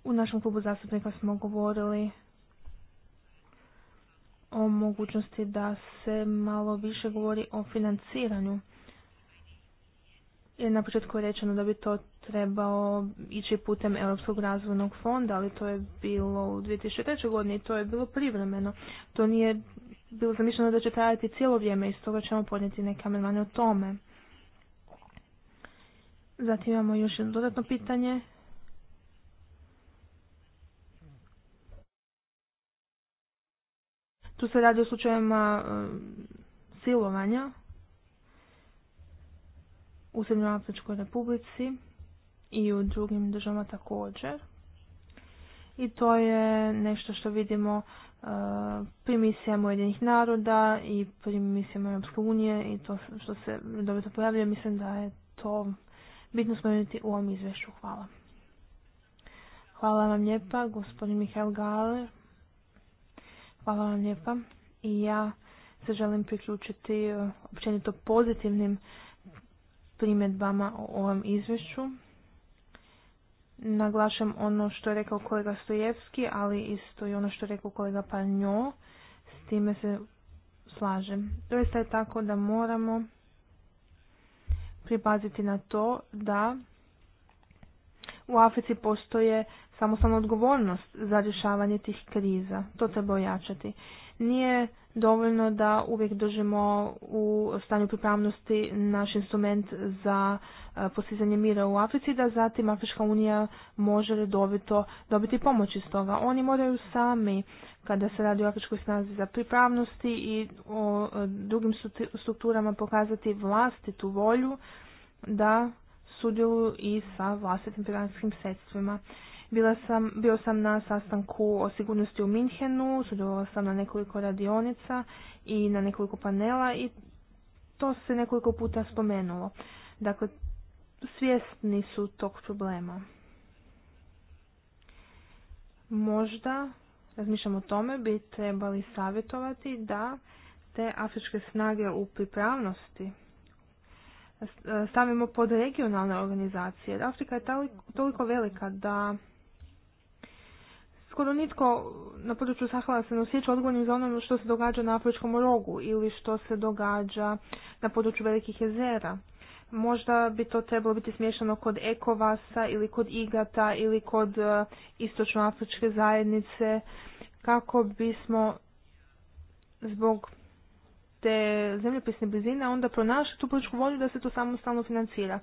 Speaker 3: U našem klubu zastupnika smo govorili o mogućnosti da se malo više govori o financiranju. je na početku je rečeno da bi to trebao ići putem Europskog razvojnog fonda, ali to je bilo u 2003. godini i to je bilo privremeno. To nije bilo zamišljeno da će trajati cijelo vrijeme i stoga ćemo podnijeti neke amandmane o tome. Zatim imamo još jedno dodatno pitanje Tu se radi o slučajevima e, silovanja u Srednjoafričkoj republici i u drugim državama također. I to je nešto što vidimo e, pri misijama Ujedinih naroda i pri misijama Europske unije i to što se dobro pojavljuje. Mislim da je to bitno spomenuti u ovom izvješću. Hvala. Hvala vam lijepa, gospodin Mihael Galer. Hvala vam lijepa. I ja se želim priključiti e, općenito pozitivnim primjedbama o ovom izvješću. Naglašam ono što je rekao kolega Stojevski, ali isto i ono što je rekao kolega Panjo. S time se slažem. Doista je tako da moramo pripaziti na to da u Africi postoje samostalna odgovornost za rješavanje tih kriza. To treba ojačati. Nije dovoljno da uvijek držimo u stanju pripravnosti naš instrument za e, postizanje mira u Africi, da zatim Afrička unija može redovito dobiti pomoć iz toga. Oni moraju sami, kada se radi o Afričkoj snazi za pripravnosti i o e, drugim strukturama, pokazati vlastitu volju da sudjeluju i sa vlastitim financijskim sredstvima. Bila sam, bio sam na sastanku o sigurnosti u Minhenu, sudjelovala sam na nekoliko radionica i na nekoliko panela i to se nekoliko puta spomenulo. Dakle, svjesni su tog problema. Možda, razmišljam o tome, bi trebali savjetovati da te afričke snage u pripravnosti stavimo pod regionalne organizacije. Afrika je toliko velika da skoro nitko na području Sahala se ne osjeća odgovornim za ono što se događa na Afričkom rogu ili što se događa na području velikih jezera. Možda bi to trebalo biti smješano kod Ekovasa ili kod Igata ili kod e, istočnoafričke zajednice kako bismo zbog te zemljopisne blizine, onda pronašli tu političku volju da se to samostalno financira.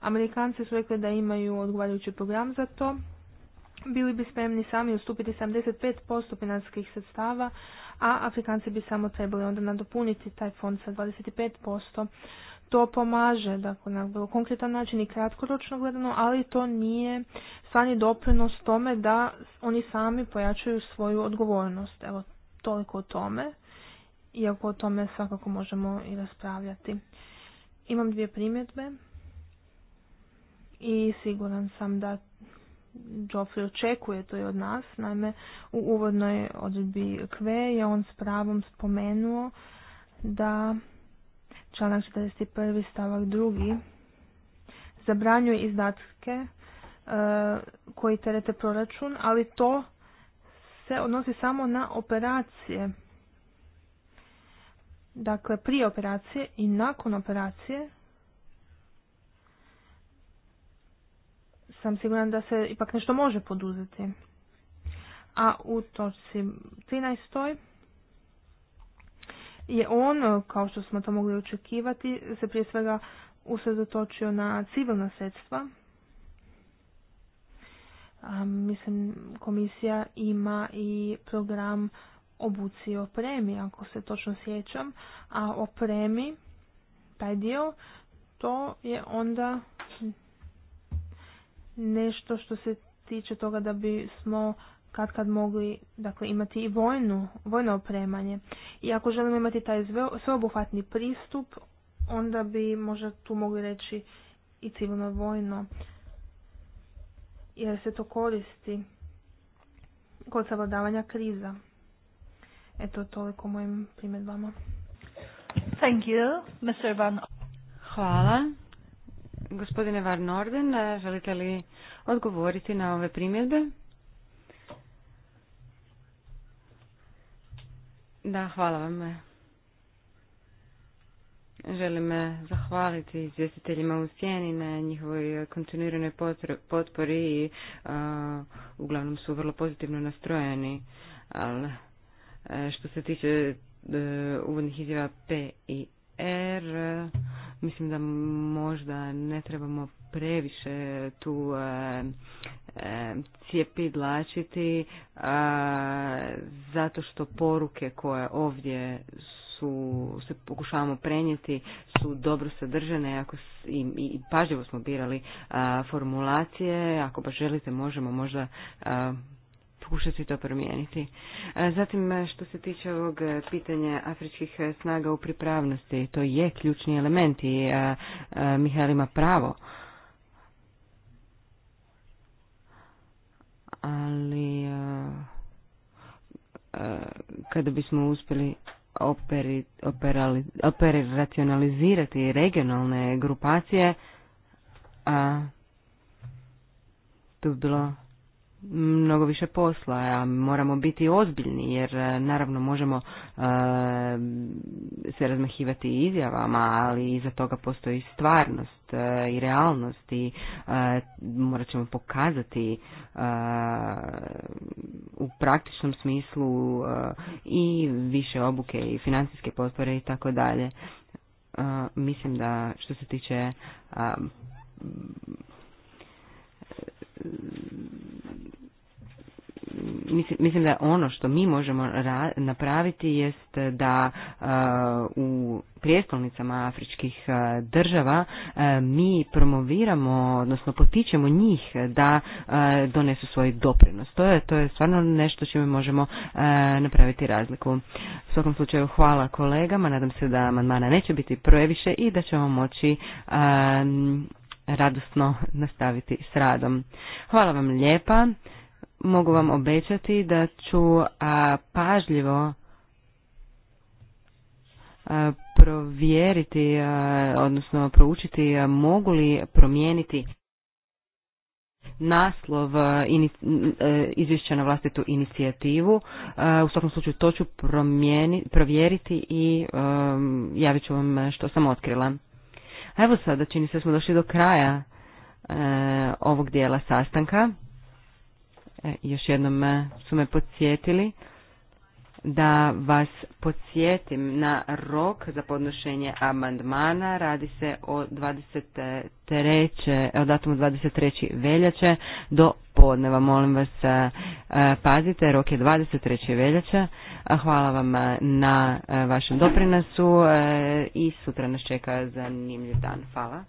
Speaker 3: Amerikanci su rekli da imaju odgovarajući program za to. Bili bi spremni sami ustupiti 75% financijskih sredstava, a Afrikanci bi samo trebali onda nadopuniti taj fond sa 25%. To pomaže dakle, na konkretan način i kratkoročno gledano, ali to nije stvarni doprinos tome da oni sami pojačaju svoju odgovornost. Evo, toliko o tome iako o tome svakako možemo i raspravljati. Imam dvije primjedbe i siguran sam da Joffrey očekuje to i od nas. Naime, u uvodnoj odredbi Kve je on s pravom spomenuo da članak 41. stavak 2. zabranjuje izdatke e, koji terete proračun, ali to se odnosi samo na operacije Dakle, prije operacije i nakon operacije sam siguran da se ipak nešto može poduzeti. A u točci 13. je on, kao što smo to mogli očekivati, se prije svega usredotočio na civilna sredstva. A, mislim, komisija ima i program obuci i opremi, ako se točno sjećam, a opremi, taj dio, to je onda nešto što se tiče toga da bi smo kad kad mogli dakle, imati i vojnu, vojno opremanje. I ako želimo imati taj sveobuhvatni pristup, onda bi možda tu mogli reći i civilno vojno, jer se to koristi kod savladavanja kriza. Eto, toliko mojim primjedbama. Thank
Speaker 4: you, Mr. Van... Hvala. Gospodine Van Norden, eh, želite li odgovoriti na ove primjedbe? Da, hvala vam. Želim eh, zahvaliti izvjestiteljima u sjeni na njihovoj kontinuiranoj potpori i eh, uglavnom su vrlo pozitivno nastrojeni, ali E, što se tiče e, uvodnih izjava P i R, mislim da možda ne trebamo previše tu e, dlačiti, zato što poruke koje ovdje su, se pokušavamo prenijeti su dobro sadržane ako i, i pažljivo smo birali formulacije, ako baš želite možemo možda pokušati to promijeniti. E, zatim e, što se tiče ovog pitanja afričkih snaga u pripravnosti, to je ključni element i e, Mihael ima pravo. Ali kada bismo uspjeli operacionalizirati regionalne grupacije, a, tu bi bilo mnogo više posla, a moramo biti ozbiljni jer e, naravno možemo e, se razmahivati izjavama, ali iza toga postoji stvarnost e, i realnost i morat ćemo pokazati u praktičnom smislu i više obuke i financijske potpore i tako dalje. Mislim da što se tiče Mislim, mislim da ono što mi možemo napraviti jest da e, u prijestolnicama afričkih e, država e, mi promoviramo odnosno potičemo njih da donesu svoj doprinos. To je to je stvarno nešto čime možemo napraviti razliku. U svakom slučaju hvala kolegama, nadam se da amandmana neće biti previše i da ćemo moći radosno nastaviti s radom. Hvala vam lijepa. Mogu vam obećati da ću a, pažljivo provjeriti, odnosno proučiti mogu li promijeniti naslov izvješća na vlastitu inicijativu. U svakom slučaju to ću provjeriti i javit ću vam što sam otkrila. Evo sada, čini se smo došli do kraja e, ovog dijela sastanka. E, još jednom e, su me podsjetili da vas podsjetim na rok za podnošenje amandmana. Radi se o 23. o datumu 23. veljače do podneva. Molim vas pazite, rok je 23. veljače. Hvala vam na vašem doprinosu i sutra nas čeka zanimljiv dan. Hvala.